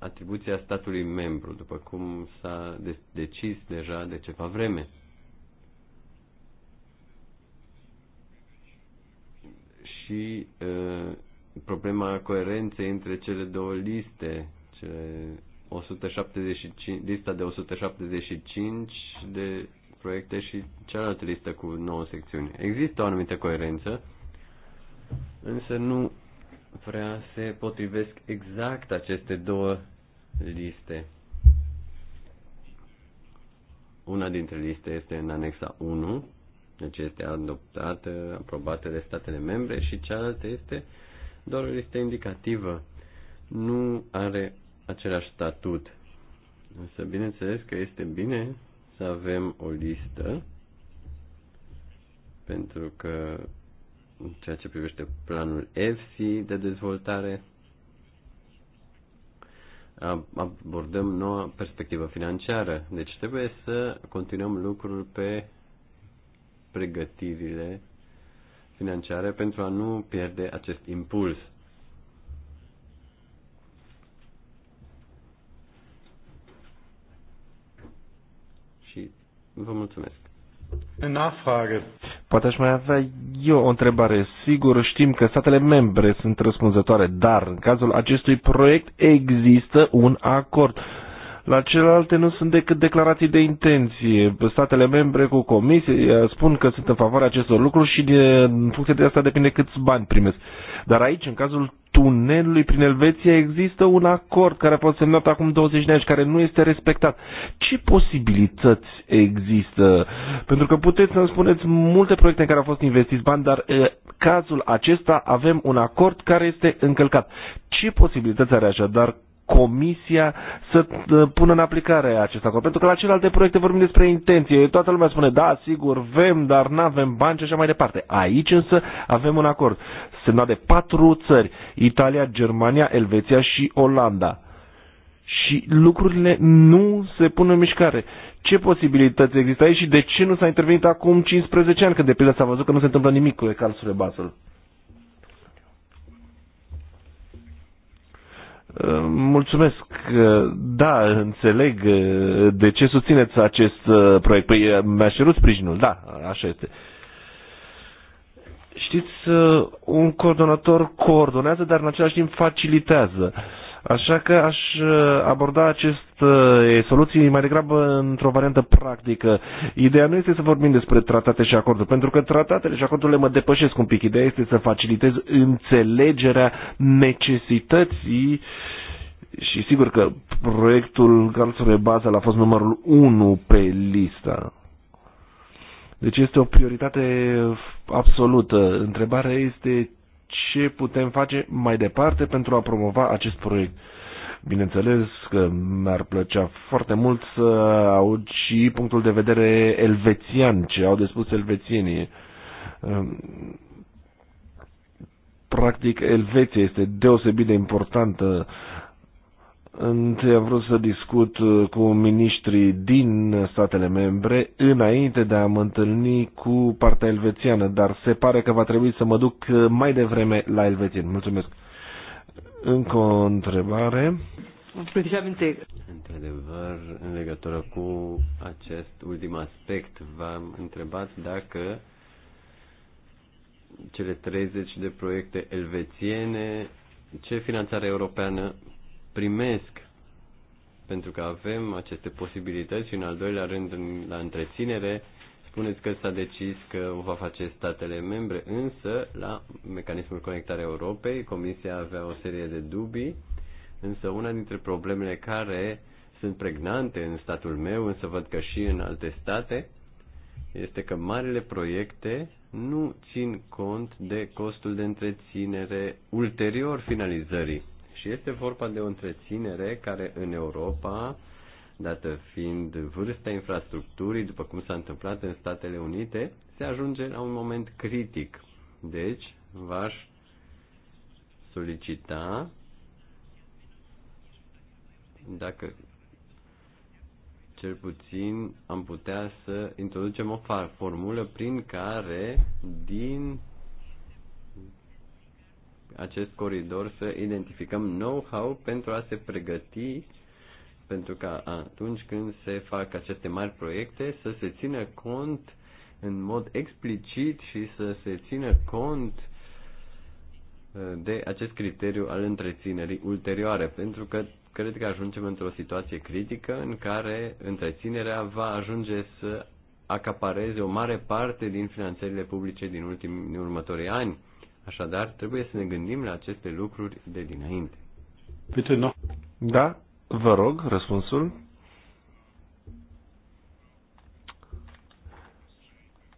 atribuția statului membru, după cum s-a decis deja de ceva vreme. Și e, problema coerenței între cele două liste, cele 175, lista de 175 de proiecte și cealaltă listă cu 9 secțiuni. Există o anumită coerență, însă nu prea se potrivesc exact aceste două liste. Una dintre liste este în anexa 1, deci este adoptată, aprobată de statele membre și cealaltă este doar o listă indicativă. Nu are același statut. Însă bineînțeles că este bine să avem o listă pentru că în ceea ce privește planul EFSI de dezvoltare, abordăm noua perspectivă financiară. Deci trebuie să continuăm lucrul pe pregătirile financiare pentru a nu pierde acest impuls. Și vă mulțumesc. Nachfrage. Poate aș mai avea eu o întrebare. Sigur, știm că statele membre sunt răspunzătoare, dar în cazul acestui proiect există un acord. La celelalte nu sunt decât declarații de intenție. Statele membre cu comisie eh, spun că sunt în favoarea acestor lucruri și de, eh, în funcție de asta depinde câți bani primesc. Dar aici, în cazul tunelului prin Elveția există un acord care a fost semnat acum 20 de ani și care nu este respectat. Ce posibilități există? Pentru că puteți să-mi spuneți multe proiecte în care au fost investiți bani, dar în cazul acesta avem un acord care este încălcat. Ce posibilități are așadar Comisia să ă, pună în aplicare acest acord. Pentru că la celelalte proiecte vorbim despre intenție. Toată lumea spune, da, sigur, vrem, dar nu avem bani și așa mai departe. Aici însă avem un acord semnat de patru țări, Italia, Germania, Elveția și Olanda. Și lucrurile nu se pun în mișcare. Ce posibilități există aici și de ce nu s-a intervenit acum 15 ani, când de pildă s-a văzut că nu se întâmplă nimic cu Ecarsurile Basel? Uh, mulțumesc. Uh, da, înțeleg uh, de ce susțineți acest proiect. Păi mi-a cerut sprijinul, da, așa este. Știți, un coordonator coordonează, dar în același timp facilitează. Uh, Așa că aș uh, aborda aceste uh, soluții mai degrabă într-o variantă practică. Ideea nu este să vorbim despre tratate și acorduri, pentru că tratatele și acordurile mă depășesc un pic. Ideea este să facilitez înțelegerea necesității și sigur că proiectul Galțului Baza a fost numărul 1 pe lista. Deci este o prioritate absolută. Întrebarea este ce putem face mai departe pentru a promova acest proiect. Bineînțeles că mi-ar plăcea foarte mult să aud și punctul de vedere elvețian, ce au de spus elvețienii. Ehm, practic, Elveția este deosebit de importantă Întâi am vrut să discut uh, cu ministrii din statele membre înainte de a mă întâlni cu partea elvețiană, dar se pare că va trebui să mă duc uh, mai devreme la elvețieni. Mulțumesc. Încă o întrebare. Într-adevăr, în legătură cu acest ultim aspect, v-am întrebat dacă cele 30 de proiecte elvețiene, ce finanțare europeană primesc pentru că avem aceste posibilități și în al doilea rând la întreținere spuneți că s-a decis că o va face statele membre, însă la mecanismul conectare Europei Comisia avea o serie de dubii, însă una dintre problemele care sunt pregnante în statul meu, însă văd că și în alte state, este că marile proiecte nu țin cont de costul de întreținere ulterior finalizării și este vorba de o întreținere care în Europa, dată fiind vârsta infrastructurii, după cum s-a întâmplat în Statele Unite, se ajunge la un moment critic. Deci, v-aș solicita dacă cel puțin am putea să introducem o formulă prin care din acest coridor să identificăm know-how pentru a se pregăti pentru că atunci când se fac aceste mari proiecte să se țină cont în mod explicit și să se țină cont uh, de acest criteriu al întreținerii ulterioare, pentru că cred că ajungem într-o situație critică în care întreținerea va ajunge să acapareze o mare parte din finanțările publice din, ultimii, din următorii ani Așadar, trebuie să ne gândim la aceste lucruri de dinainte. Bitte no. Da, vă rog, răspunsul.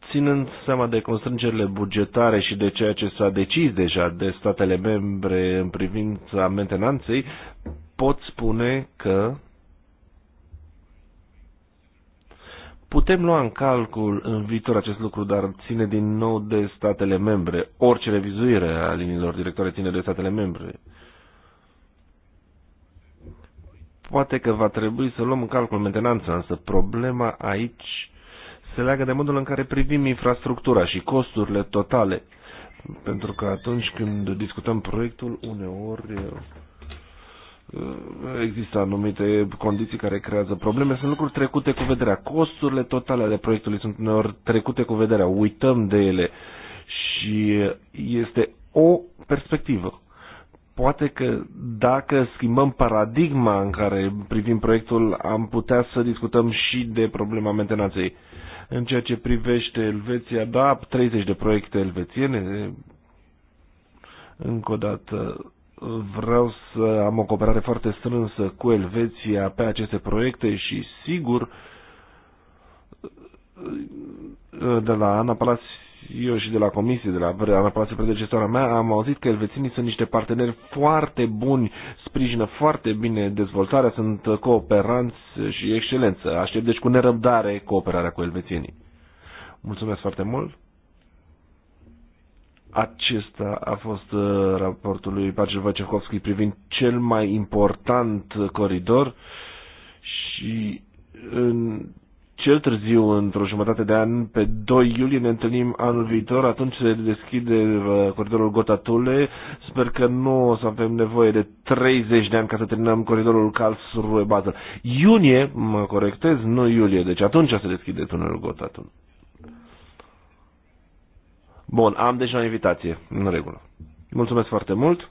Ținând seama de constrângerile bugetare și de ceea ce s-a decis deja de statele membre în privința mentenanței, pot spune că Putem lua în calcul în viitor acest lucru, dar ține din nou de statele membre. Orice revizuire a liniilor directoare ține de statele membre. Poate că va trebui să luăm în calcul mentenanța, însă problema aici se leagă de modul în care privim infrastructura și costurile totale. Pentru că atunci când discutăm proiectul, uneori există anumite condiții care creează probleme, sunt lucruri trecute cu vederea. Costurile totale ale proiectului sunt uneori trecute cu vederea, uităm de ele și este o perspectivă. Poate că dacă schimbăm paradigma în care privim proiectul, am putea să discutăm și de problema mentenanței. În ceea ce privește Elveția, da, 30 de proiecte elvețiene, încă o dată vreau să am o cooperare foarte strânsă cu Elveția pe aceste proiecte și sigur de la Ana Palacio și de la Comisie, de la Ana Palacio predecesoara mea, am auzit că elvețenii sunt niște parteneri foarte buni, sprijină foarte bine dezvoltarea, sunt cooperanți și excelență. Aștept deci cu nerăbdare cooperarea cu elvețienii. Mulțumesc foarte mult! Acesta a fost uh, raportul lui Pacel Wojciechowski privind cel mai important coridor și în cel târziu, într-o jumătate de an, pe 2 iulie, ne întâlnim anul viitor, atunci se deschide uh, coridorul Gotatule. Sper că nu o să avem nevoie de 30 de ani ca să terminăm coridorul Karlsruhe-Basel. Iunie, mă corectez, nu iulie, deci atunci se deschide tunelul Gotatule. Bun, am deja o invitație. În regulă. Mulțumesc foarte mult.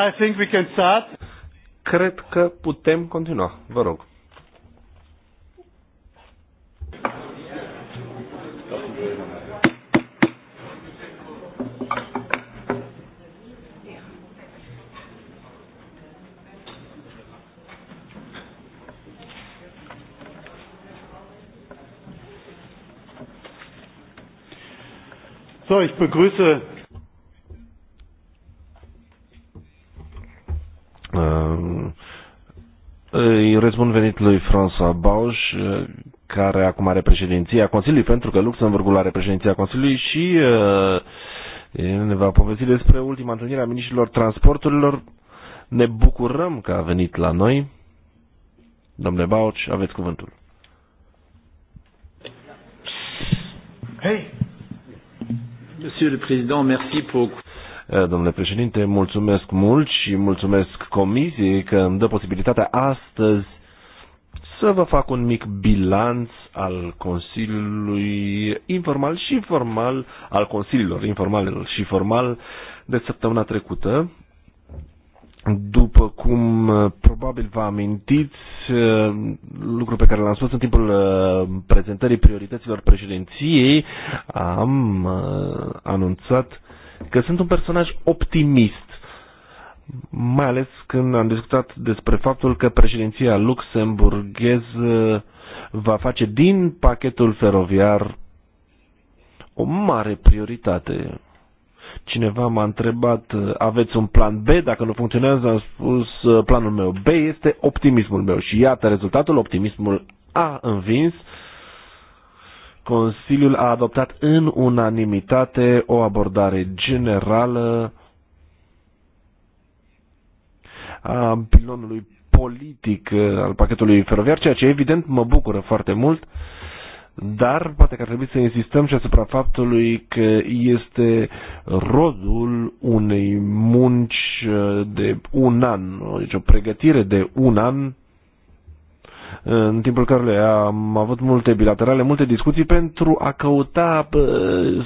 I think we can start. Cred că putem continua. Vă rog. So, ich begrüße lui François Bauș, eh, care acum are președinția Consiliului, pentru că Luxemburgul are președinția Consiliului și eh, el ne va povesti despre ultima întâlnire a ministrilor transporturilor. Ne bucurăm că a venit la noi. Domnule Bauci, aveți cuvântul. Hei! Monsieur le Président, merci pour... Eh, domnule președinte, mulțumesc mult și mulțumesc comisiei că îmi dă posibilitatea astăzi să vă fac un mic bilanț al Consiliului informal și formal, al Consiliilor informalelor și formal de săptămâna trecută. După cum uh, probabil vă amintiți, uh, lucru pe care l-am spus în timpul uh, prezentării priorităților președinției, am anunțat că sunt un personaj optimist mai ales când am discutat despre faptul că președinția luxemburgheză va face din pachetul feroviar o mare prioritate. Cineva m-a întrebat, aveți un plan B? Dacă nu funcționează, am spus, planul meu B este optimismul meu. Și iată rezultatul, optimismul a învins. Consiliul a adoptat în unanimitate o abordare generală a pilonului politic al pachetului feroviar, ceea ce evident mă bucură foarte mult, dar poate că ar trebui să insistăm și asupra faptului că este rodul unei munci de un an, deci o pregătire de un an în timpul căruia am avut multe bilaterale, multe discuții pentru a căuta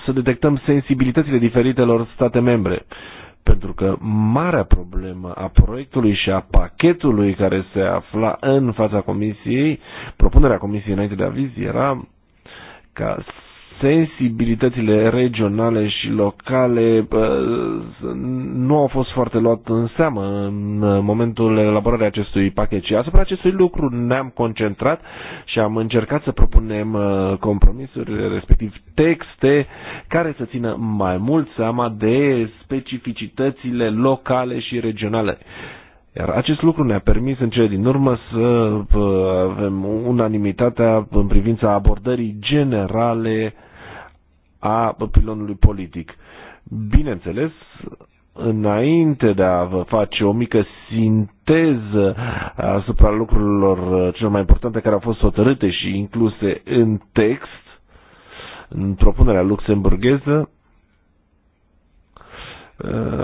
să detectăm sensibilitățile diferitelor state membre. Uh, pentru că marea problemă a proiectului și a pachetului care se afla în fața comisiei, propunerea comisiei înainte de aviz era ca sensibilitățile regionale și locale nu au fost foarte luat în seamă în uh, momentul elaborării acestui pachet și asupra acestui lucru ne-am concentrat și am încercat să propunem uh, compromisuri, respectiv texte, care să țină mai mult seama de specificitățile locale și regionale. Iar acest lucru ne-a permis în cele din urmă să uh, avem unanimitatea în privința abordării generale a pilonului politic. Bineînțeles, înainte de a vă face o mică sinteză asupra lucrurilor cel mai importante care au fost hotărâte și incluse în text, în propunerea luxemburgheză,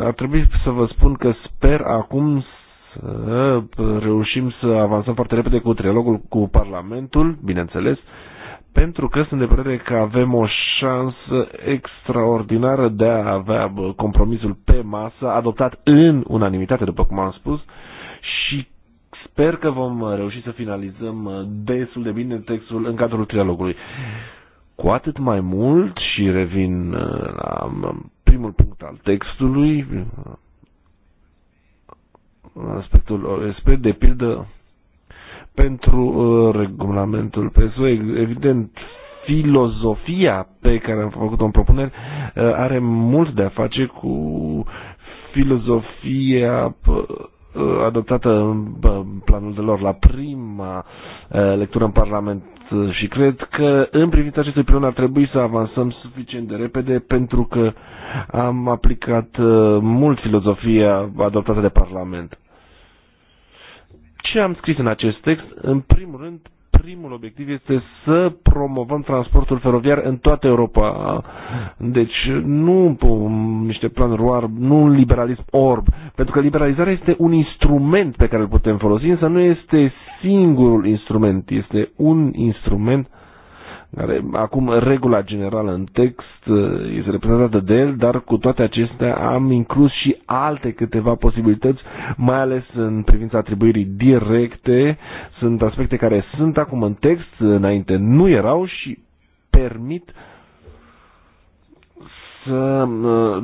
ar trebui să vă spun că sper acum să reușim să avansăm foarte repede cu trilogul cu Parlamentul, bineînțeles, pentru că sunt de părere că avem o șansă extraordinară de a avea compromisul pe masă, adoptat în unanimitate, după cum am spus, și sper că vom reuși să finalizăm uh, destul de bine textul în cadrul trialogului. Cu atât mai mult, și revin uh, la um, primul punct al textului, aspectul uh, OSP, de pildă, pentru uh, regulamentul PSO. Evident, filozofia pe care am făcut-o în propuneri uh, are mult de a face cu filozofia uh, adoptată în planul de lor la prima lectură în Parlament și cred că în privința acestui plan ar trebui să avansăm suficient de repede pentru că am aplicat mult filozofia adoptată de Parlament ce am scris în acest text? În primul rând, primul obiectiv este să promovăm transportul feroviar în toată Europa. Deci nu niște planuri orb, nu un liberalism orb, pentru că liberalizarea este un instrument pe care îl putem folosi, însă nu este singurul instrument, este un instrument uh, care acum regula generală în text uh, este reprezentată de el, dar cu toate acestea am inclus și alte câteva posibilități, mai ales în privința atribuirii directe. Sunt aspecte care sunt acum în text, înainte nu erau și permit să uh,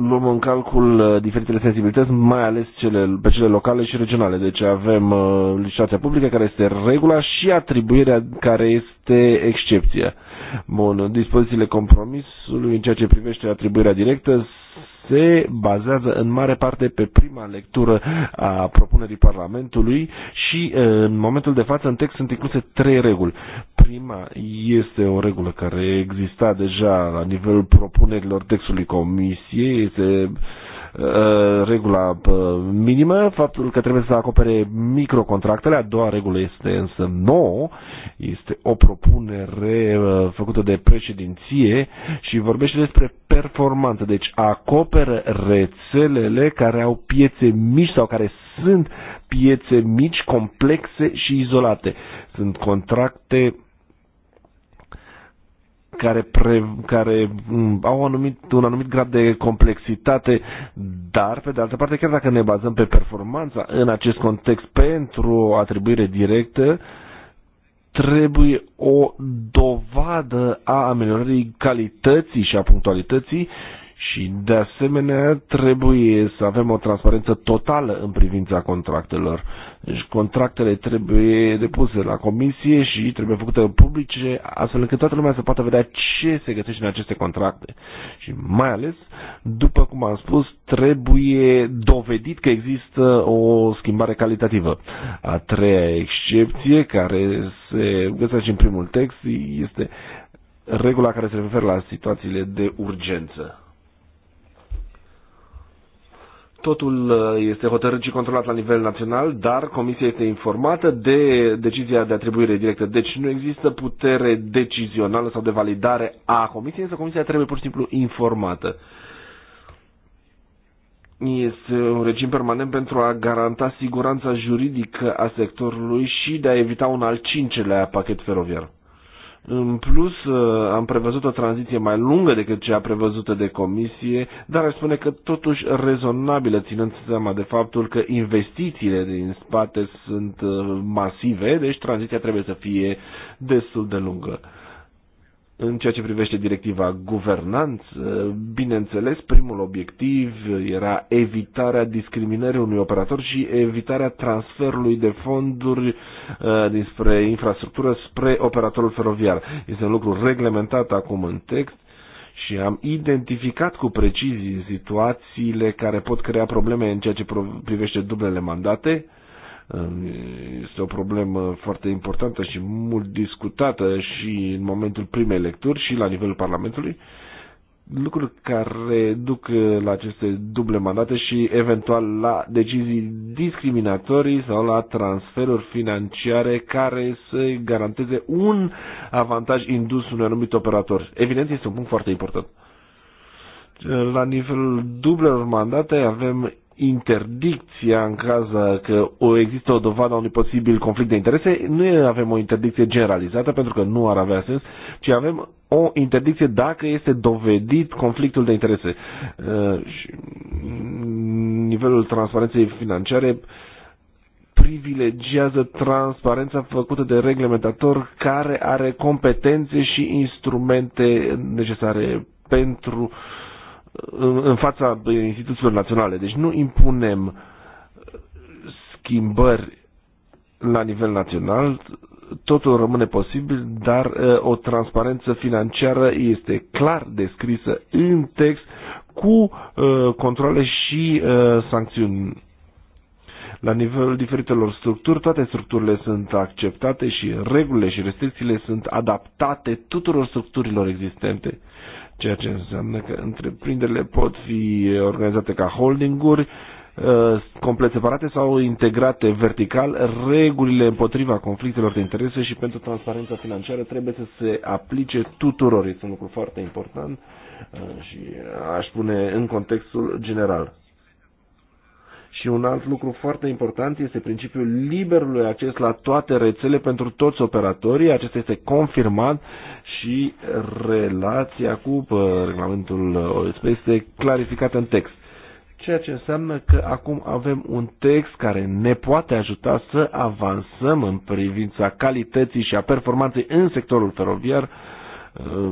luăm în calcul uh, diferitele sensibilități, mai ales cele, pe cele locale și regionale. Deci avem licitația publică care este regula și atribuirea care este excepția. Bun, dispozițiile compromisului în ceea ce privește atribuirea directă se bazează în mare parte pe prima lectură a propunerii Parlamentului și în momentul de față în text sunt incluse trei reguli. Prima este o regulă care exista deja la nivelul propunerilor textului Comisiei, este uh, Eh, regula eh, minimă, faptul că trebuie să acopere microcontractele, a doua regulă este însă nouă, este o propunere eh, făcută de președinție și vorbește despre performanță, deci acoperă rețelele care au piețe mici sau care sunt piețe mici, complexe și izolate. Sunt contracte care, pre, care mm, au un anumit, un anumit grad de complexitate, dar, pe de altă parte, chiar dacă ne bazăm pe performanța în acest context pentru o atribuire directă, trebuie o dovadă a ameliorării calității și a punctualității uh, și de asemenea trebuie să avem o transparență totală în privința contractelor. Deci contractele trebuie depuse la comisie și trebuie făcute publice astfel încât toată lumea să poată vedea ce se găsește în aceste contracte. Și mai ales, după cum am spus, trebuie dovedit că există o schimbare calitativă. A treia excepție care se găsește în primul text este regula care se referă la situațiile de urgență. Totul uh, este hotărât și controlat la nivel național, dar Comisia este informată de decizia de atribuire directă. Deci nu există putere decizională sau de validare a Comisiei, însă Comisia trebuie pur și simplu informată. Este un regim permanent pentru a garanta siguranța juridică a sectorului și de a evita un al cincelea pachet feroviar. În plus, uh, am prevăzut o tranziție mai lungă decât cea prevăzută de comisie, dar aș spune că totuși rezonabilă, ținând seama de faptul că investițiile din spate sunt uh, masive, deci tranziția trebuie să fie destul de lungă. În ceea ce privește directiva guvernanță, bineînțeles, primul obiectiv era evitarea discriminării unui operator și evitarea transferului de fonduri uh, dinspre infrastructură spre operatorul feroviar. Este un lucru reglementat acum în text și am identificat cu precizie situațiile care pot crea probleme în ceea ce privește dublele mandate este o problemă foarte importantă și mult discutată și în momentul primei lecturi și la nivelul Parlamentului lucruri care duc la aceste duble mandate și eventual la decizii discriminatorii sau la transferuri financiare care să garanteze un avantaj indus unui anumit operator. Evident, este un punct foarte important. La nivelul dublelor mandate avem interdicția în caz că o, există o dovadă a unui posibil conflict de interese, nu avem o interdicție generalizată pentru că nu ar avea sens, ci avem o interdicție dacă este dovedit conflictul de interese. Uh, și nivelul transparenței financiare privilegiază transparența făcută de reglementator care are competențe și instrumente necesare pentru uh, în fața instituțiilor naționale. Deci nu impunem schimbări la nivel național, totul rămâne posibil, dar o transparență financiară este clar descrisă în text cu controle și sancțiuni. La nivelul diferitelor structuri, toate structurile sunt acceptate și regulile și restricțiile sunt adaptate tuturor structurilor existente ceea ce înseamnă că întreprinderile pot fi organizate ca holdinguri, uh, complet separate sau integrate vertical, regulile împotriva conflictelor de interese și pentru transparența financiară trebuie să se aplice tuturor. Este un lucru foarte important uh, și aș spune în contextul general. Și un alt lucru foarte important este principiul liberului acces la toate rețele pentru toți operatorii. Acesta este confirmat și relația cu regulamentul OSP este clarificată în text. Ceea ce înseamnă că acum avem un text care ne poate ajuta să avansăm în privința calității și a performanței în sectorul feroviar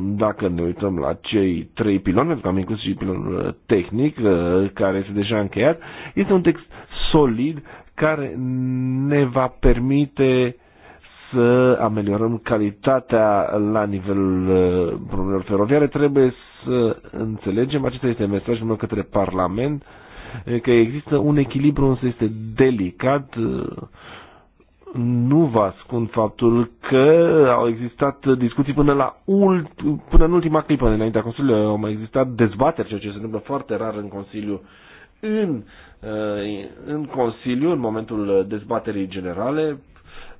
dacă ne uităm la cei trei piloni, pentru că am inclus și pilonul uh, tehnic, uh, care este deja încheiat, este un text solid care ne va permite să ameliorăm calitatea la nivelul uh, problemelor feroviare. Trebuie să înțelegem, acesta este mesajul meu către Parlament, că există un echilibru, însă este delicat nu vă ascund faptul că au existat discuții până, la ult, până în ultima clipă înaintea Consiliului. Au mai existat dezbateri, ceea ce se întâmplă foarte rar în Consiliu. În, uh, în Consiliu, în momentul dezbaterii generale,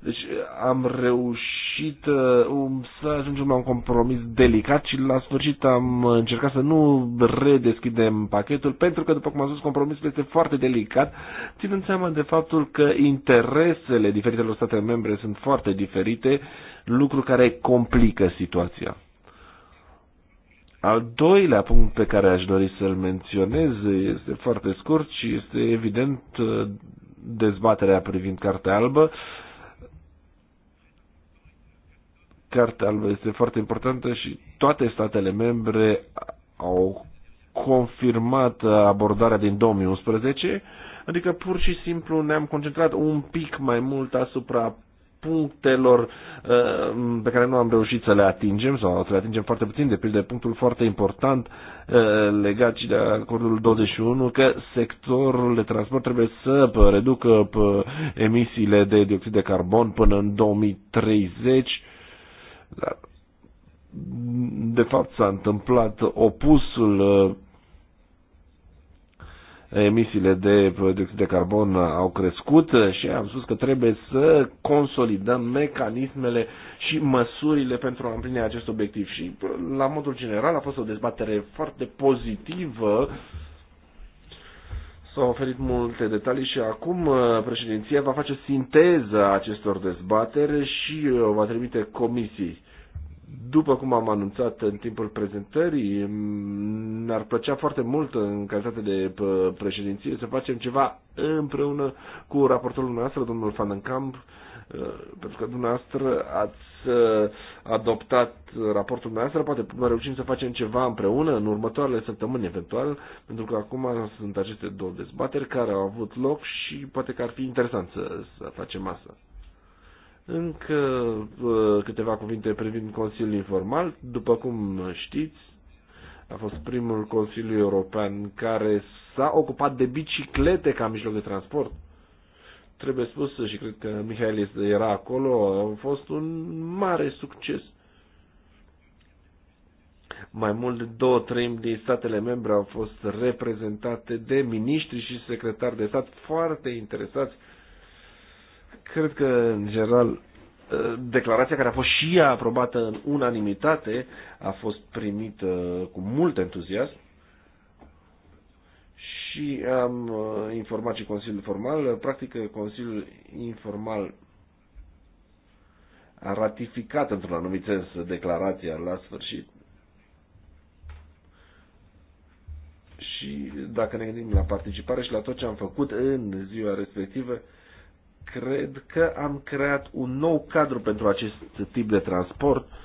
deci am reușit uh, um, să ajungem la un compromis delicat și la sfârșit am încercat să nu redeschidem pachetul pentru că, după cum am spus, compromisul este foarte delicat, ținând seama de faptul că interesele diferitelor state membre sunt foarte diferite, lucru care complică situația. Al doilea punct pe care aș dori să-l menționez este foarte scurt și este evident uh, dezbaterea privind Cartea Albă. Uh, Cartea albă este foarte importantă și toate statele membre au confirmat abordarea din 2011, adică pur și simplu ne-am concentrat un pic mai mult asupra punctelor uh, pe care nu am reușit să le atingem sau să le atingem foarte puțin, de pildă punctul foarte important uh, legat și de acordul 21 că sectorul de transport trebuie să reducă uh, emisiile de dioxid de carbon până în 2030 de fapt s-a întâmplat opusul uh, emisiile de dioxid de carbon au crescut și am spus că trebuie să consolidăm mecanismele și măsurile pentru a împlini acest obiectiv. Și la modul general a fost o dezbatere foarte pozitivă uh, S-au oferit multe detalii și acum uh, președinția va face sinteza acestor dezbatere și uh, o va trimite comisii. După cum am anunțat în timpul prezentării, ne-ar plăcea foarte mult în calitate de uh, președinție să facem ceva împreună cu raportul nostru, domnul Van pentru că dumneavoastră ați Uh, adoptat raportul dumneavoastră, poate reușim să facem ceva împreună în următoarele săptămâni eventual, pentru că acum sunt aceste două dezbateri care au avut loc și poate că ar fi interesant să, să facem asta. Încă uh, câteva cuvinte privind Consiliul Informal. După cum știți, a fost primul Consiliu European care s-a ocupat de biciclete ca mijloc de transport. Uh, trebuie spus și cred că Mihaelis era acolo, a fost un mare succes. Mai mult de două treimi din statele membre au fost reprezentate de miniștri și secretari de stat foarte interesați. Cred că, în general, ă, declarația care a fost și ea aprobată în unanimitate a fost primită cu mult entuziasm și am uh, informat și Consiliul Formal. Practic, Consiliul Informal a ratificat într-un anumit sens declarația la sfârșit. Și dacă ne gândim la participare și la tot ce am făcut în ziua respectivă, cred că am creat un nou cadru pentru acest tip de transport uh,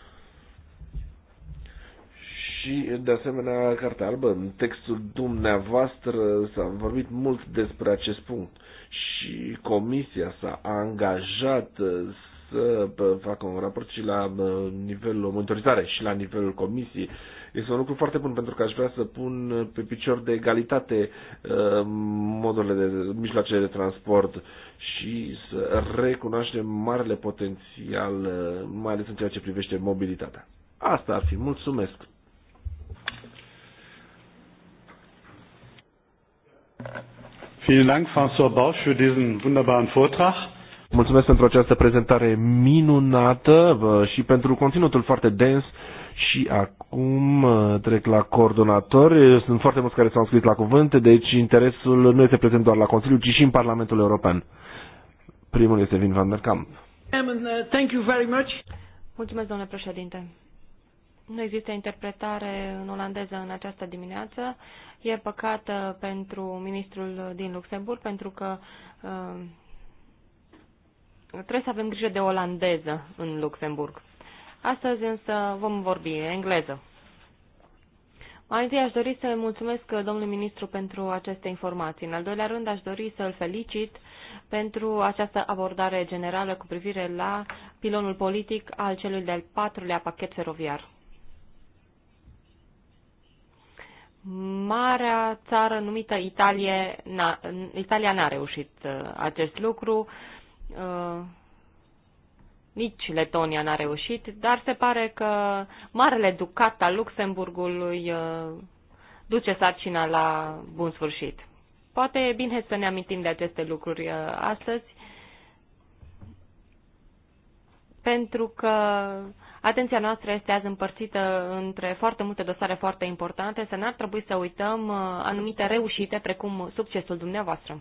și, de asemenea, Cartea Albă. În textul dumneavoastră s-a vorbit mult despre acest punct și Comisia s-a angajat uh, să uh, facă un raport și la uh, nivelul monitorizare și la nivelul Comisiei. Este un lucru foarte bun pentru că aș vrea să pun pe picior de egalitate modurile de mijloace de transport și să recunoaștem marele potențial, mai ales în ceea ce privește mobilitatea. Asta ar fi. Mulțumesc! Vielen Dank, François Bausch, für diesen wunderbaren Vortrag. Mulțumesc pentru această prezentare minunată și pentru conținutul foarte dens. Și acum uh, trec la coordonatori. Sunt foarte mulți care s-au înscris la cuvânt, deci interesul nu este prezent doar la Consiliu, ci și în Parlamentul European. Primul este Vin van der Kamp. Uh, Mulțumesc, domnule președinte. Nu există interpretare în olandeză în această dimineață. E păcat pentru ministrul din Luxemburg, pentru că uh, trebuie să avem grijă de olandeză în Luxemburg. Astăzi însă vom vorbi engleză. Mai întâi aș dori să mulțumesc domnului ministru pentru aceste informații. În al doilea rând aș dori să îl felicit pentru această abordare generală cu privire la pilonul politic al celui de-al patrulea pachet feroviar. marea țară numită Italie, na, Italia n-a reușit uh, acest lucru, uh, nici Letonia n-a reușit, dar se pare că Marele Ducat al Luxemburgului uh, duce sarcina la bun sfârșit. Poate e bine să ne amintim de aceste lucruri astăzi, pentru că Atenția noastră este azi împărțită între foarte multe dosare foarte importante, să n-ar trebui să uităm uh, anumite reușite, precum succesul dumneavoastră.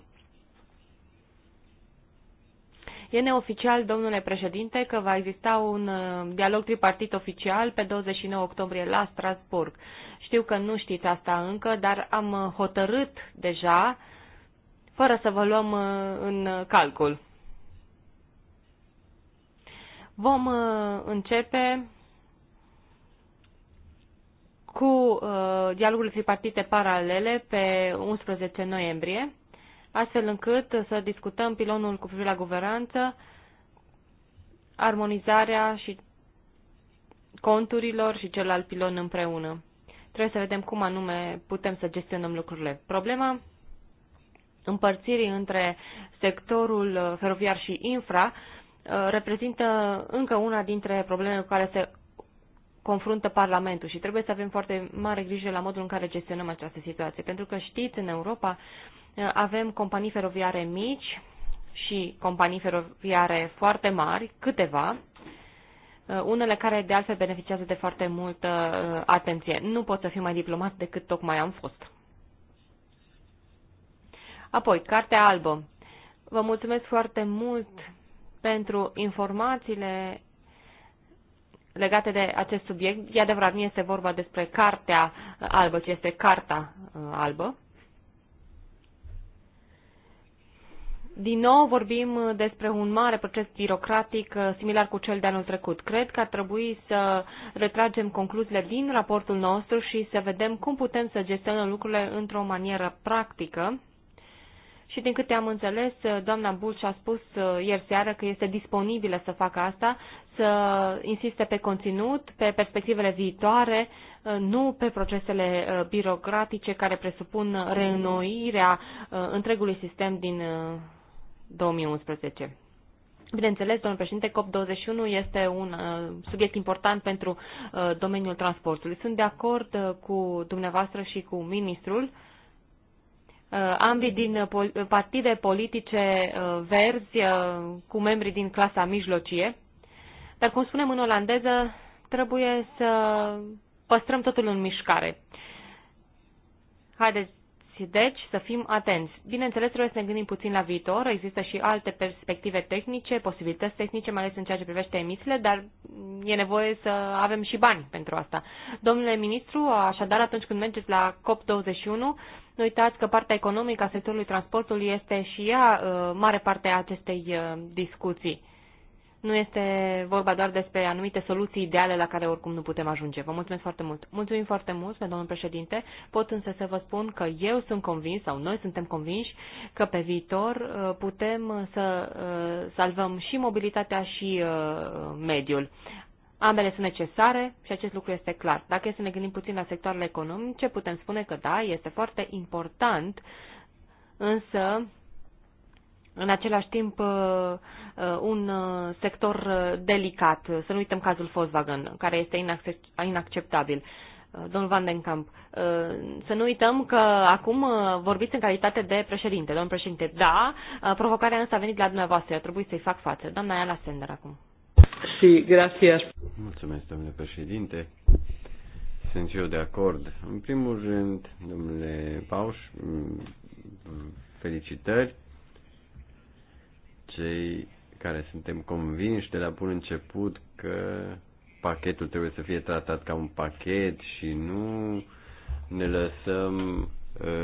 E neoficial, domnule președinte, că va exista un uh, dialog tripartit oficial pe 29 octombrie la Strasburg. Știu că nu știți asta încă, dar am uh, hotărât deja, fără să vă luăm în calcul. Vom uh, începe cu uh, dialogurile tripartite paralele pe 11 noiembrie, astfel încât să discutăm pilonul cu privire la guvernanță, armonizarea și conturilor și celălalt pilon împreună. Trebuie să vedem cum anume putem să gestionăm lucrurile. Problema împărțirii între sectorul uh, feroviar și infra uh, Uh, reprezintă încă una dintre problemele cu care se confruntă Parlamentul și trebuie să avem foarte mare grijă la modul în care gestionăm această situație. Pentru că știți, în Europa uh, avem companii feroviare mici și companii feroviare foarte mari, câteva, uh, unele care de altfel beneficiază de foarte multă atenție. Nu pot să fiu mai diplomat decât tocmai am fost. Apoi, Cartea Albă. Vă mulțumesc foarte mult pentru informațiile legate de acest subiect. E adevărat, nu este vorba despre cartea albă, ci este carta uh, albă. Din nou vorbim despre un mare proces birocratic uh, similar cu cel de anul trecut. Cred că ar trebui să retragem concluziile din raportul nostru și să vedem cum putem să gestionăm lucrurile într-o manieră practică și din câte am înțeles, doamna Bush a spus uh, ieri seară că este disponibilă să facă asta, să insiste pe conținut, pe perspectivele viitoare, uh, nu pe procesele uh, birocratice care presupun reînnoirea întregului sistem din 2011. Bineînțeles, domnul președinte, COP21 este un uh, subiect important pentru uh, domeniul transportului. Sunt de acord uh, cu dumneavoastră și cu ministrul Uh, ambii din uh, uh, partide politice verzi cu membri din clasa mijlocie. Dar, cum spunem în olandeză, trebuie să păstrăm totul în mișcare. Haideți, deci, să fim atenți. Bineînțeles, trebuie să ne gândim puțin la viitor. Există și alte perspective tehnice, posibilități tehnice, mai ales în ceea ce privește emisiile, dar e nevoie să avem și bani pentru asta. Domnule ministru, așadar, atunci când mergeți la COP21, nu uitați că partea economică a sectorului transportului este și ea uh, mare parte a acestei uh, discuții. Nu este vorba doar despre anumite soluții ideale la care oricum nu putem ajunge. Vă mulțumesc foarte mult. Mulțumim foarte mult, domnul președinte. Pot însă să vă spun că eu sunt convins sau noi suntem convinși că pe viitor uh, putem să salvăm și mobilitatea și mediul. Ambele sunt necesare și acest lucru este clar. Dacă e să ne gândim puțin la sectoarele economice, putem spune că da, este foarte important, însă în același timp uh, uh, un uh, sector delicat. Să nu uităm cazul Volkswagen, care este inacceptabil. Domnul Van den Kamp, să nu uităm că acum vorbiți în calitate de președinte. Domnul președinte, da, provocarea însă a venit la dumneavoastră, a trebuit să-i fac față. Doamna Iana Sender acum. Sí, gracias. Mulțumesc, domnule președinte. Sunt eu de acord. În primul rând, domnule Pauș, felicitări. Cei care suntem convinși de la bun început că pachetul trebuie să fie tratat ca un pachet și nu ne lăsăm ă,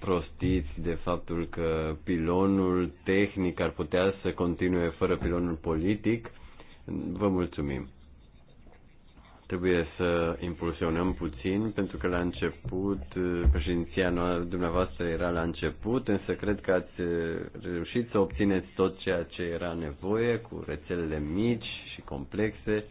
prostiți de faptul că pilonul tehnic ar putea să continue fără pilonul politic Vă mulțumim. Trebuie să impulsionăm puțin, pentru că la început, eh, președinția noastră, dumneavoastră era la început, însă cred că ați eh, reușit să obțineți tot ceea ce era nevoie cu rețelele mici și complexe.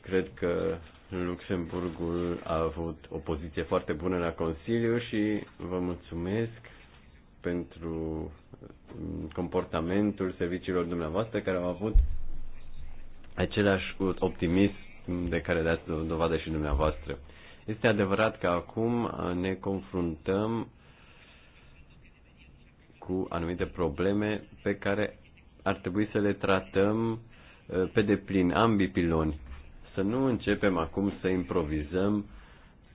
Cred că Luxemburgul a avut o poziție foarte bună la Consiliu și vă mulțumesc pentru comportamentul serviciilor dumneavoastră care au avut același optimism de care dați dovadă și dumneavoastră. Este adevărat că acum uh, ne confruntăm cu anumite probleme pe care ar trebui să le tratăm uh, pe deplin ambii piloni. Să nu începem acum să improvizăm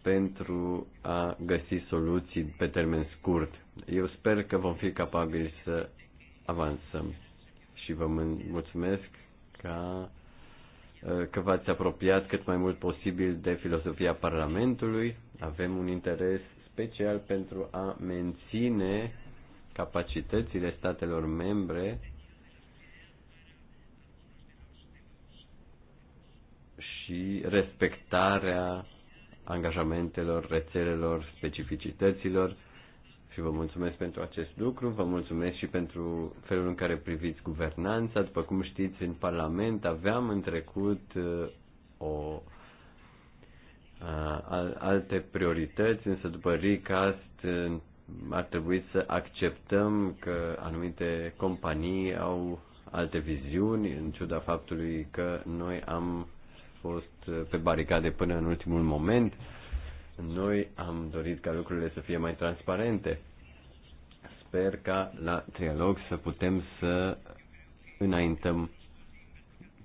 pentru a găsi soluții pe termen scurt. Eu sper că vom fi capabili să avansăm și vă mulțumesc ca, uh, că v-ați apropiat cât mai mult posibil de filosofia Parlamentului. Avem un interes special pentru a menține capacitățile statelor membre și respectarea angajamentelor, rețelelor, specificităților și vă mulțumesc pentru acest lucru, vă mulțumesc și pentru felul în care priviți guvernanța. După cum știți, în Parlament aveam în trecut uh, o uh, alte priorități, însă după recast uh, ar trebui să acceptăm că anumite companii au alte viziuni, în ciuda faptului că noi am fost uh, pe baricade până în ultimul moment. Noi am dorit ca lucrurile să fie mai transparente. Sper ca la trialog să putem să înaintăm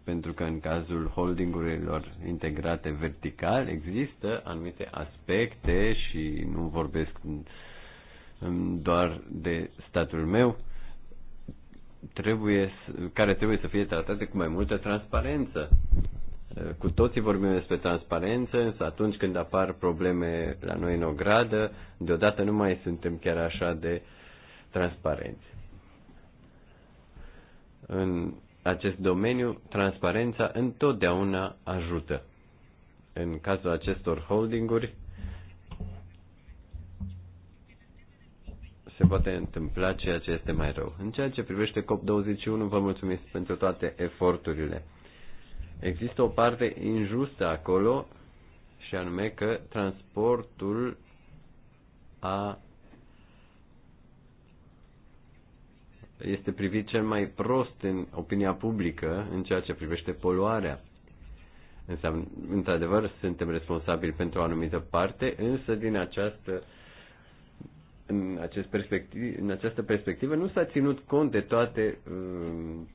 pentru că în cazul holdingurilor integrate vertical există anumite aspecte și nu vorbesc doar de statul meu, trebuie, care trebuie să fie tratate cu mai multă transparență. Cu toții vorbim despre transparență, însă atunci când apar probleme la noi în ogradă, deodată nu mai suntem chiar așa de transparenți. În acest domeniu, transparența întotdeauna ajută. În cazul acestor holdinguri, se poate întâmpla ceea ce este mai rău. În ceea ce privește COP21, vă mulțumesc pentru toate eforturile. Există o parte injustă acolo și anume că transportul a este privit cel mai prost în opinia publică în ceea ce privește poluarea. Înseamnă, într-adevăr, suntem responsabili pentru o anumită parte, însă din această în, acest perspectiv, în această perspectivă nu s-a ținut cont de toate um,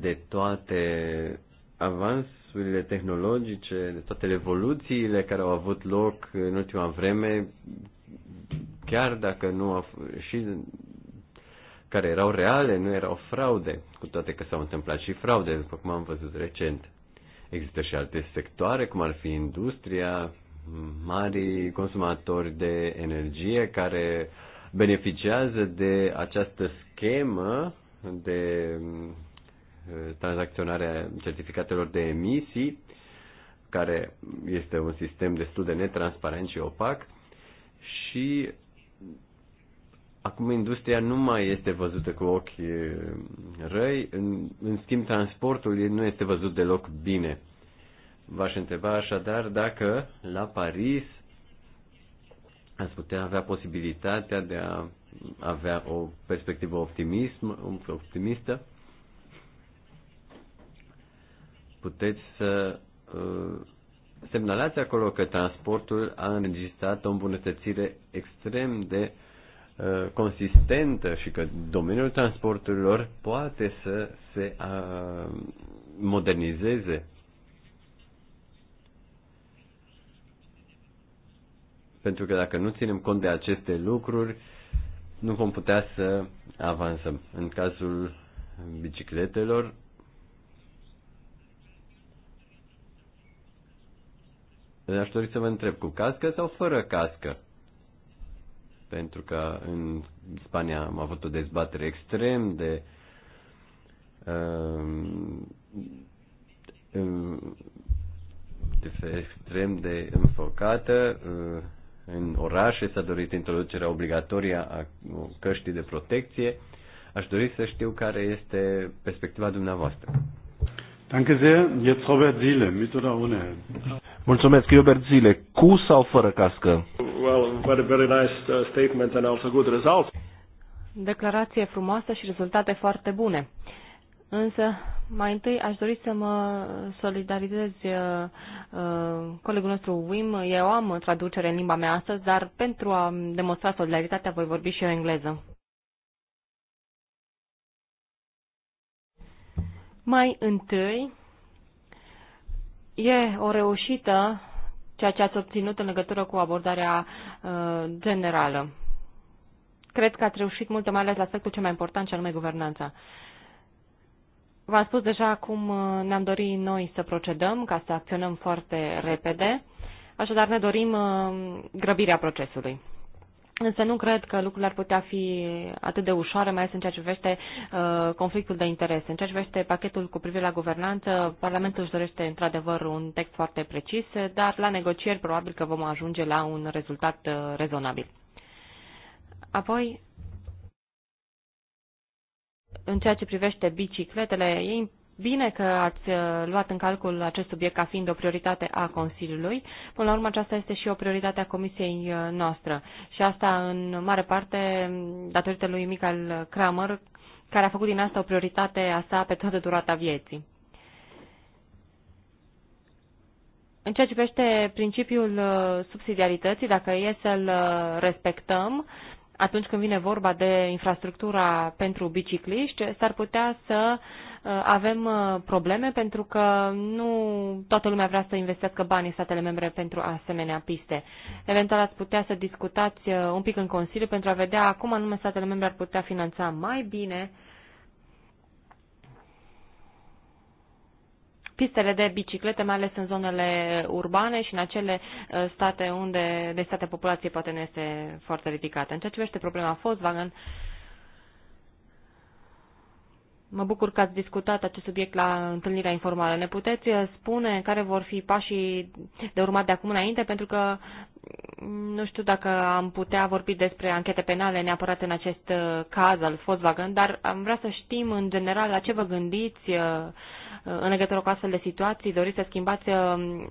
de toate avansurile tehnologice, toate evoluțiile care au avut loc în ultima vreme, chiar dacă nu au și care erau reale, nu erau fraude, cu toate că s-au întâmplat și fraude, după cum am văzut recent. Există și alte sectoare, cum ar fi industria, mari consumatori de energie care beneficiază de această schemă de tranzacționarea certificatelor de emisii, care este un sistem destul de netransparent și opac și acum industria nu mai este văzută cu ochi răi, în, în schimb transportul nu este văzut deloc bine. V-aș întreba așadar dacă la Paris ați putea avea posibilitatea de a avea o perspectivă optimism, optimistă puteți să uh, semnalați acolo că transportul a înregistrat o îmbunătățire extrem de uh, consistentă și că domeniul transporturilor poate să se uh, modernizeze. Pentru că dacă nu ținem cont de aceste lucruri, nu vom putea să avansăm. În cazul bicicletelor, Aș dori să vă întreb, cu cască sau fără cască? Pentru că în Spania am avut o dezbatere extrem de um, um, extrem de înfocată. Uh, în orașe s-a dorit introducerea obligatorie a căștii de protecție. Aș dori să știu care este perspectiva dumneavoastră. Danke sehr. Jetzt Robert Ziele, mit oder ohne? Mulțumesc, Iubert Zile. Cu sau fără cască? Well, very, very nice uh, statement and also good results. Declarație frumoasă și rezultate foarte bune. Însă, mai întâi aș dori să mă solidarizez uh, uh, colegul nostru Wim. Eu am traducere în limba mea astăzi, dar pentru a demonstra solidaritatea voi vorbi și eu engleză. Mai întâi, E o reușită ceea ce ați obținut în legătură cu abordarea uh, generală. Cred că ați reușit multe, mai ales la aspectul cel mai important, cel mai guvernanța. V-am spus deja cum uh, ne-am dorit noi să procedăm, ca să acționăm foarte repede, așadar ne dorim uh, grăbirea procesului. Însă nu cred că lucrurile ar putea fi atât de ușoare, mai ales în ceea ce privește uh, conflictul de interese. În ceea ce privește pachetul cu privire la guvernanță, Parlamentul își dorește într-adevăr un text foarte precis, dar la negocieri probabil că vom ajunge la un rezultat uh, rezonabil. Apoi, în ceea ce privește bicicletele, e Bine că ați uh, luat în calcul acest subiect ca fiind o prioritate a Consiliului. Până la urmă, aceasta este și o prioritate a Comisiei uh, noastră. Și asta, în mare parte, datorită lui Michael Kramer, care a făcut din asta o prioritate a sa pe toată durata vieții. În ceea ce privește principiul uh, subsidiarității, dacă e să-l respectăm, atunci când vine vorba de infrastructura pentru bicicliști, s-ar putea să uh, Uh, avem uh, probleme pentru că nu toată lumea vrea să investească bani în statele membre pentru asemenea piste. Eventual ați putea să discutați uh, un pic în Consiliu pentru a vedea cum anume statele membre ar putea finanța mai bine pistele de biciclete, mai ales în zonele urbane și în acele state unde de state populație poate nu este foarte ridicată. În ceea ce privește problema Volkswagen, uh, Mă bucur că ați discutat acest subiect la întâlnirea informală. Ne puteți uh, spune care vor fi pașii de urmat de acum înainte? Pentru că mm, nu știu dacă am putea vorbi despre anchete penale neapărat în acest uh, caz al Volkswagen, dar am vrea să știm în general la ce vă gândiți uh, în legătură cu astfel de situații, doriți să schimbați uh, uh,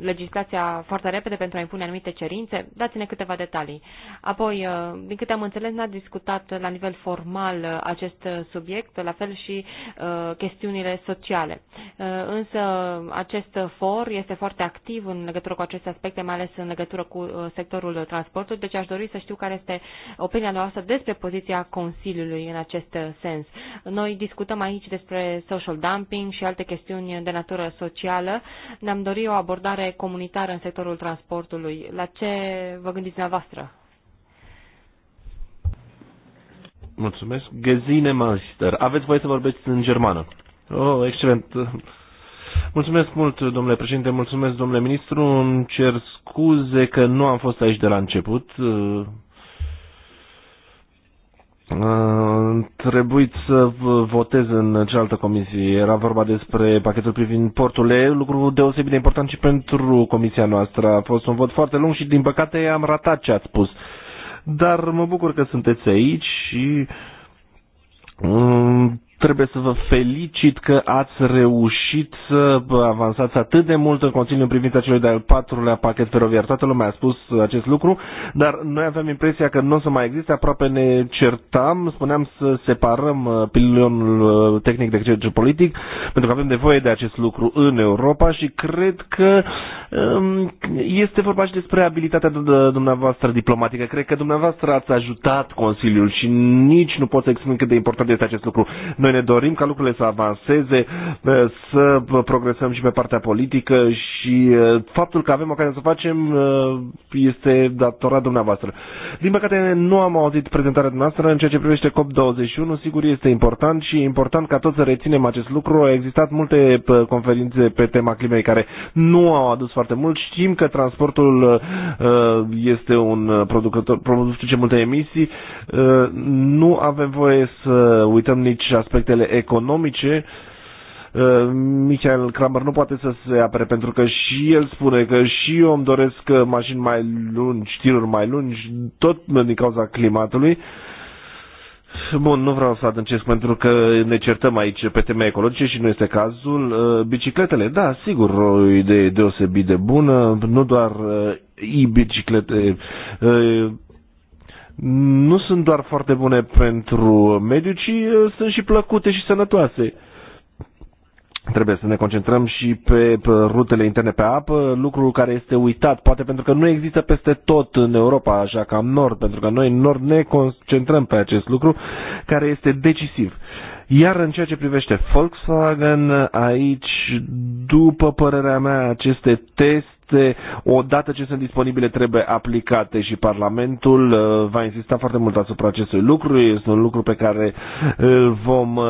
legislația foarte repede pentru a impune anumite cerințe? Dați-ne câteva detalii. Apoi, uh, din câte am înțeles, n-a discutat la nivel formal acest subiect, la fel și chestiunile sociale. Însă, acest for este foarte activ în legătură cu aceste aspecte, mai ales în legătură cu sectorul transportului, deci aș dori să știu care este opinia noastră despre poziția Consiliului în acest sens. Noi discutăm aici despre social dumping și alte chestiuni de natură socială. Ne-am dorit o abordare comunitară în sectorul transportului. La ce vă gândiți dumneavoastră? Mulțumesc. Gezine Meister. Aveți voie să vorbeți în germană. Oh, excelent. Mulțumesc mult, domnule președinte, mulțumesc, domnule ministru. Îmi cer scuze că nu am fost aici de la început trebuit să votez în cealaltă comisie. Era vorba despre pachetul privind porturile, lucru deosebit de important și pentru comisia noastră. A fost un vot foarte lung și, din păcate, am ratat ce ați spus. Dar mă bucur că sunteți aici și mm, Trebuie să vă felicit că ați reușit să avansați atât de mult în Consiliu în privința celui de-al patrulea pachet feroviar. Toată lumea a spus acest lucru, dar noi avem impresia că nu o să mai existe, aproape ne certam, spuneam să separăm uh, pilonul uh, tehnic de cel politic, pentru că avem nevoie de acest lucru în Europa și cred că um, este vorba și despre abilitatea dumneavoastră diplomatică. Cred că dumneavoastră ați ajutat Consiliul și nici nu pot să exprim cât de important este acest lucru. Noi ne dorim ca lucrurile să avanseze, să progresăm și pe partea politică și faptul că avem ocazia să facem este datorat dumneavoastră. Din păcate nu am auzit prezentarea dumneavoastră în ceea ce privește COP21, sigur este important și e important ca toți să reținem acest lucru. Au existat multe conferințe pe tema climei care nu au adus foarte mult. Știm că transportul este un producător, produce multe emisii. Nu avem voie să uităm nici aspectul aspectele economice, uh, Michael Kramer nu poate să se apere pentru că și el spune că și eu îmi doresc uh, mașini mai lungi, tiruri mai lungi, tot din cauza climatului. Bun, nu vreau să adâncesc pentru că ne certăm aici pe teme ecologice și nu este cazul. Uh, bicicletele, da, sigur, o idee deosebit de bună, nu doar e-biciclete, nu sunt doar foarte bune pentru mediu, ci uh, sunt și plăcute și sănătoase. Trebuie să ne concentrăm și pe rutele interne pe apă, lucru care este uitat, poate pentru că nu există peste tot în Europa, așa ca în Nord, pentru că noi în Nord ne concentrăm pe acest lucru care este decisiv. Iar în ceea ce privește Volkswagen, aici, după părerea mea, aceste teste aceste, odată ce sunt disponibile, trebuie aplicate și Parlamentul uh, va insista foarte mult asupra acestui lucru. Este un lucru pe care uh, îl vom uh,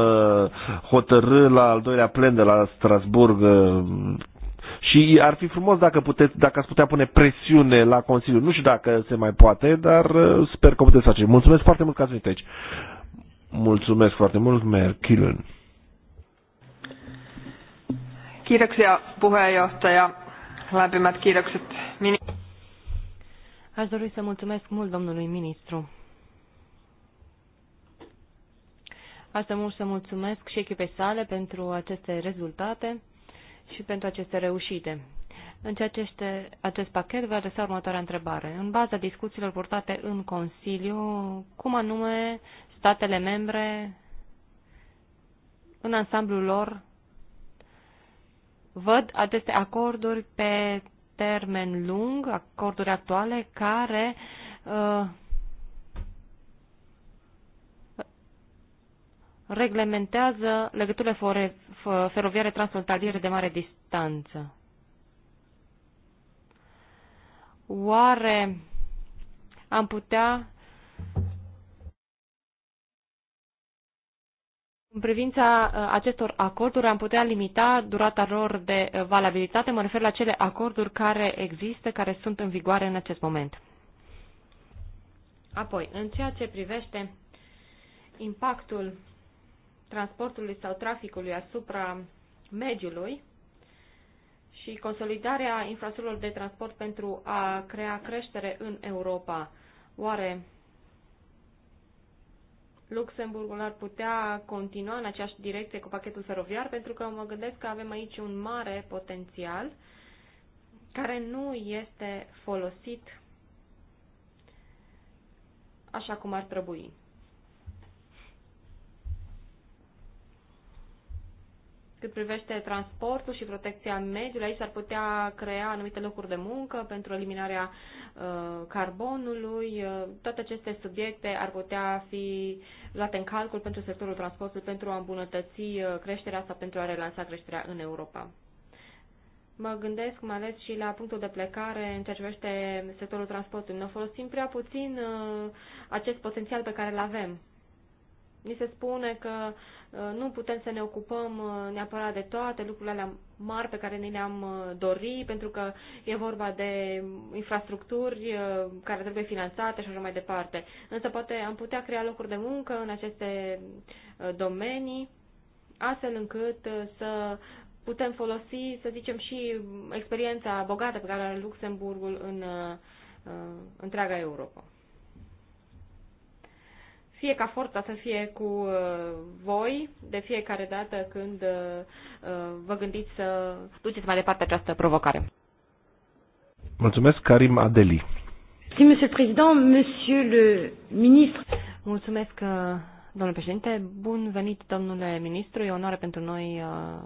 hotărâ la al doilea plen de la Strasburg și ar fi frumos dacă, puteți, dacă ați putea pune presiune la Consiliu. Nu știu dacă se mai poate, dar sper că puteți face. Mulțumesc foarte mult că ați venit aici. Mulțumesc foarte mult, Mayor Killen. Kiitoksia puheenjohtaja. Lämpimät kiitokset. Aș dori să mulțumesc mult domnului ministru. Aș dori să mulțumesc și echipei sale pentru aceste rezultate și pentru aceste reușite. În ceea ce este acest pachet, vă adresa următoarea întrebare. În baza discuțiilor purtate în Consiliu, cum anume statele membre, în ansamblul lor, văd aceste acorduri pe termen lung, acorduri actuale care uh, reglementează legăturile feroviare transfrontaliere de mare distanță. Oare am putea În privința ă, acestor acorduri am putea limita durata lor de ă, valabilitate, mă refer la cele acorduri care există, care sunt în vigoare în acest moment. Apoi, în ceea ce privește impactul transportului sau traficului asupra mediului și consolidarea infrastructurilor de transport pentru a crea creștere în Europa, oare Luxemburgul ar putea continua în aceeași direcție cu pachetul feroviar, pentru că mă gândesc că avem aici un mare potențial care nu este folosit așa cum ar trebui. Cât privește transportul și protecția mediului, aici s-ar putea crea anumite locuri de muncă pentru eliminarea uh, carbonului. Uh, toate aceste subiecte ar putea fi luate în calcul pentru sectorul transportului pentru a îmbunătăți uh, creșterea sau pentru a relansa creșterea în Europa. Mă gândesc mai ales și la punctul de plecare în ceea ce privește sectorul transportului. Noi folosim prea puțin uh, acest potențial pe care îl avem. Ni se spune că uh, nu putem să ne ocupăm uh, neapărat de toate lucrurile alea mari pe care ne le-am uh, dori, pentru că e vorba de infrastructuri care trebuie finanțate și așa mai departe. Însă poate am putea crea locuri de muncă în aceste domenii, astfel încât să putem folosi, să zicem, și experiența bogată pe care are Luxemburgul în întreaga Europa fie ca forța să fie cu uh, voi de fiecare dată când uh, uh, vă gândiți să duceți mai departe această provocare. Mulțumesc, Karim Adeli. Si, monsieur le président, monsieur le ministre. Mulțumesc, Domnule președinte, bun venit, domnule ministru. E onoare pentru noi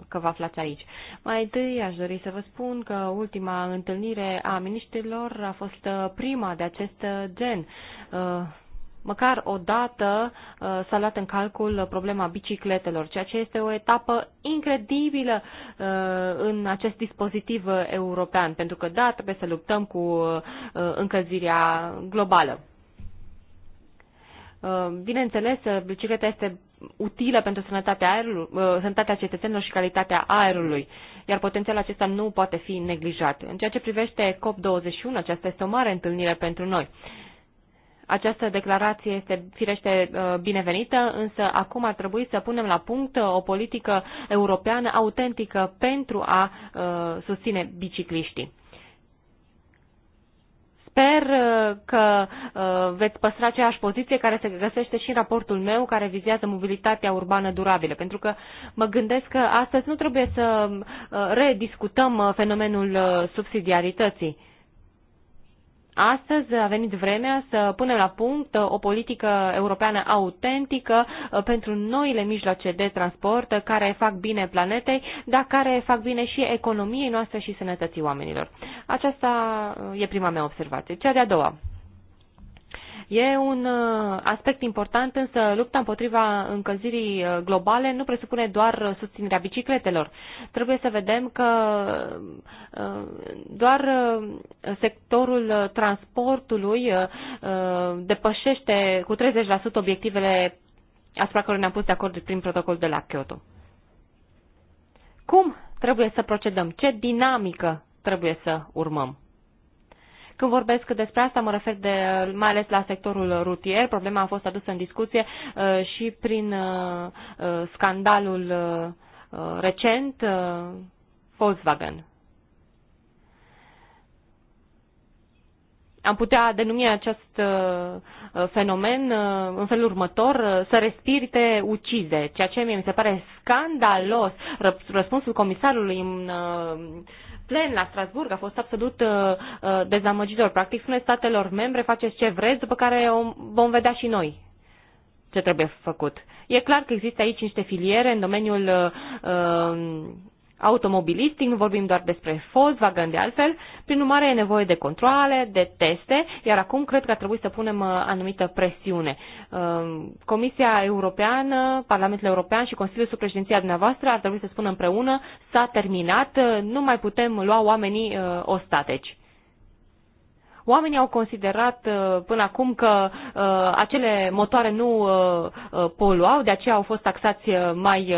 că vă aflați aici. Mai întâi aș dori să vă spun că ultima întâlnire a miniștrilor a fost prima de acest gen măcar o dată uh, s-a luat în calcul problema bicicletelor, ceea ce este o etapă incredibilă uh, în acest dispozitiv european, pentru că, da, trebuie să luptăm cu uh, încălzirea globală. Bineînțeles, bicicleta este utilă pentru sănătatea, aerului, sănătatea cetățenilor și calitatea aerului, iar potențialul acesta nu poate fi neglijat. În ceea ce privește COP21, aceasta este o mare întâlnire pentru noi. Această declarație este firește uh, binevenită, însă acum ar trebui să punem la punct uh, o politică europeană autentică pentru a uh, susține bicicliștii. Sper că veți păstra aceeași poziție care se găsește și în raportul meu care vizează mobilitatea urbană durabilă, pentru că mă gândesc că astăzi nu trebuie să rediscutăm fenomenul subsidiarității Astăzi a venit vremea să punem la punct o politică europeană autentică uh, pentru noile mijloace de transport uh, care fac bine planetei, dar care fac bine și economiei noastre și sănătății oamenilor. Aceasta uh, e prima mea observație. Cea de-a doua. E un uh, aspect important, însă lupta împotriva încălzirii uh, globale nu presupune doar susținerea bicicletelor. Trebuie să vedem că uh, doar sectorul transportului depășește cu 30% obiectivele asupra care ne-am pus de acord prin protocolul de la Kyoto. Cum trebuie să procedăm? Ce dinamică trebuie să urmăm? Când vorbesc despre asta, mă refer de, mai ales la sectorul rutier. Problema a fost adusă în discuție uh, și prin uh, uh, scandalul recent Volkswagen. Am putea denumi acest fenomen în felul următor, să respiri ucide. ucize, ceea ce mie mi se pare scandalos. Răspunsul comisarului în plen la Strasburg a fost absolut uh, uh, dezamăgitor. Practic spune statelor membre, faceți ce vreți, după care vom vedea și noi ce trebuie făcut. E clar că există aici niște filiere în domeniul uh, uh automobilistic, nu vorbim doar despre Volkswagen de altfel, prin urmare e nevoie de controle, de teste, iar acum cred că ar trebui să punem uh, anumită presiune. Uh, Comisia Europeană, Parlamentul European și Consiliul sub președinția dumneavoastră ar trebui să spună împreună s-a terminat, uh, nu mai putem lua oamenii ostateci. Oamenii au considerat uh, până acum că uh, acele motoare nu uh, poluau, de aceea au fost taxați mai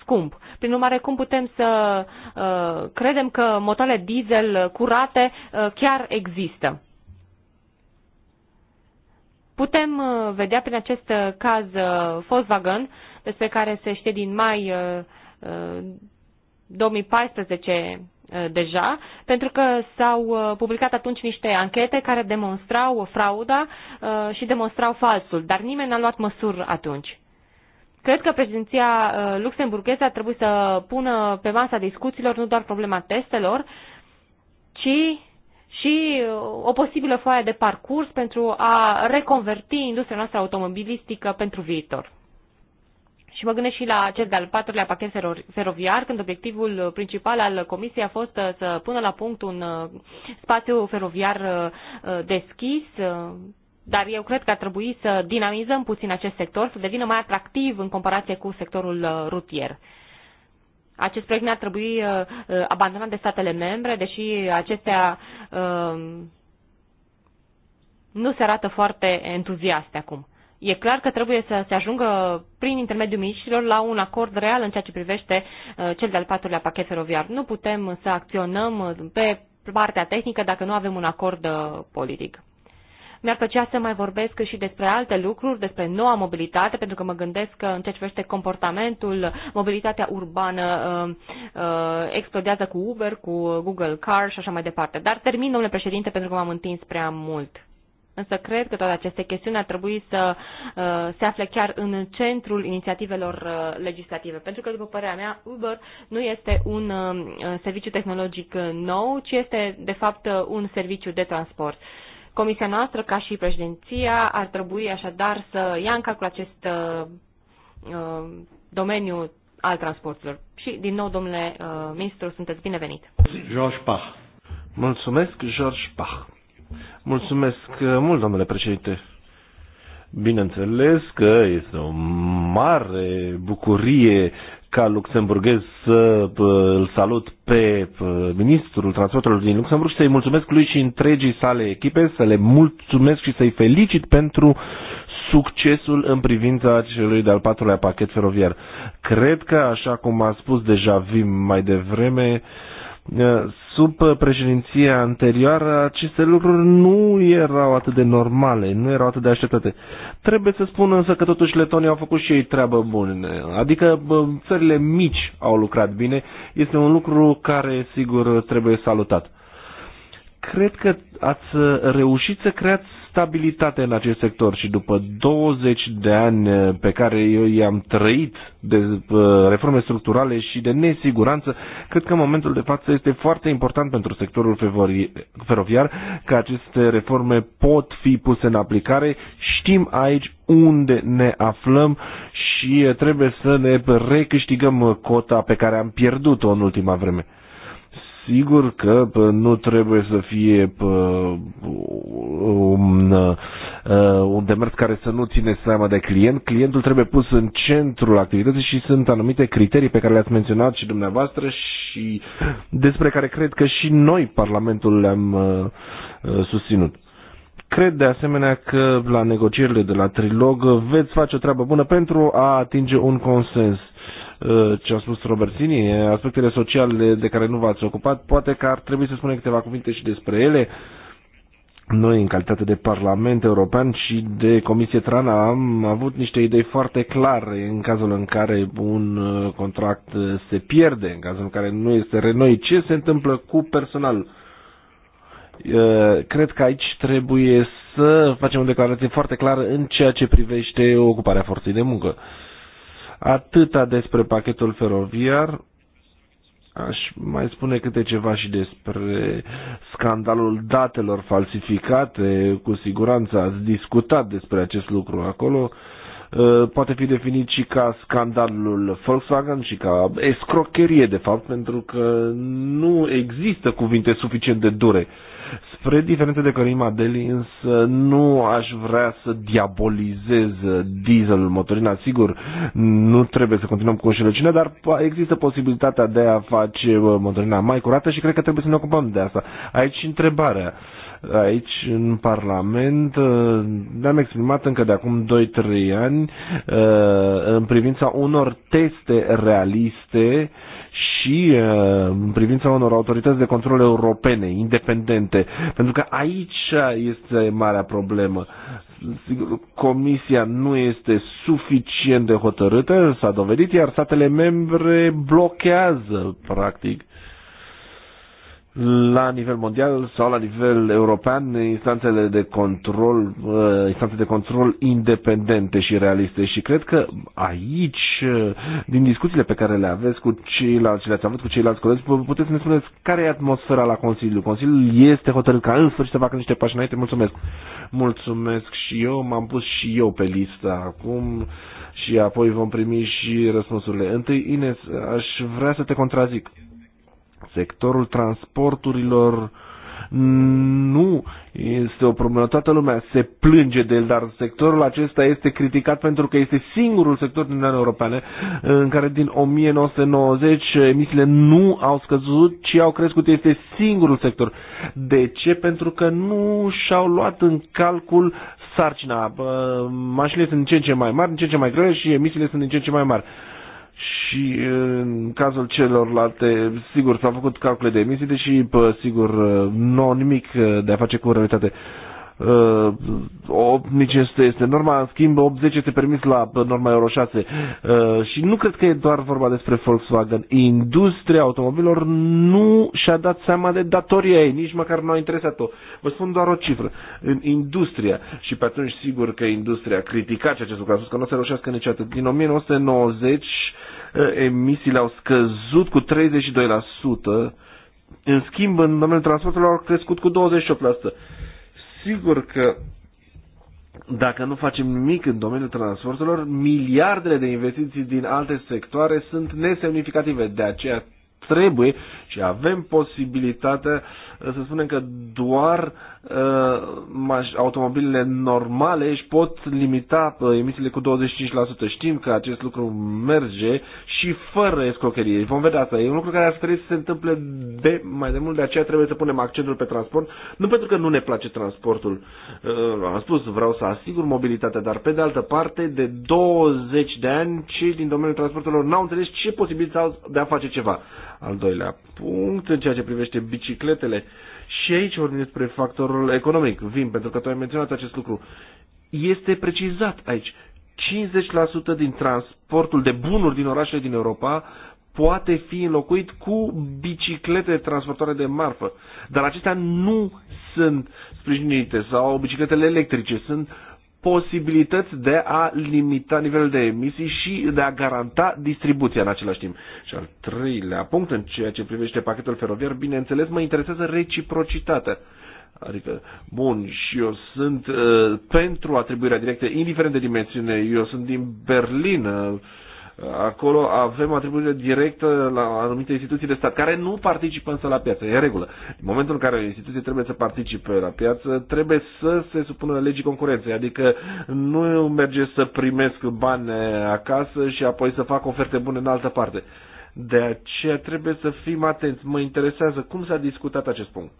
scump. Prin urmare, cum putem să credem că motoarele diesel curate chiar există? Putem vedea prin acest caz Volkswagen, despre care se știe din mai 2014 Eh, deja, pentru că s-au eh, publicat atunci niște anchete care demonstrau frauda eh, și demonstrau falsul, dar nimeni n-a luat măsuri atunci. Cred că președinția luxemburgheză ar trebui să pună pe masa discuțiilor nu doar problema testelor, ci și o posibilă foaie de parcurs pentru a reconverti industria noastră automobilistică pentru viitor. Și mă gândesc și la acest de-al patrulea pachet feroviar, când obiectivul principal al Comisiei a fost uh, să pună la punct un uh, spațiu feroviar uh, deschis, dar eu cred că ar trebui să dinamizăm puțin acest sector, să devină mai atractiv în comparație cu sectorul rutier. Acest proiect ne ar trebui abandonat de statele membre, deși acestea nu se arată foarte entuziaste acum. E clar că trebuie să se ajungă prin intermediul miniștrilor la un acord real în ceea ce privește uh, cel de-al patrulea pachet feroviar. Nu putem să acționăm uh, pe partea tehnică dacă nu avem un acord uh, politic. Mi-ar plăcea să mai vorbesc și despre alte lucruri, despre noua mobilitate, pentru că mă gândesc că în ceea ce privește comportamentul, mobilitatea urbană uh, uh, explodează cu Uber, cu Google Car și așa mai departe. Dar termin, domnule președinte, pentru că m-am întins prea mult. Însă cred că toate aceste chestiuni ar trebui să uh, se afle chiar în centrul inițiativelor uh, legislative. Pentru că, după părerea mea, Uber nu este un uh, serviciu tehnologic uh, nou, ci este, de fapt, uh, un serviciu de transport. Comisia noastră, ca și președinția, ar trebui așadar să ia în calcul acest uh, uh domeniu al transporturilor. Și, din nou, domnule uh, ministru, sunteți binevenit. George Pach. Mulțumesc, George Pach. Mulțumesc uh, mult, domnule președinte. Bineînțeles că este o mare bucurie ca luxemburghez să uh, îl salut pe uh, ministrul transporturilor din Luxemburg și să-i mulțumesc lui și întregii sale echipe, să le mulțumesc și să-i felicit pentru succesul în privința celui de-al patrulea pachet feroviar. Cred că, așa cum a spus deja Vim mai devreme, uh, Eh, sub președinția anterioară, aceste lucruri nu erau atât de normale, nu erau atât de așteptate. Trebuie să spun însă că totuși letonii au făcut și ei treabă bună, adică țările mici au lucrat bine, este un lucru care sigur trebuie salutat cred că ați reușit să creați stabilitate în acest sector și după 20 de ani eh, pe care eu i-am trăit de eh, reforme structurale și de nesiguranță, cred că în momentul de față este foarte important pentru sectorul feroviar că aceste reforme pot fi puse în aplicare. Știm aici unde ne aflăm și eh, trebuie să ne recâștigăm cota pe care am pierdut-o în ultima vreme. Sigur că nu trebuie să fie un, uh, uh, un demers care să nu ține seama de client. Clientul trebuie pus în centrul activității și sunt anumite criterii pe care le-ați menționat și dumneavoastră și despre care cred că și noi, Parlamentul, le-am uh, susținut. Cred de asemenea că la negocierile de la trilog veți face o treabă bună pentru a atinge un consens Uh, ce a spus Robertini, aspectele sociale de care nu v-ați ocupat, poate că ar trebui să spunem câteva cuvinte și despre ele. Noi, în calitate de Parlament European și de Comisie Trana, am avut niște idei foarte clare în cazul în care un uh, contract uh, se pierde, în cazul în care nu este renoi. Ce se întâmplă cu personalul? Cred că aici trebuie să facem o declarație foarte clară în ceea ce privește ocuparea forței de muncă. Atâta despre pachetul feroviar. Aș mai spune câte ceva și despre scandalul datelor falsificate. Cu siguranță ați discutat despre acest lucru acolo. Uh, poate fi definit și ca scandalul Volkswagen și ca escrocherie, de fapt, pentru că nu există cuvinte suficient de dure uh, Spre diferență de Corima Deli, însă nu aș vrea să diabolizez dieselul, motorina. Sigur, nu trebuie să continuăm cu înșelăciune, dar există posibilitatea de a face motorina mai curată și cred că trebuie să ne ocupăm de asta. Aici întrebarea aici în Parlament ă, ne-am exprimat încă de acum 2-3 ani ă, în privința unor teste realiste și uh, în privința unor autorități de control europene, independente, pentru că aici este marea problemă. Comisia nu este suficient de hotărâtă, s-a dovedit, iar statele membre blochează, practic, uh, la nivel mondial sau la nivel european instanțele de control, uh, instanțe de control independente și realiste și cred că aici uh, din discuțiile pe care le aveți cu ceilalți, le-ați avut cu ceilalți colegi, puteți să ne spuneți care e atmosfera la Consiliu. Consiliul este hotărât ca în sfârșit să facă niște pași înainte. Mulțumesc. Mulțumesc și eu, m-am pus și eu pe listă acum și apoi vom primi și răspunsurile. Întâi, Ines, aș vrea să te contrazic sectorul transporturilor nu este o problemă. Toată lumea se plânge de el, dar sectorul acesta este criticat pentru că este singurul sector din Uniunea Europeană în care din 1990 emisiile nu au scăzut, ci au crescut. Este singurul sector. De ce? Pentru că nu și-au luat în calcul sarcina. Mașinile sunt din ce în ce mai mari, din ce în ce mai grele și emisiile sunt din ce în ce mai mari și în cazul celorlalte, sigur, s-au făcut calcule de emisii, deși, pă, sigur, nu au nimic uh, de a face cu realitate. 8, uh, nici este, este norma, în schimb 80 este permis la norma Euro 6 uh, și nu cred că e doar vorba despre Volkswagen. Industria automobilor nu și-a dat seama de datoria ei, nici măcar nu a interesat-o. Vă spun doar o cifră. În industria, și pe atunci sigur că industria a criticat ceea ce s-a spus, că nu se reușească nici atât. Din 1990 Eh, emisiile au scăzut cu 32%, în schimb, în domeniul transportelor au crescut cu 28%. Sigur că dacă nu facem nimic în domeniul transportelor, miliardele de investiții din alte sectoare sunt nesemnificative. De aceea trebuie și avem posibilitatea să spunem că doar uh, automobilele normale își pot limita uh, emisiile cu 25%. Știm că acest lucru merge și fără escrocherie. Vom vedea asta. E un lucru care ar trebui să se întâmple de mai de mult, de aceea trebuie să punem accentul pe transport. Nu pentru că nu ne place transportul. Uh, am spus, vreau să asigur mobilitatea, dar pe de altă parte, de 20 de ani, cei din domeniul transportelor n-au înțeles ce posibilități au de a face ceva al doilea punct, în ceea ce privește bicicletele, și aici vorbim despre factorul economic, vin, pentru că tu ai menționat acest lucru. Este precizat aici, 50% din transportul de bunuri din orașele din Europa poate fi înlocuit cu biciclete transportoare de marfă. Dar acestea nu sunt sprijinite sau bicicletele electrice, sunt posibilități de a limita nivelul de emisii și de a garanta distribuția în același timp. Și al treilea punct, în ceea ce privește pachetul feroviar, bineînțeles, mă interesează reciprocitatea. Adică, bun, și eu sunt uh, pentru atribuirea directă, indiferent de dimensiune, eu sunt din Berlin, uh, Acolo avem atribuire directă la anumite instituții de stat care nu participă însă la piață. E în regulă. În momentul în care o instituție trebuie să participe la piață, trebuie să se supună legii concurenței. Adică nu merge să primesc bani acasă și apoi să fac oferte bune în altă parte. De aceea trebuie să fim atenți. Mă interesează cum s-a discutat acest punct.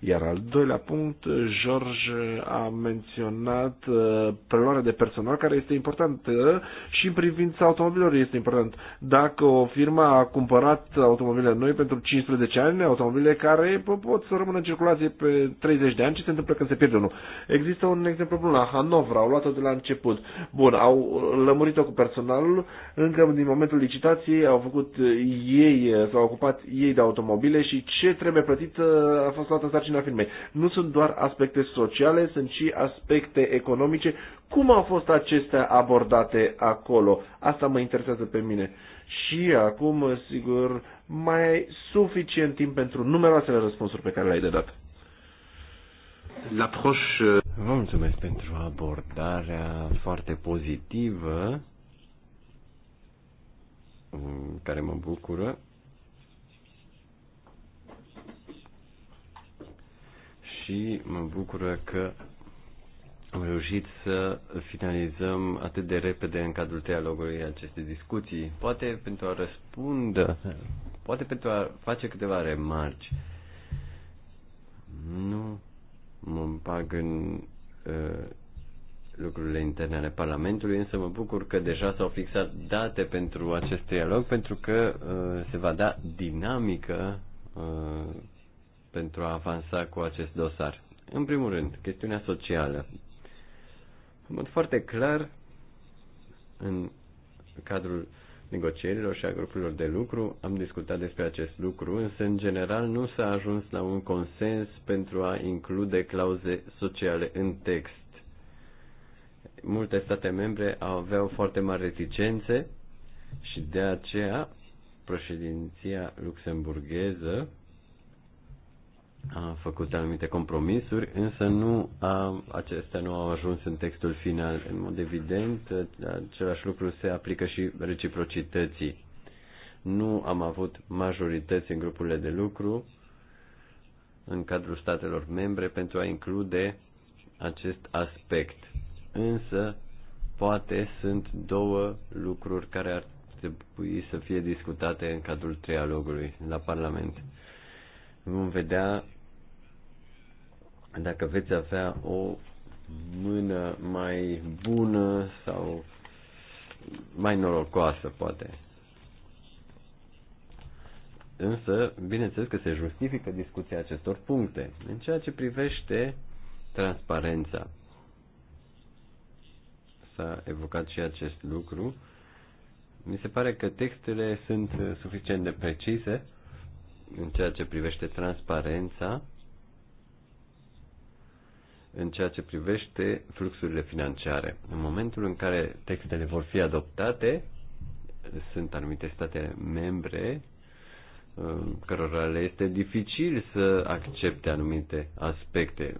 Iar al doilea punct, George a menționat uh, preluarea de personal care este importantă și în privința automobilor este important. Dacă o firmă a cumpărat automobile noi pentru 15 ani, automobile care pot să rămână în circulație pe 30 de ani, ce se întâmplă când se pierde unul? Există un exemplu bun la Hanovra, au luat-o de la început. Bun, au lămurit-o cu personalul, încă din momentul licitației au făcut ei, s-au ocupat ei de automobile și ce trebuie plătit a fost luată în marginea filmei. Nu sunt doar aspecte sociale, sunt și aspecte economice. Cum au fost acestea abordate acolo? Asta mă interesează pe mine. Și acum, sigur, mai ai suficient timp pentru numeroasele răspunsuri pe care le-ai de dat. L'approche... Uh, Vă mulțumesc pentru abordarea foarte pozitivă mm, care mă bucură și mă bucură că am reușit să finalizăm atât de repede în cadrul dialogului aceste discuții. Poate pentru a răspunde, poate pentru a face câteva remarci. Nu mă împag în uh, lucrurile interne ale Parlamentului, însă mă bucur că deja s-au fixat date pentru acest dialog, pentru că uh, se va da dinamică uh, pentru a avansa cu acest dosar. În primul rând, chestiunea socială. În mod foarte clar, în cadrul negocierilor și a grupurilor de lucru am discutat despre acest lucru, însă în general nu s-a ajuns la un consens pentru a include clauze sociale în text. Multe state membre aveau foarte mari reticențe și de aceea președinția luxemburgheză a făcut anumite compromisuri, însă nu a, acestea nu au ajuns în textul final. În mod evident, același lucru se aplică și reciprocității. Nu am avut majorități în grupurile de lucru în cadrul statelor membre pentru a include acest aspect. Însă, poate sunt două lucruri care ar trebui să fie discutate în cadrul trialogului la Parlament. Vom vedea dacă veți avea o mână mai bună sau mai norocoasă, poate. Însă, bineînțeles că se justifică discuția acestor puncte. În ceea ce privește transparența, s-a evocat și acest lucru. Mi se pare că textele sunt suficient de precise în ceea ce privește transparența în ceea ce privește fluxurile financiare. În momentul în care textele vor fi adoptate, sunt anumite state membre uh, cărora le este dificil să accepte anumite aspecte.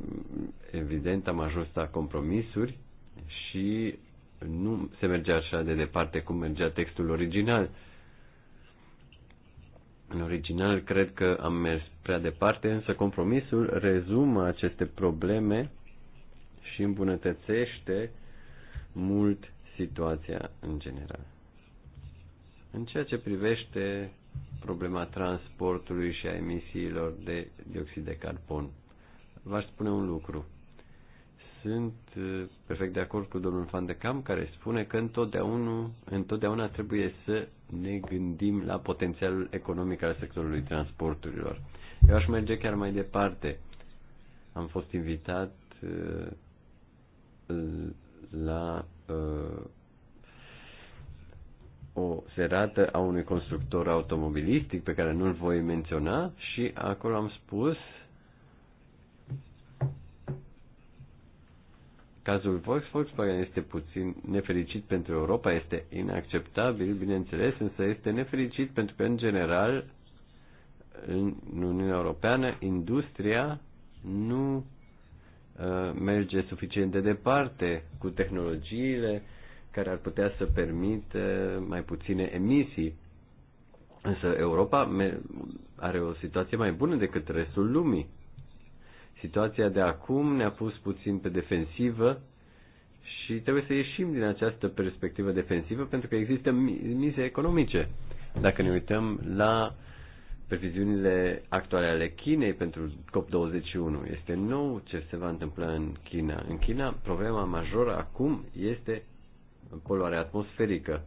Evident, am ajuns la compromisuri și nu se merge așa de departe cum mergea textul original. În original cred că am mers prea departe, însă compromisul rezumă aceste probleme și îmbunătățește mult situația în general. În ceea ce privește problema transportului și a emisiilor de dioxid de carbon, v-aș spune un lucru. Sunt uh, perfect de acord cu domnul Van de Cam care spune că întotdeauna, întotdeauna trebuie să ne gândim la potențialul economic al sectorului transporturilor. Eu aș merge chiar mai departe. Am fost invitat uh, la uh, o serată a unui constructor automobilistic pe care nu-l voi menționa și acolo am spus Cazul Volkswagen este puțin nefericit pentru Europa, este inacceptabil, bineînțeles, însă este nefericit pentru că, în general, în Uniunea Europeană, industria nu Uh, merge suficient de departe cu tehnologiile care ar putea să permită mai puține emisii. Însă Europa are o situație mai bună decât restul lumii. Situația de acum ne-a pus puțin pe defensivă și trebuie să ieșim din această perspectivă defensivă pentru că există mize economice. Dacă ne uităm la previziunile actuale ale Chinei pentru COP21. Este nou ce se va întâmpla în China. În China, problema majoră acum este poluarea atmosferică.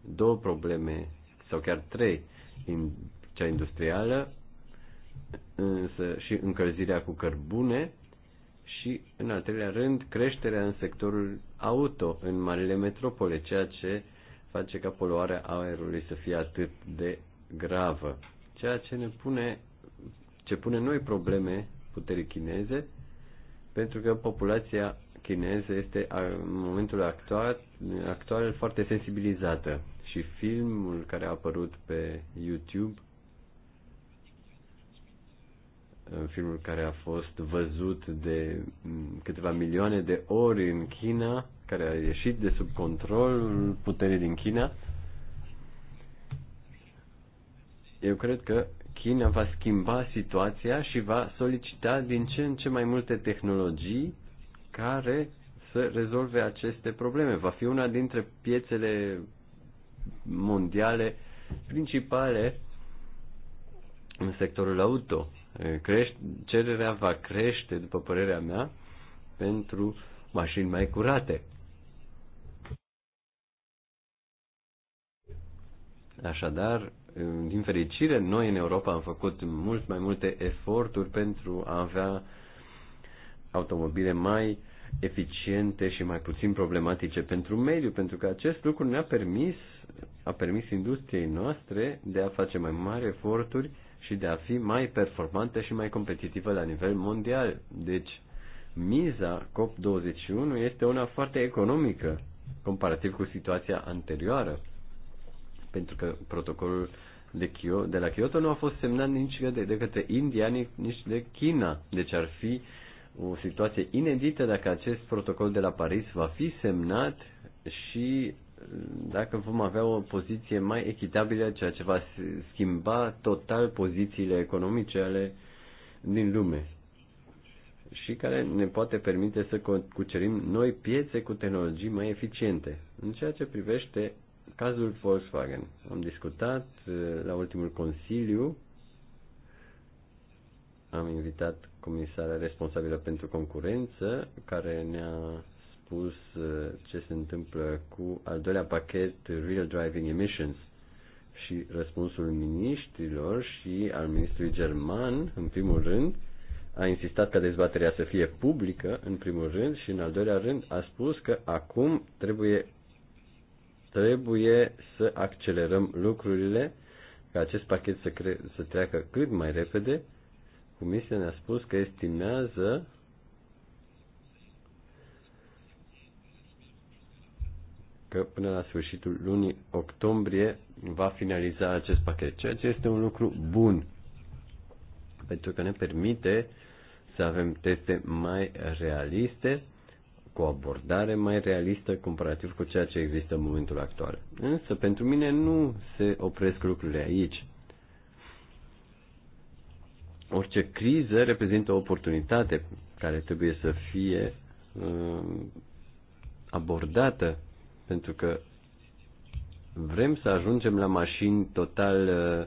Două probleme, sau chiar trei, în cea industrială, însă și încălzirea cu cărbune și, în al treilea rând, creșterea în sectorul auto în marile metropole, ceea ce face ca poluarea aerului să fie atât de gravă, ceea ce ne pune, ce pune noi probleme puterii chineze, pentru că populația chineză este în momentul actual, actual foarte sensibilizată și filmul care a apărut pe YouTube filmul care a fost văzut de câteva milioane de ori în China, care a ieșit de sub controlul puterii din China, eu cred că China va schimba situația și va solicita din ce în ce mai multe tehnologii care să rezolve aceste probleme. Va fi una dintre piețele mondiale principale în sectorul auto. Crește, cererea va crește, după părerea mea, pentru mașini mai curate. Așadar, din fericire, noi în Europa am făcut mult mai multe eforturi pentru a avea automobile mai eficiente și mai puțin problematice pentru mediu, pentru că acest lucru ne-a permis, a permis industriei noastre de a face mai mari eforturi și de a fi mai performante și mai competitivă la nivel mondial. Deci, miza COP21 este una foarte economică comparativ cu situația anterioară, pentru că protocolul de, Kyo, de la Kyoto nu a fost semnat nici de, de către India, nici de China. Deci ar fi o situație inedită dacă acest protocol de la Paris va fi semnat și mm, dacă vom avea o poziție mai echitabilă, ceea ce va schimba total pozițiile economice ale din lume și care ne poate permite să cucerim noi piețe cu tehnologii mai eficiente. În ceea ce privește Cazul Volkswagen. Am discutat eh, la ultimul Consiliu, am invitat comisarea responsabilă pentru concurență, care ne-a spus eh, ce se întâmplă cu al doilea pachet Real Driving Emissions și răspunsul miniștrilor și al ministrului german, în primul rând, a insistat ca dezbaterea să fie publică, în primul rând, și în al doilea rând a spus că acum trebuie Trebuie să accelerăm lucrurile ca acest pachet să, cre- să treacă cât mai repede. Comisia ne-a spus că estimează că până la sfârșitul lunii octombrie va finaliza acest pachet, ceea ce este un lucru bun, pentru că ne permite să avem teste mai realiste cu o abordare mai realistă comparativ cu ceea ce există în momentul actual. Însă, pentru mine nu se opresc lucrurile aici. Orice criză reprezintă o oportunitate care trebuie să fie uh, abordată, pentru că vrem să ajungem la mașini total uh,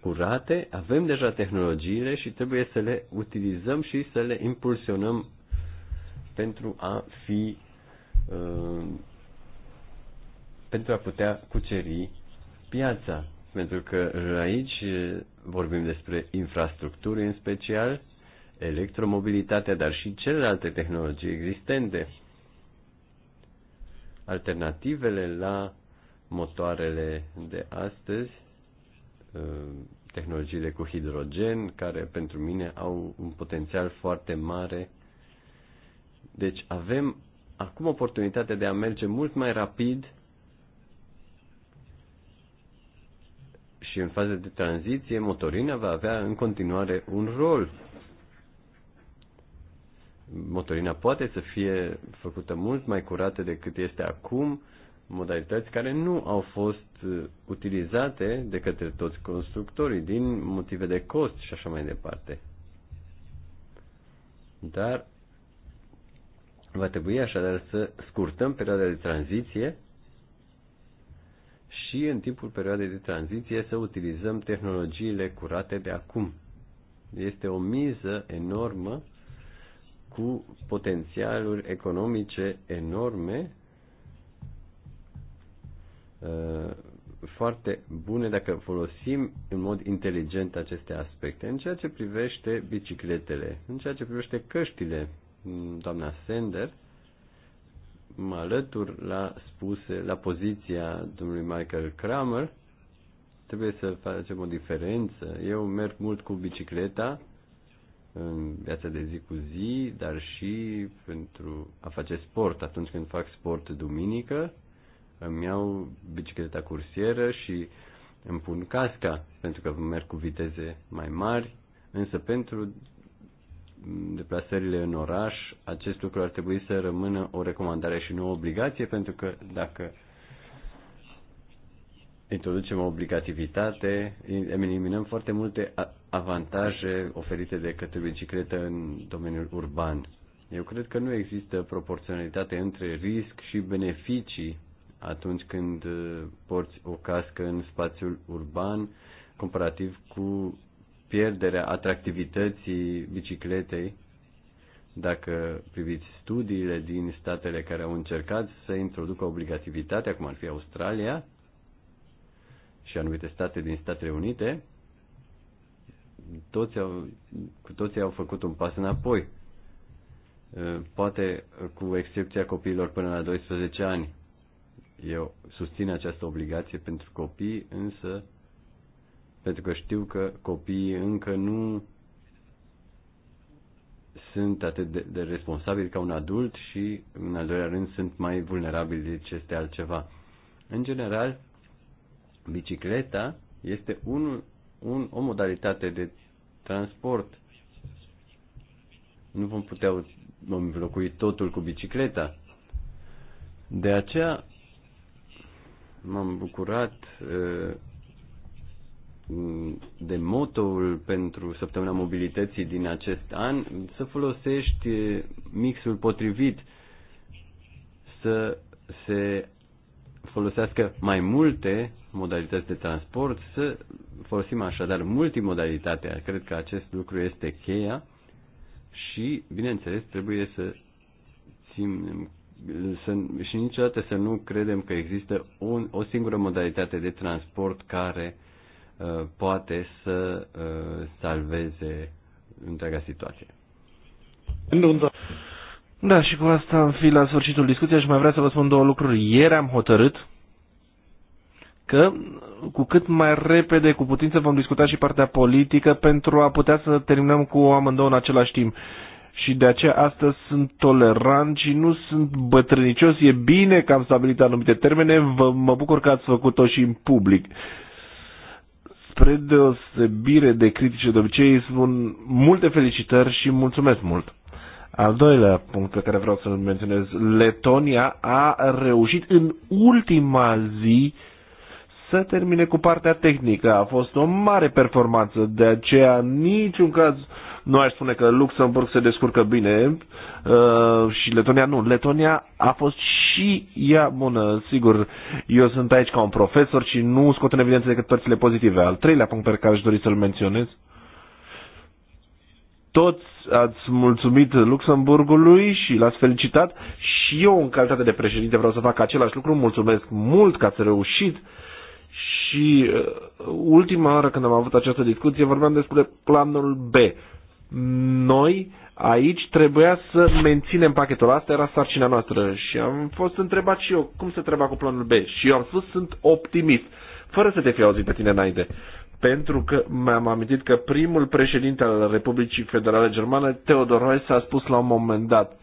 curate, avem deja tehnologiile și trebuie să le utilizăm și să le impulsionăm pentru a fi uh, pentru a putea cuceri piața. Pentru că aici vorbim despre infrastructuri în special, electromobilitatea, dar și celelalte tehnologii existente. Alternativele la motoarele de astăzi, uh, tehnologiile cu hidrogen, care pentru mine au un potențial foarte mare deci avem acum oportunitatea de a merge mult mai rapid și în fază de tranziție, motorina va avea în continuare un rol. Motorina poate să fie făcută mult mai curată decât este acum, modalități care nu au fost uh, utilizate de către toți constructorii din motive de cost și așa mai departe. Dar Va trebui așadar să scurtăm perioada de tranziție și în timpul perioadei de tranziție să utilizăm tehnologiile curate de acum. Este o miză enormă cu potențialuri economice enorme, uh, foarte bune dacă folosim în mod inteligent aceste aspecte. În ceea ce privește bicicletele, în ceea ce privește căștile, doamna Sender, mă alătur la spuse, la poziția domnului Michael Kramer, trebuie să facem o diferență. Eu merg mult cu bicicleta în viața de zi cu zi, dar și pentru a face sport. Atunci când fac sport duminică, îmi iau bicicleta cursieră și îmi pun casca, pentru că merg cu viteze mai mari, însă pentru deplasările în oraș, acest lucru ar trebui să rămână o recomandare și nu o obligație, pentru că dacă introducem o obligativitate, eliminăm foarte multe avantaje oferite de către bicicletă în domeniul urban. Eu cred că nu există proporționalitate între risc și beneficii atunci când uh, porți o cască în spațiul urban, comparativ cu pierderea atractivității bicicletei. Dacă priviți studiile din statele care au încercat să introducă obligativitatea, cum ar fi Australia și anumite state din Statele Unite, toți au, cu toții au făcut un pas înapoi. Poate cu excepția copiilor până la 12 ani. Eu susțin această obligație pentru copii, însă pentru că știu că copiii încă nu sunt atât de, de responsabili ca un adult și, în al doilea rând, sunt mai vulnerabili de ce este altceva. În general, bicicleta este un, un, o modalitate de transport. Nu vom putea locui totul cu bicicleta. De aceea m-am bucurat uh, Mm, de motoul pentru săptămâna mobilității din acest an, să folosești eh, mixul potrivit, să se folosească mai multe modalități de transport, să folosim așadar multimodalitatea. Cred că acest lucru este cheia și, bineînțeles, trebuie să ținem să, și niciodată să nu credem că există un, o singură modalitate de transport care Uh, poate să uh, salveze întreaga situație. Da, și cu asta am fi la sfârșitul discuției și mai vreau să vă spun două lucruri. Ieri am hotărât că cu cât mai repede, cu putință, vom discuta și partea politică pentru a putea să terminăm cu amândouă în același timp. Și de aceea astăzi sunt tolerant și nu sunt bătrânicios. E bine că am stabilit anumite termene. Vă, mă bucur că ați făcut-o și în public spre deosebire de critice de obicei, spun multe felicitări și mulțumesc mult. Al doilea punct pe care vreau să-l menționez, Letonia a reușit în ultima zi să termine cu partea tehnică. A fost o mare performanță, de aceea niciun caz uh, nu aș spune că Luxemburg se descurcă bine uh, și Letonia nu. Letonia a fost și ea bună. Sigur, eu sunt aici ca un profesor și nu scot în evidență decât părțile pozitive. Al treilea punct pe care aș dori să-l menționez. Toți ați mulțumit Luxemburgului și l-ați felicitat și eu în calitate de președinte vreau să fac același lucru. Mulțumesc mult că ați reușit și uh, ultima oară când am avut această discuție vorbeam despre planul B noi aici trebuia să menținem pachetul. Asta era sarcina noastră și am fost întrebat și eu cum se treba cu planul B și eu am spus sunt optimist, fără să te fi auzit pe tine înainte. Pentru că mi-am amintit că primul președinte al Republicii Federale Germane, Theodor Heuss, a spus la un moment dat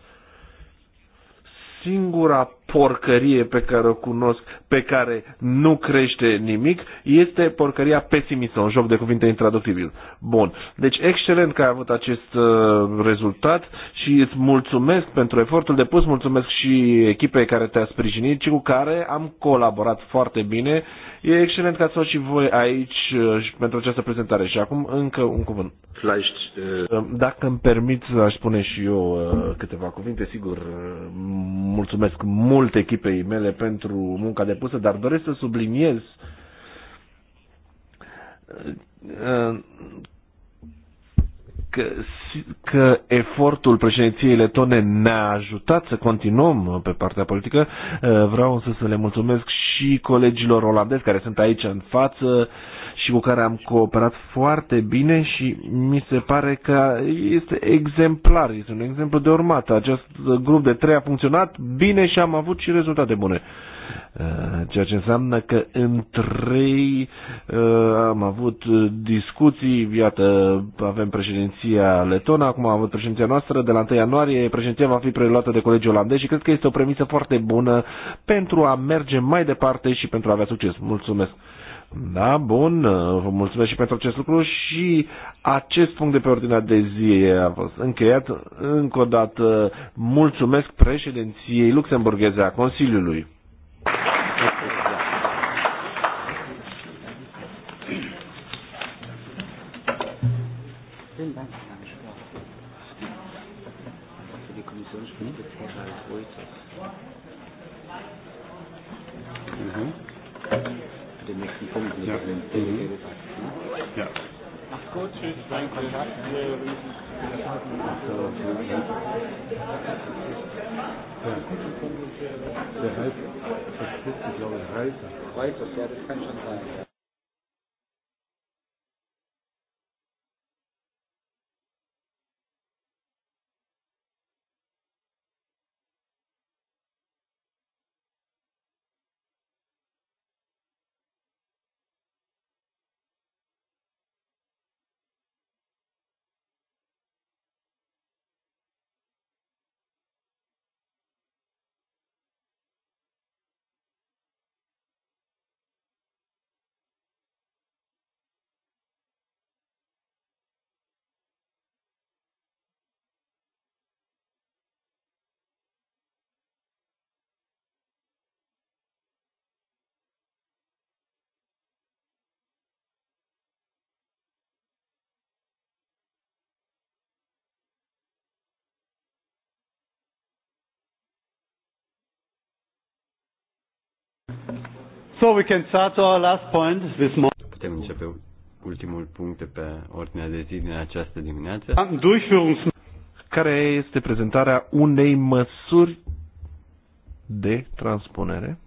singura porcărie pe care o cunosc, pe care nu crește nimic, este porcăria pesimistă, un joc de cuvinte intraductibil. Bun. Deci, excelent că ai avut acest uh, rezultat și îți mulțumesc pentru efortul depus, mulțumesc și echipei care te-a sprijinit și cu care am colaborat foarte bine. E excelent că ați fost și voi aici uh, pentru această prezentare. Și acum încă un cuvânt. Vielleicht, uh... uh dacă îmi permiți, aș spune și eu uh, câteva cuvinte, sigur, uh, mulțumesc mult mult echipei mele pentru munca depusă, dar doresc să subliniez că, că efortul președinției letone ne-a ajutat să continuăm pe partea politică. Vreau însă să le mulțumesc și colegilor olandezi care sunt aici în față și cu care am cooperat foarte bine și mi se pare că este exemplar, este un exemplu de urmat. Acest grup de trei a funcționat bine și am avut și rezultate bune. Uh, ceea ce înseamnă că în trei uh, am avut discuții, iată, avem președinția letona, acum am avut președinția noastră, de la 1 ianuarie președinția va fi preluată de colegii olandezi și cred că este o premisă foarte bună pentru a merge mai departe și pentru a avea succes. Mulțumesc! Da, bun, uh, vă mulțumesc și pentru acest lucru și acest punct de pe ordinea de zi a fost încheiat. Încă o dată mulțumesc președinției luxemburgheze a Consiliului. den nächsten Punkt mit ja. dem mhm. Ja. Mach's gut, tschüss, danke. Der Reiter, ich glaube, Reiter. Reiter, ja, das kann schon sein. Ja. So we can start our last point this morning. Putem începe ultimul punct de pe ordinea de zi din această dimineață. Care este prezentarea unei măsuri de transpunere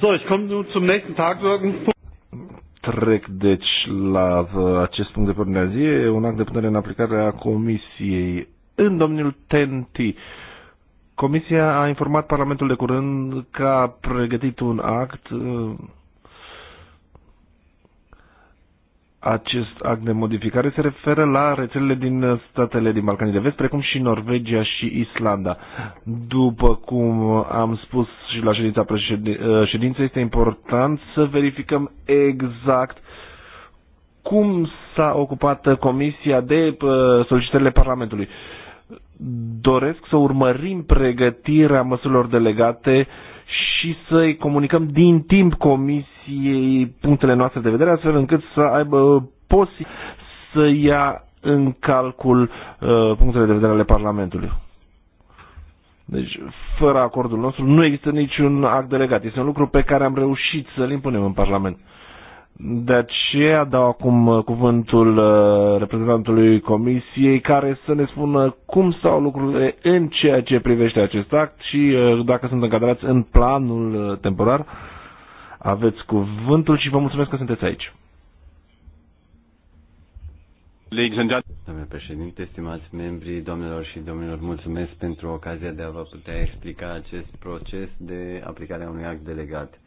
So, ich komme nun zum nächsten Trec deci la uh, acest punct de pornire zi, e un act de punere în aplicare a Comisiei în domeniul TNT. Comisia a informat Parlamentul de curând că a pregătit un act uh, acest act de modificare se referă la rețelele din statele din Balcanii de Vest, precum și Norvegia și Islanda. După cum am spus și la ședința ă, ședinței, este important să verificăm exact cum s-a ocupat Comisia de ă, solicitările Parlamentului. Doresc să urmărim pregătirea măsurilor delegate și să-i comunicăm din timp Comisiei ei punctele noastre de vedere, astfel încât să aibă posi să ia în calcul uh, punctele de vedere ale Parlamentului. Deci, fără acordul nostru, nu există niciun act delegat. Este un lucru pe care am reușit să-l impunem în Parlament. De aceea dau acum uh, cuvântul uh, reprezentantului Comisiei care să ne spună cum stau lucrurile în ceea ce privește acest act și uh, dacă sunt încadrați în planul temporar aveți cuvântul și vă mulțumesc că sunteți aici. Domnule președinte, stimați membri, domnilor și domnilor, mulțumesc pentru ocazia de a vă putea explica acest proces de aplicare a unui act delegat.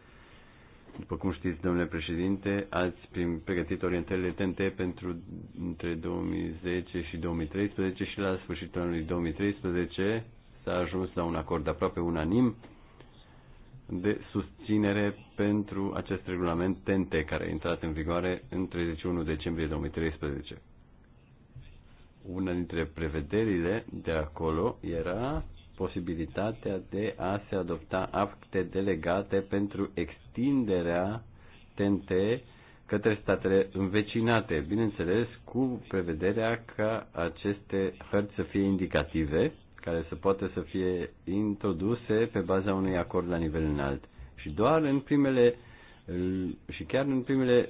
După cum știți, domnule președinte, ați pregătit orientările TNT pentru între 2010 și 2013 și la sfârșitul anului 2013 s-a ajuns la un acord aproape unanim de susținere pentru acest regulament TNT care a intrat în vigoare în 31 decembrie 2013. Una dintre prevederile de acolo era posibilitatea de a se adopta acte delegate pentru extinderea TNT către statele învecinate, bineînțeles cu prevederea ca aceste hărți să fie indicative care să poată să fie introduse pe baza unui acord la nivel înalt. Și doar în primele și chiar în primele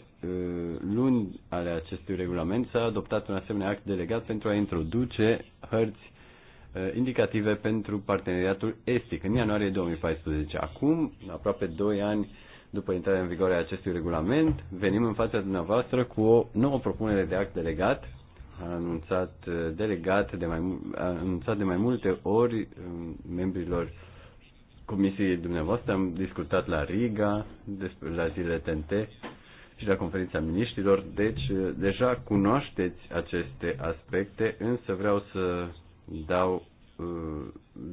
luni ale acestui regulament s-a adoptat un asemenea act delegat pentru a introduce hărți indicative pentru parteneriatul estic în ianuarie 2014. Acum, aproape 2 ani după intrarea în vigoare a acestui regulament, venim în fața dumneavoastră cu o nouă propunere de act delegat a anunțat eh, delegat de mai, a anunțat de mai multe ori eh, membrilor comisiei dumneavoastră. Am discutat la Riga, despre, la zile TNT și la conferința miniștilor, deci eh, deja cunoașteți aceste aspecte, însă vreau să dau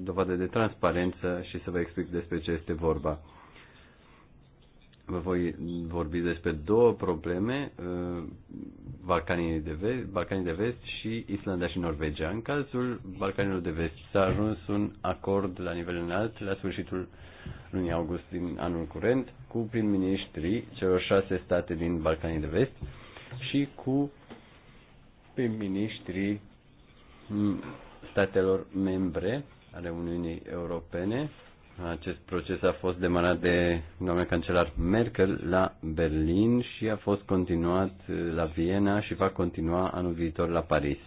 dovadă de transparență și să vă explic despre ce este vorba vă voi vorbi despre două probleme, uh, Balcanii de, vest, Balcanii de Vest și Islanda și Norvegia. În cazul Balcanilor de Vest s-a ajuns un acord la nivel înalt la sfârșitul lunii august din anul curent cu prim-ministrii celor șase state din Balcanii de Vest și cu prim-ministrii mm, statelor membre ale Uniunii Europene acest proces a fost demarat de doamna cancelar Merkel la Berlin și a fost continuat la Viena și va continua anul viitor la Paris.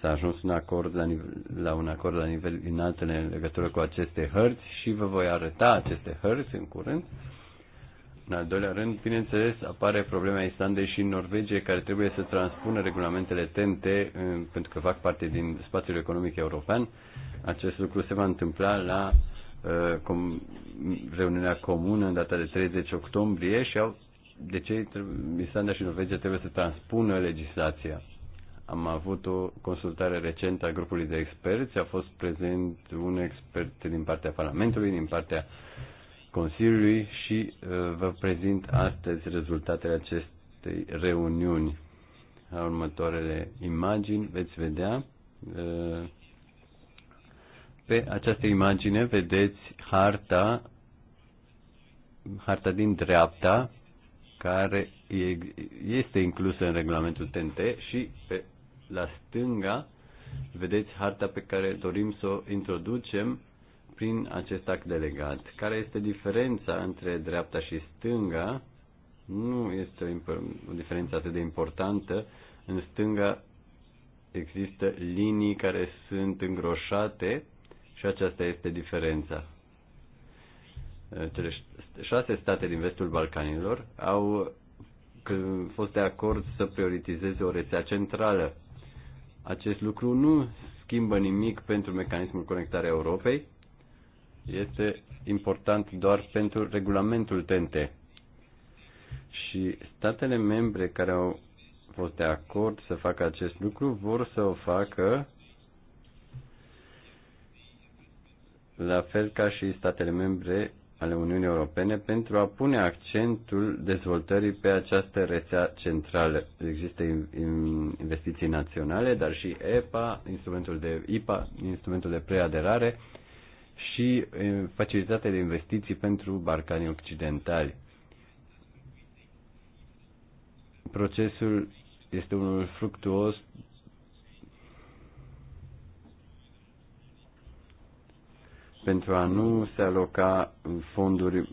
S-a ajuns un acord la, nivel, la un acord la nivel înalt în legătură cu aceste hărți și vă voi arăta aceste hărți în curând. În al doilea rând, bineînțeles, apare problema Islandei și Norvegiei care trebuie să transpună regulamentele TNT eh, pentru că fac parte din spațiul economic european. Acest lucru se va întâmpla la Uh, com, reuniunea comună în data de 30 octombrie și au, de ce Islanda și Norvegia trebuie să transpună legislația. Am avut o consultare recentă a grupului de experți, a fost prezent un expert din partea Parlamentului, din partea Consiliului și uh, vă prezint astăzi rezultatele acestei reuniuni. La următoarele imagini veți vedea uh, pe această imagine vedeți harta, harta din dreapta, care este inclusă în regulamentul TNT și pe, la stânga vedeți harta pe care dorim să o introducem prin acest act delegat. Care este diferența între dreapta și stânga? Nu este o, o diferență atât de importantă. În stânga există linii care sunt îngroșate și aceasta este diferența. Cele șase state din vestul Balcanilor au fost de acord să prioritizeze o rețea centrală. Acest lucru nu schimbă nimic pentru mecanismul conectarea Europei, este important doar pentru regulamentul TNT. Și statele membre care au fost de acord să facă acest lucru vor să o facă la fel ca și statele membre ale Uniunii Europene, pentru a pune accentul dezvoltării pe această rețea centrală. Există investiții naționale, dar și EPA, instrumentul de IPA, instrumentul de preaderare și facilitatea de investiții pentru Barcanii Occidentali. Procesul este unul fructuos pentru a nu se aloca fonduri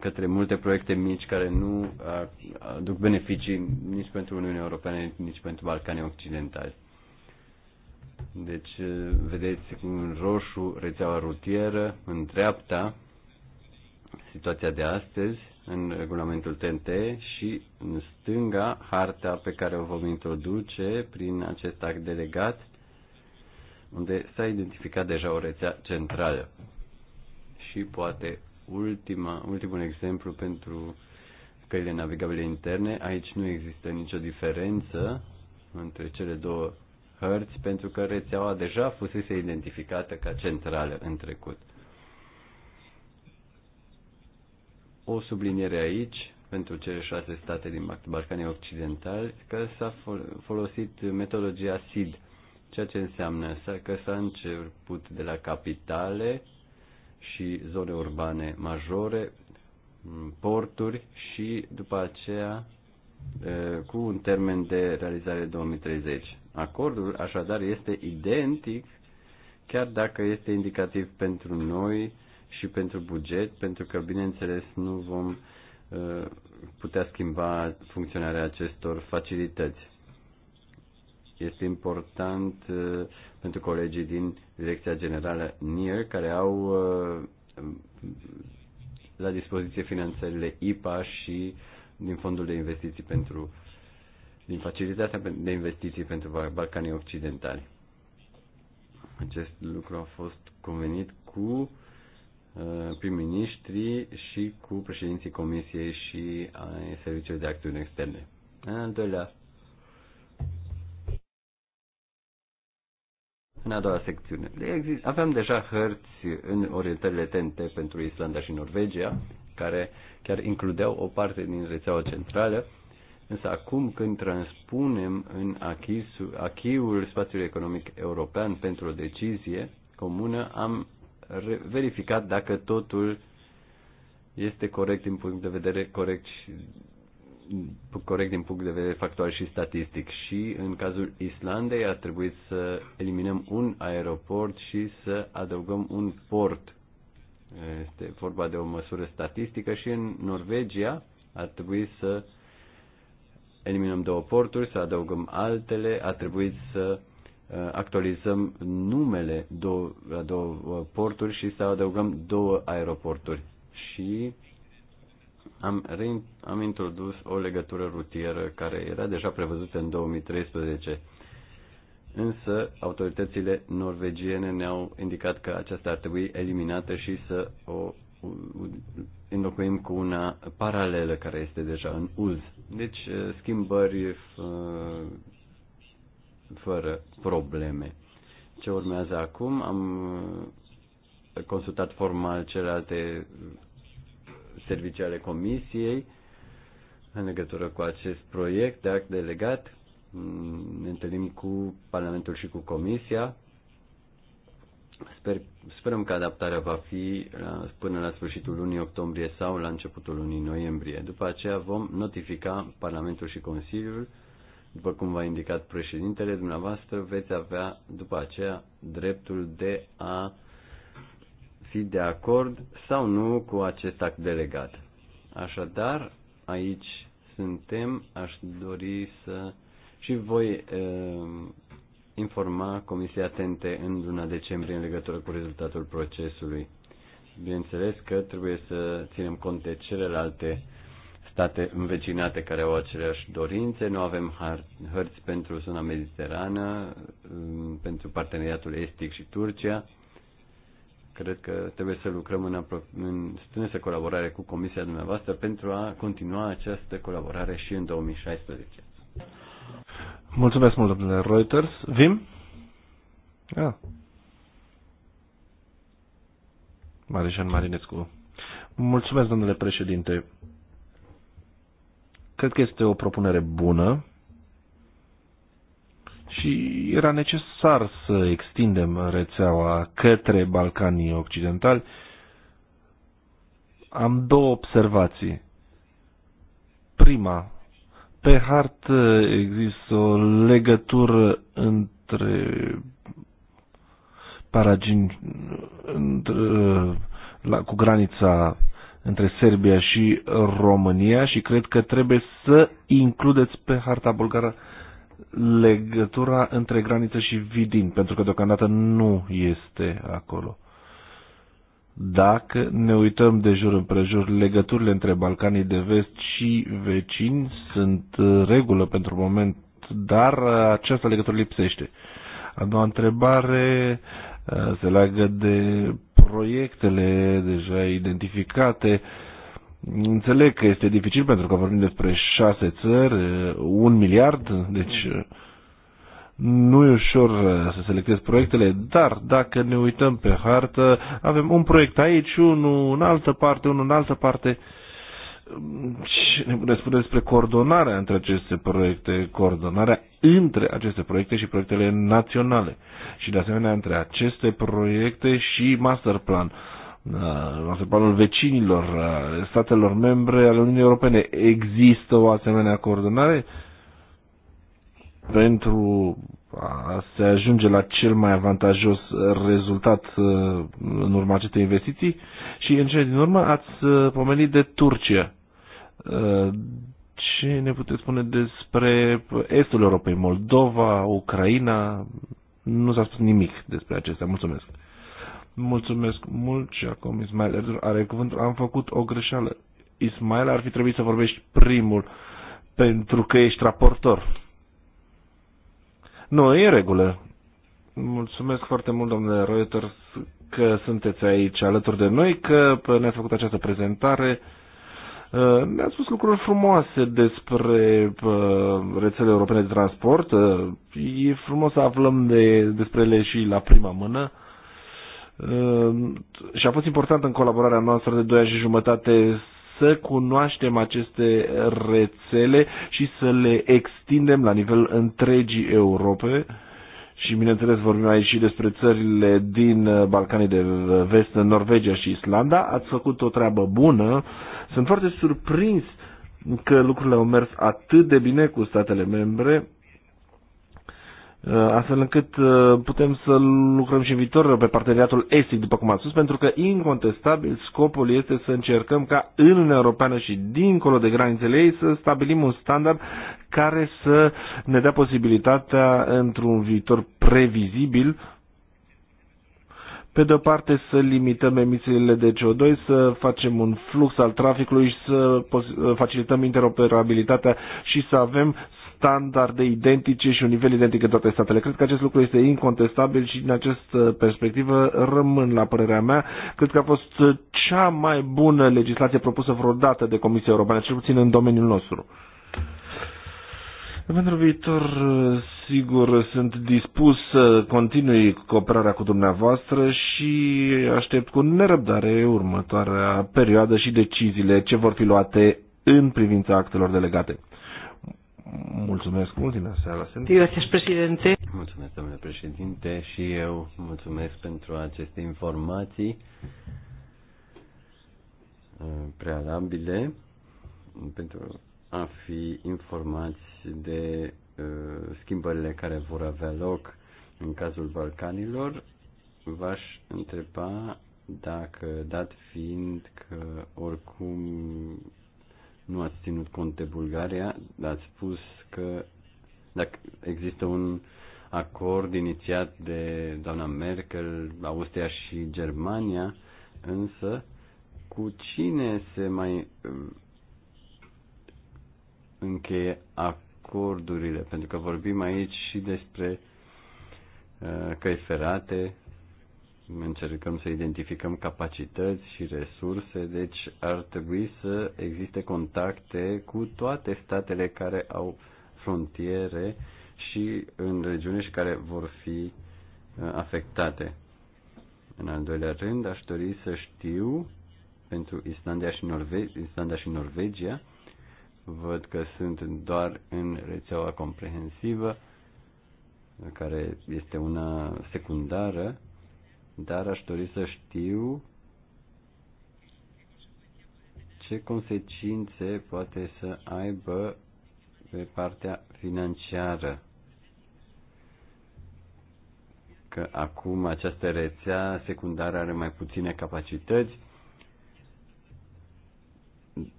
către multe proiecte mici care nu uh, aduc beneficii nici pentru Uniunea Europeană, nici pentru Balcanii Occidentali. Deci, uh, vedeți în roșu rețeaua rutieră, în dreapta situația de astăzi, în regulamentul TNT și în stânga harta pe care o vom introduce prin acest act delegat unde s-a identificat deja o rețea centrală. Și poate ultima, ultimul exemplu pentru căile navigabile interne, aici nu există nicio diferență între cele două hărți, pentru că rețeaua deja fusese identificată ca centrală în trecut. O subliniere aici, pentru cele șase state din Balcanii Occidentali, că s-a folosit metodologia SID, ceea ce înseamnă că s-a început de la capitale și zone urbane majore, mm, porturi și după aceea cu un termen de realizare 2030. Acordul așadar este identic chiar dacă este indicativ pentru noi și pentru buget, pentru că bineînțeles nu vom putea schimba funcționarea acestor facilități este important uh, pentru colegii din Direcția Generală NIR, care au uh, la dispoziție finanțările IPA și din Fondul de Investiții pentru din Facilitatea de Investiții pentru Balcanii Occidentali. Acest lucru a fost convenit cu uh, prim-ministrii și cu președinții Comisiei și a Serviciului de Acțiuni Externe. În al doilea În a doua secțiune, aveam deja hărți în orientările TNT pentru Islanda și Norvegia, care chiar includeau o parte din rețeaua centrală, însă acum când transpunem în achiul spațiului economic european pentru o decizie comună, am verificat dacă totul este corect din punct de vedere corect și corect din punct de vedere factual și statistic și în cazul Islandei a trebuit să eliminăm un aeroport și să adăugăm un port. Este vorba de o măsură statistică și în Norvegia a trebuit să eliminăm două porturi, să adăugăm altele, a trebuit să uh, actualizăm numele două, două uh, porturi și să adăugăm două aeroporturi. Și am, am introdus o legătură rutieră care era deja prevăzută în 2013. Însă, autoritățile norvegiene ne-au indicat că aceasta ar trebui eliminată și să o înlocuim cu una paralelă care este deja în uz. Deci, eh, schimbări fără probleme. Ce urmează acum? Am eh, consultat formal celelalte servicii ale Comisiei în legătură cu acest proiect de act delegat. Ne întâlnim cu Parlamentul și cu Comisia. Sper, sperăm că adaptarea va fi până la sfârșitul lunii octombrie sau la începutul lunii noiembrie. După aceea vom notifica Parlamentul și Consiliul. După cum v-a indicat președintele dumneavoastră, veți avea după aceea dreptul de a fi de acord sau nu cu acest act delegat. Așadar, aici suntem, aș dori să și voi uh, informa Comisia atente în luna decembrie în legătură cu rezultatul procesului. Bineînțeles că trebuie să ținem cont de celelalte state învecinate care au aceleași dorințe, nu avem hărți pentru zona mediterană, ehm, pentru parteneriatul estic și Turcia, Cred că trebuie să lucrăm în, apro- în strânsă colaborare cu Comisia dumneavoastră pentru a continua această colaborare și în 2016. Mulțumesc mult, domnule Reuters. Vim? Ah. Da. Marijan Marinescu. Mulțumesc, domnule președinte. Cred că este o propunere bună și era necesar să extindem rețeaua către Balcanii Occidentali. Am două observații. Prima, pe hartă există o legătură între Paragin între, la, cu granița între Serbia și România și cred că trebuie să includeți pe harta bulgară uh, legătura între graniță și vidin, pentru că deocamdată nu este acolo. Dacă ne uităm de jur împrejur, legăturile între Balcanii de vest și vecini sunt regulă pentru moment, dar această legătură lipsește. A doua întrebare uh, se leagă de proiectele deja identificate uh, Înțeleg că este dificil pentru că vorbim despre șase țări, un miliard, deci nu e ușor uh, să selectez proiectele, dar dacă ne uităm pe hartă, avem un proiect aici, unul în altă parte, unul în altă parte. Ce ne puteți spune despre coordonarea între aceste proiecte, coordonarea între aceste proiecte și proiectele naționale și de asemenea între aceste proiecte și master plan. Uh, asupra uh, vecinilor, uh, statelor membre ale Uniunii Europene. Există o asemenea coordonare pentru a se ajunge la cel mai avantajos rezultat uh, în urma acestei investiții și în cele din urmă ați pomenit de Turcia. Ce ne puteți spune despre estul Europei, Moldova, Ucraina? Nu s-a spus nimic despre acestea. Mulțumesc. Mulțumesc mult și acum Ismail Erdur are cuvântul. Am făcut o greșeală. Ismail ar fi trebuit să vorbești primul pentru că ești raportor. Nu, e în regulă. Mulțumesc foarte mult, domnule Reuters, că sunteți aici alături de noi, că ne-ați făcut această prezentare. Uh, ne-ați spus lucruri frumoase despre uh, rețele europene de transport. Uh, e frumos să aflăm de, despre ele și la prima mână. Ehm, și a fost important în colaborarea noastră de 2 ani și jumătate să cunoaștem aceste rețele și să le extindem la nivel întregii Europe și bineînțeles vorbim aici și despre țările din eh, Balcanii de Vest, Norvegia și Islanda. Ați făcut o treabă bună. Sunt foarte surprins că lucrurile au mers atât de bine cu statele membre Uh, astfel încât uh, putem să lucrăm și în viitor pe parteneriatul estic, după cum am spus, pentru că incontestabil scopul este să încercăm ca în Uniunea Europeană și dincolo de granițele ei să stabilim un standard care să ne dea posibilitatea într-un viitor previzibil pe de-o parte să limităm emisiile de CO2, să facem un flux al traficului și să facilităm interoperabilitatea și să avem standarde identice și un nivel identic în toate statele. Cred că acest lucru este incontestabil și din această perspectivă rămân la părerea mea. Cred că a fost cea mai bună legislație propusă vreodată de Comisia Europeană, cel puțin în domeniul nostru. Pentru viitor, sigur, sunt dispus să continui cooperarea cu dumneavoastră și aștept cu nerăbdare următoarea perioadă și deciziile ce vor fi luate în privința actelor delegate. Mulțumesc mult din seara. Gracias, președinte. Mulțumesc, domnule președinte, și eu mulțumesc pentru aceste informații uh, prealabile pentru a fi informați de uh, schimbările care vor avea loc în cazul Balcanilor. V-aș întreba dacă, dat fiind că oricum nu ați ținut cont de Bulgaria, dar ați spus că dacă există un acord inițiat de doamna Merkel, Austria și Germania, însă cu cine se mai um, încheie acordurile? Pentru că vorbim aici și despre uh, căi ferate, încercăm să identificăm capacități și resurse, deci ar trebui să existe contacte cu toate statele care au frontiere și în regiune și care vor fi uh, afectate. În al doilea rând, aș dori să știu pentru Islandia și, Norve- Islanda și Norvegia, văd că sunt doar în rețeaua comprehensivă, care este una secundară, dar aș dori să știu ce consecințe poate să aibă pe partea financiară. Că acum această rețea secundară are mai puține capacități.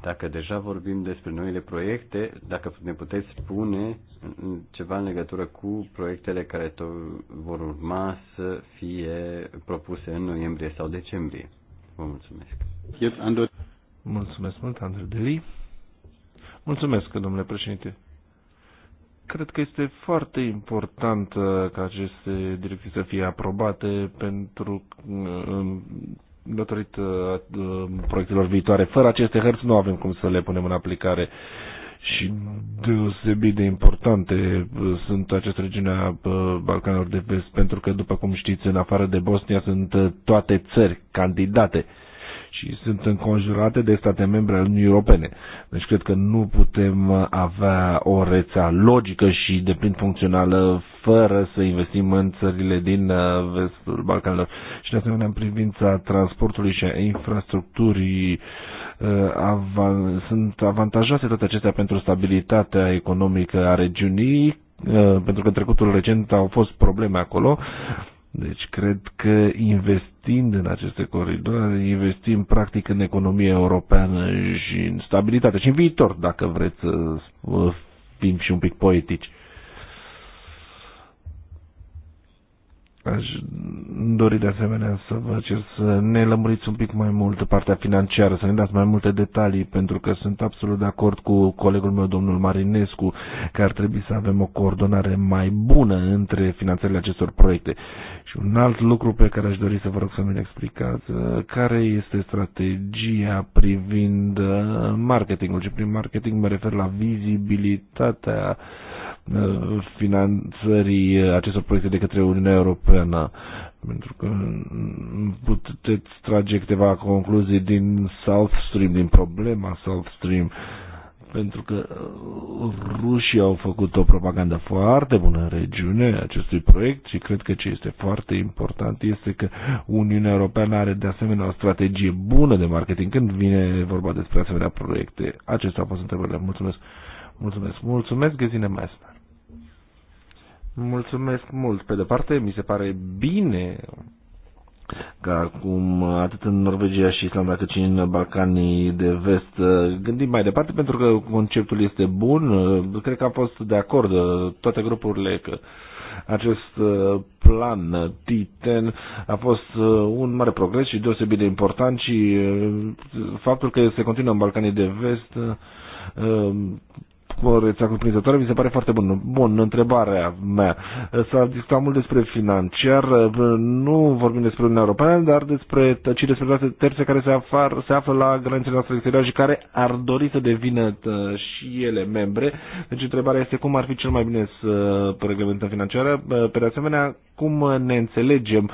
Dacă deja vorbim despre noile proiecte, dacă ne puteți spune ceva în legătură cu proiectele care to- vor urma să fie propuse în noiembrie sau decembrie. Vă mulțumesc. Mulțumesc mult, Andrei Deli. Mulțumesc, domnule președinte. Cred că este foarte important uh, ca aceste direcții să fie aprobate pentru uh, datorită uh, proiectelor viitoare. Fără aceste hărți nu avem cum să le punem în aplicare și deosebit de importante uh, sunt aceste regiuni a uh, Balcanilor de Vest, pentru că, după cum știți, în afară de Bosnia sunt uh, toate țări candidate uh, ci sunt înconjurate de state membre ale Uniunii Europene. Deci cred că nu putem avea o rețea logică și de plin funcțională fără să investim în țările din uh, vestul Balcanilor. Și de asemenea în privința transportului și a infrastructurii uh, sunt avantajoase toate acestea pentru stabilitatea economică a regiunii, uh, pentru că în trecutul recent au fost probleme acolo deci cred că investind în aceste coridoare, investim practic în economia europeană și în stabilitate și în viitor, dacă vreți să fim și un pic poetici. Aș dori de asemenea să vă cer să ne lămuriți un pic mai mult partea financiară, să ne dați mai multe detalii, pentru că sunt absolut de acord cu colegul meu, domnul Marinescu, că ar trebui să avem o coordonare mai bună între finanțările acestor proiecte. Și un alt lucru pe care aș dori să vă rog să mi-l explicați, care este strategia privind marketingul? Și prin marketing mă refer la vizibilitatea uh, finanțării acestor proiecte de către Uniunea Europeană. Pentru că puteți trage câteva concluzii din South Stream, din problema South Stream, pentru că rușii au făcut o propagandă foarte bună în regiune acestui proiect și cred că ce este foarte important este că Uniunea Europeană are de asemenea o strategie bună de marketing când vine vorba despre asemenea proiecte. Acestea au fost întrebările. Mulțumesc! Mulțumesc! Mulțumesc, mai asta! Mulțumesc mult. Pe de parte, mi se pare bine că acum atât în Norvegia și Islanda cât și în Balcanii de vest gândim mai departe pentru că conceptul este bun. Cred că am fost de acord toate grupurile că acest plan Titan a fost un mare progres și deosebit de important și uh, faptul că se continuă în Balcanii de vest uh, o rețea cuprinzătoare mi se pare foarte bună. Bun, întrebarea mea. S-a discutat mult despre financiar, nu vorbim despre Uniunea Europeană, dar despre, ci despre toate terțe care se, afar, se află la granițele noastre exterioare și care ar dori să devină uh, și ele membre. Deci întrebarea este cum ar fi cel mai bine să reglementăm financiară. Uh, pe de asemenea, cum ne înțelegem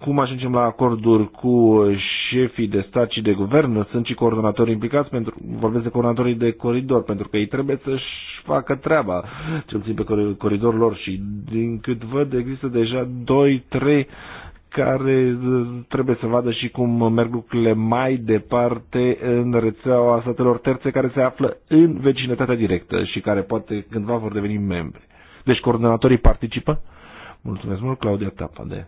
cum ajungem la acorduri cu șefii de stat și de guvern, sunt și coordonatori implicați, pentru, vorbesc de coordonatorii de coridor, pentru că ei trebuie să-și facă treaba, cel puțin pe coridorul lor și din cât văd există deja 2-3 care uh, trebuie să vadă și cum merg lucrurile mai departe în rețeaua statelor terțe care se află în vecinătatea directă și care poate cândva vor deveni membri. Deci coordonatorii participă? Mulțumesc mult, Claudia Tapa de.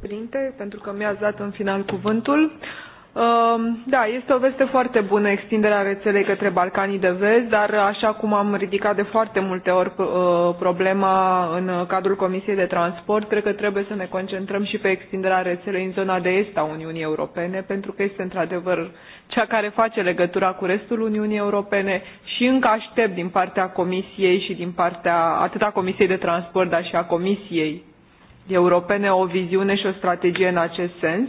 Printe, pentru că mi-ați dat în final cuvântul. Um, da, este o veste foarte bună extinderea rețelei către Balcanii de Vest, dar așa cum am ridicat de foarte multe ori uh, problema în cadrul Comisiei de Transport, cred că trebuie să ne concentrăm și pe extinderea rețelei în zona de est a Uniunii Europene, pentru că este într-adevăr cea care face legătura cu restul Uniunii Europene și încă aștept din partea Comisiei și din partea atât a Comisiei de Transport, dar și a Comisiei europene o viziune și o strategie în acest sens,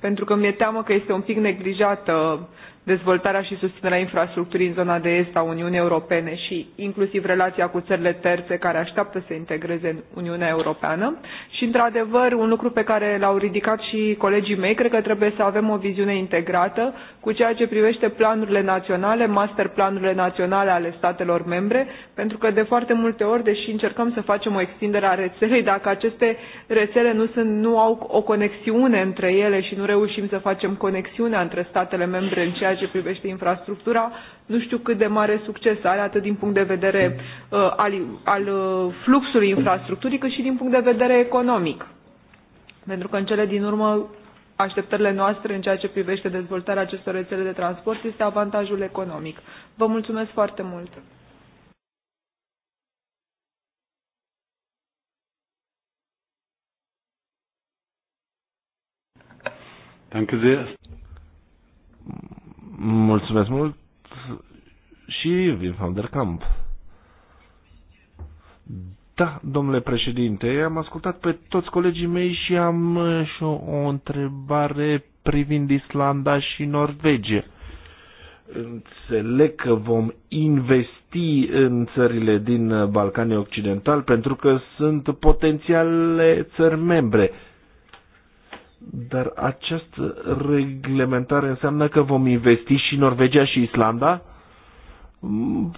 pentru că mi-e teamă că este un pic neglijată dezvoltarea și susținerea infrastructurii în zona de est a Uniunii Europene și inclusiv relația cu țările terțe care așteaptă să se integreze în Uniunea Europeană. Și, într-adevăr, un lucru pe care l-au ridicat și colegii mei, cred că trebuie să avem o viziune integrată cu ceea ce privește planurile naționale, master planurile naționale ale statelor membre, pentru că de foarte multe ori, deși încercăm să facem o extindere a rețelei, dacă aceste rețele nu, sunt, nu au o conexiune între ele și nu reușim să facem conexiunea între statele membre în ceea ce privește infrastructura, nu știu cât de mare succes are, atât din punct de vedere uh, al, al uh, fluxului infrastructurii, cât și din punct de vedere economic. Pentru că în cele din urmă așteptările noastre în ceea ce privește dezvoltarea acestor rețele de transport este avantajul economic. Vă mulțumesc foarte mult! Mulțumesc mult și Wim van der Kamp. Da, domnule președinte, am ascultat pe toți colegii mei și am eh, și o, o întrebare privind Islanda și Norvegia. Înțeleg că vom investi în țările din eh, Balcanii Occidental pentru că sunt potențiale țări membre. Dar această reglementare înseamnă că vom investi și Norvegia și Islanda?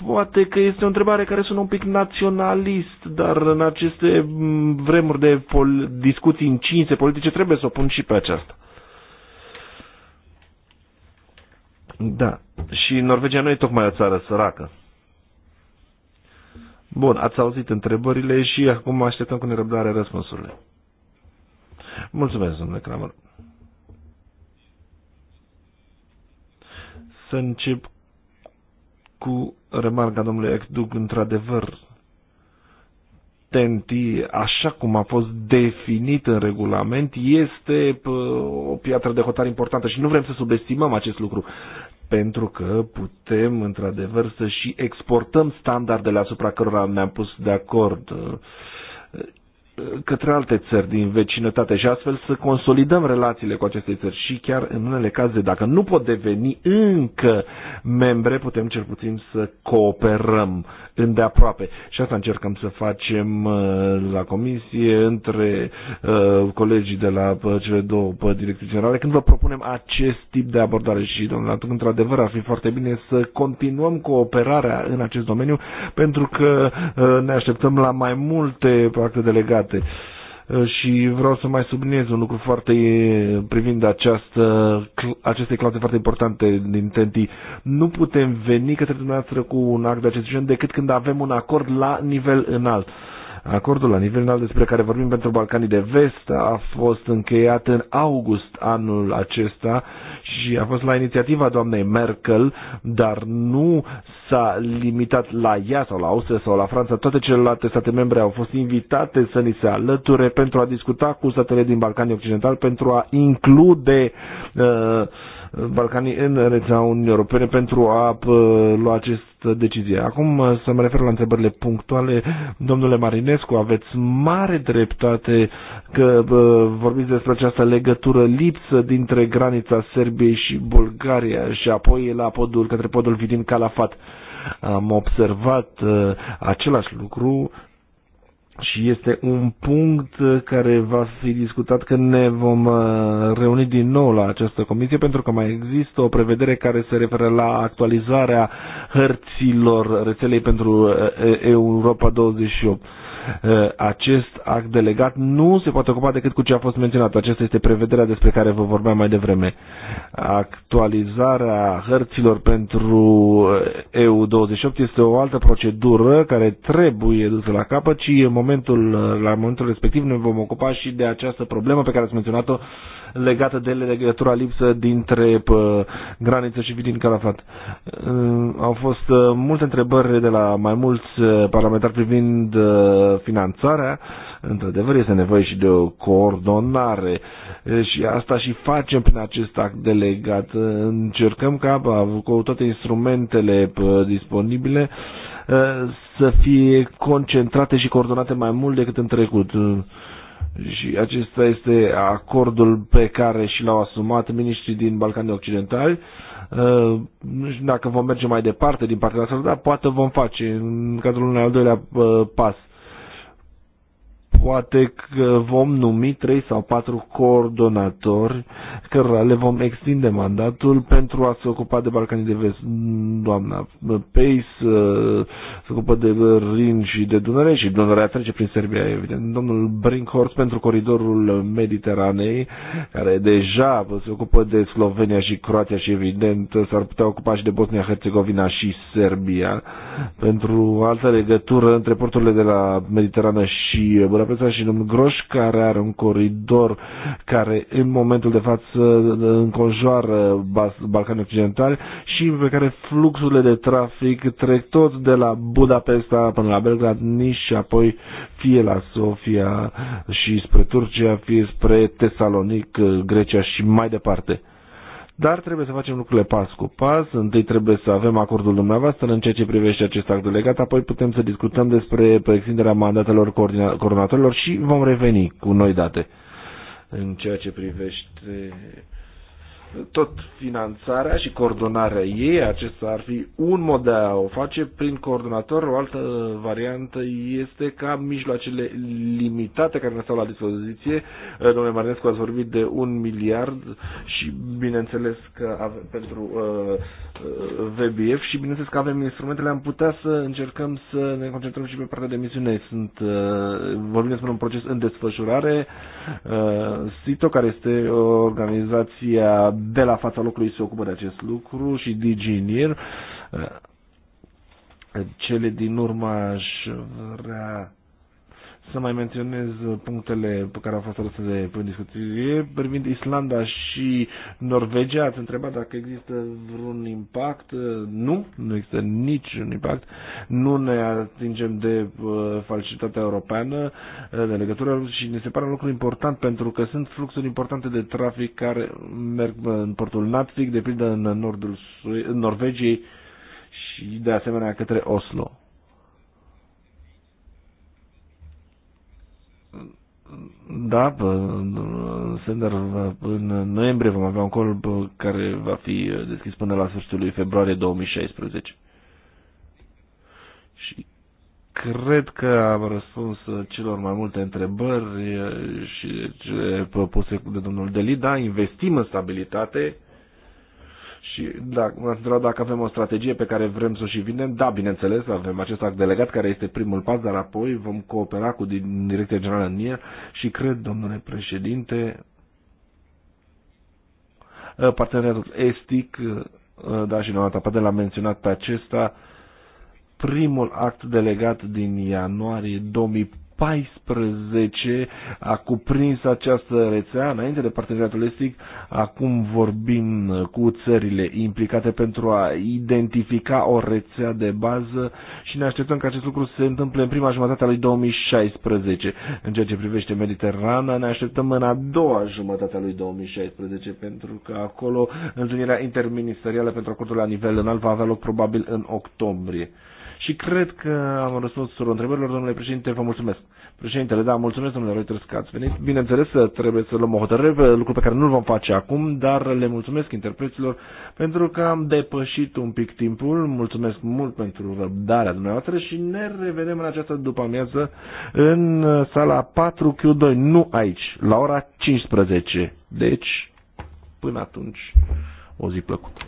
Poate că este o întrebare care sună un pic naționalist, dar în aceste vremuri de pol- discuții încinse politice trebuie să o pun și pe aceasta. Da. Și Norvegia nu e tocmai o țară săracă. Bun, ați auzit întrebările și acum așteptăm cu nerăbdare răspunsurile. Mulțumesc, domnule Kramer. Să încep cu remarca domnului Ecduc, într-adevăr, TNT, așa cum a fost definit în regulament, este o piatră de hotar importantă și nu vrem să subestimăm acest lucru pentru că putem, într-adevăr, să și exportăm standardele asupra cărora ne-am pus de acord către alte țări din vecinătate și astfel să consolidăm relațiile cu aceste țări și chiar în unele caze, dacă nu pot deveni încă membre, putem cel puțin să cooperăm îndeaproape. Și asta încercăm să facem uh, la comisie între uh, colegii de la uh, cele două direcții generale când vă propunem acest tip de abordare și, domnule, atunci, într-adevăr, ar fi foarte bine să continuăm cooperarea în acest domeniu pentru că ne așteptăm la mai multe proiecte delegate date. Uh, și vreau să mai subliniez un lucru foarte uh, privind această, aceste clauze foarte importante din TNT. Nu putem veni către dumneavoastră cu un act de acest gen decât când avem un acord la nivel înalt. Acordul la nivel înalt despre care vorbim pentru Balcanii de Vest a fost încheiat în august anul acesta și a fost la inițiativa doamnei Merkel, dar nu s-a limitat la ea sau la Austria sau la Franța. Toate celelalte state membre au fost invitate să ni se alăture pentru a discuta cu statele din Balcanii Occidental, pentru a include uh, Balcanii în rețeaua Uniunii Europene pentru a lua această decizie. Acum uh, să mă refer la întrebările punctuale. Domnule Marinescu, aveți mare dreptate că vorbiți despre această legătură lipsă dintre granița Serbiei și Bulgaria și apoi la podul, către podul Vidin Calafat am observat uh, același lucru și este un punct uh, care va fi discutat când ne vom uh, reuni din nou la această comisie, pentru că mai există o prevedere care se referă la actualizarea hărților rețelei pentru uh, Europa 28 Uh, acest act delegat nu se poate ocupa decât cu ce a fost menționat. Aceasta este prevederea despre care vă vorbeam mai devreme. Actualizarea hărților pentru uh, EU28 este o altă procedură care trebuie dusă la capăt și în momentul, uh, la momentul respectiv ne vom ocupa și de această problemă pe care ați menționat-o legată de legătura lipsă dintre graniță și Vidin Calafat. Au fost uh, multe întrebări de la mai mulți uh, parlamentari privind uh, finanțarea. Într-adevăr, este nevoie și de o coordonare și asta și facem prin acest act delegat. Încercăm ca cu toate instrumentele disponibile să fie concentrate și coordonate mai mult decât în trecut. Și acesta este acordul pe care și l-au asumat miniștrii din Balcanii Occidentali. Uh, nu știu dacă vom merge mai departe din partea asta, dar poate vom face în cadrul unui al doilea uh, pas. Poate că vom numi trei sau patru coordonatori cărora le vom extinde mandatul pentru a se ocupa de Balcanii de Vest. Doamna Pace, uh, se ocupă de Rin și de Dunăre și Dunărea trece prin Serbia, evident. Domnul Brinkhorst pentru coridorul Mediteranei, care deja se ocupă de Slovenia și Croația și evident s-ar putea ocupa și de Bosnia-Herzegovina și Serbia. Pentru altă legătură între porturile de la Mediterană și Budapesta și domnul Groș, care are un coridor care în momentul de față înconjoară Balcanii Occidentali și pe care fluxurile de trafic trec tot de la Budapesta până la Belgrad, nici și apoi fie la Sofia și spre Turcia, fie spre Tesalonic, Grecia și mai departe dar trebuie să facem lucrurile pas cu pas. Întâi trebuie să avem acordul dumneavoastră în ceea ce privește acest act delegat, apoi putem să discutăm despre extinderea mandatelor coordonatorilor și vom reveni cu noi date în ceea ce privește tot finanțarea și coordonarea ei, acesta ar fi un mod de a o face prin coordonator, o altă variantă este ca mijloacele limitate care ne stau la dispoziție, eh, domnule Marinescu ați vorbit de un miliard și bineînțeles că avem, pentru uh, eh, VBF eh, și bineînțeles că avem instrumentele, am putea să încercăm să ne concentrăm și pe partea de misiune. Sunt, uh, vorbim despre un proces în desfășurare, uh, Uh, SITO, care este organizația de la fața locului, se ocupă de acest lucru și DigiNIR. Uh, Cele din urmă aș vrea să mai menționez punctele pe care au fost aduse în discuție. Privind Islanda și Norvegia, ați întrebat dacă există vreun impact. Nu, nu există niciun impact. Nu ne atingem de uh, falsitatea europeană uh, de legătură și ne se pare un lucru important pentru că sunt fluxuri importante de trafic care merg uh, în portul Natvik, de pildă în nordul Norvegiei și de asemenea către Oslo. Da, Sender în noiembrie vom avea un col care va fi deschis până la sfârșitul lui februarie 2016. Și cred că am răspuns celor mai multe întrebări și ce puse de domnul Deli. Da, investim în stabilitate și dacă, dacă avem o strategie pe care vrem să o și vindem, da, bineînțeles, avem acest act delegat care este primul pas, dar apoi vom coopera cu Direcția Generală în el și cred, domnule președinte, ă, parteneriatul estic, ă, da, și doamna Tapadel l-a menționat pe acesta, primul act delegat din ianuarie 2014 14 a cuprins această rețea înainte de parteneriatul estic. Acum vorbim cu țările implicate pentru a identifica o rețea de bază și ne așteptăm că acest lucru se întâmple în prima jumătate a lui 2016. În ceea ce privește Mediterana, ne așteptăm în a doua jumătate a lui 2016 pentru că acolo întâlnirea interministerială pentru acordul la nivel înalt va avea loc probabil în octombrie. Și cred că am răspuns tuturor întrebărilor, domnule președinte, vă mulțumesc. Președintele, da, mulțumesc, domnule Reuters, că ați venit. Bineînțeles, trebuie să luăm o hotărâre, lucru pe care nu-l vom face acum, dar le mulțumesc interpreților pentru că am depășit un pic timpul. Mulțumesc mult pentru răbdarea dumneavoastră și ne revedem în această după-amiază în sala 4Q2, nu aici, la ora 15. Deci, până atunci, o zi plăcută.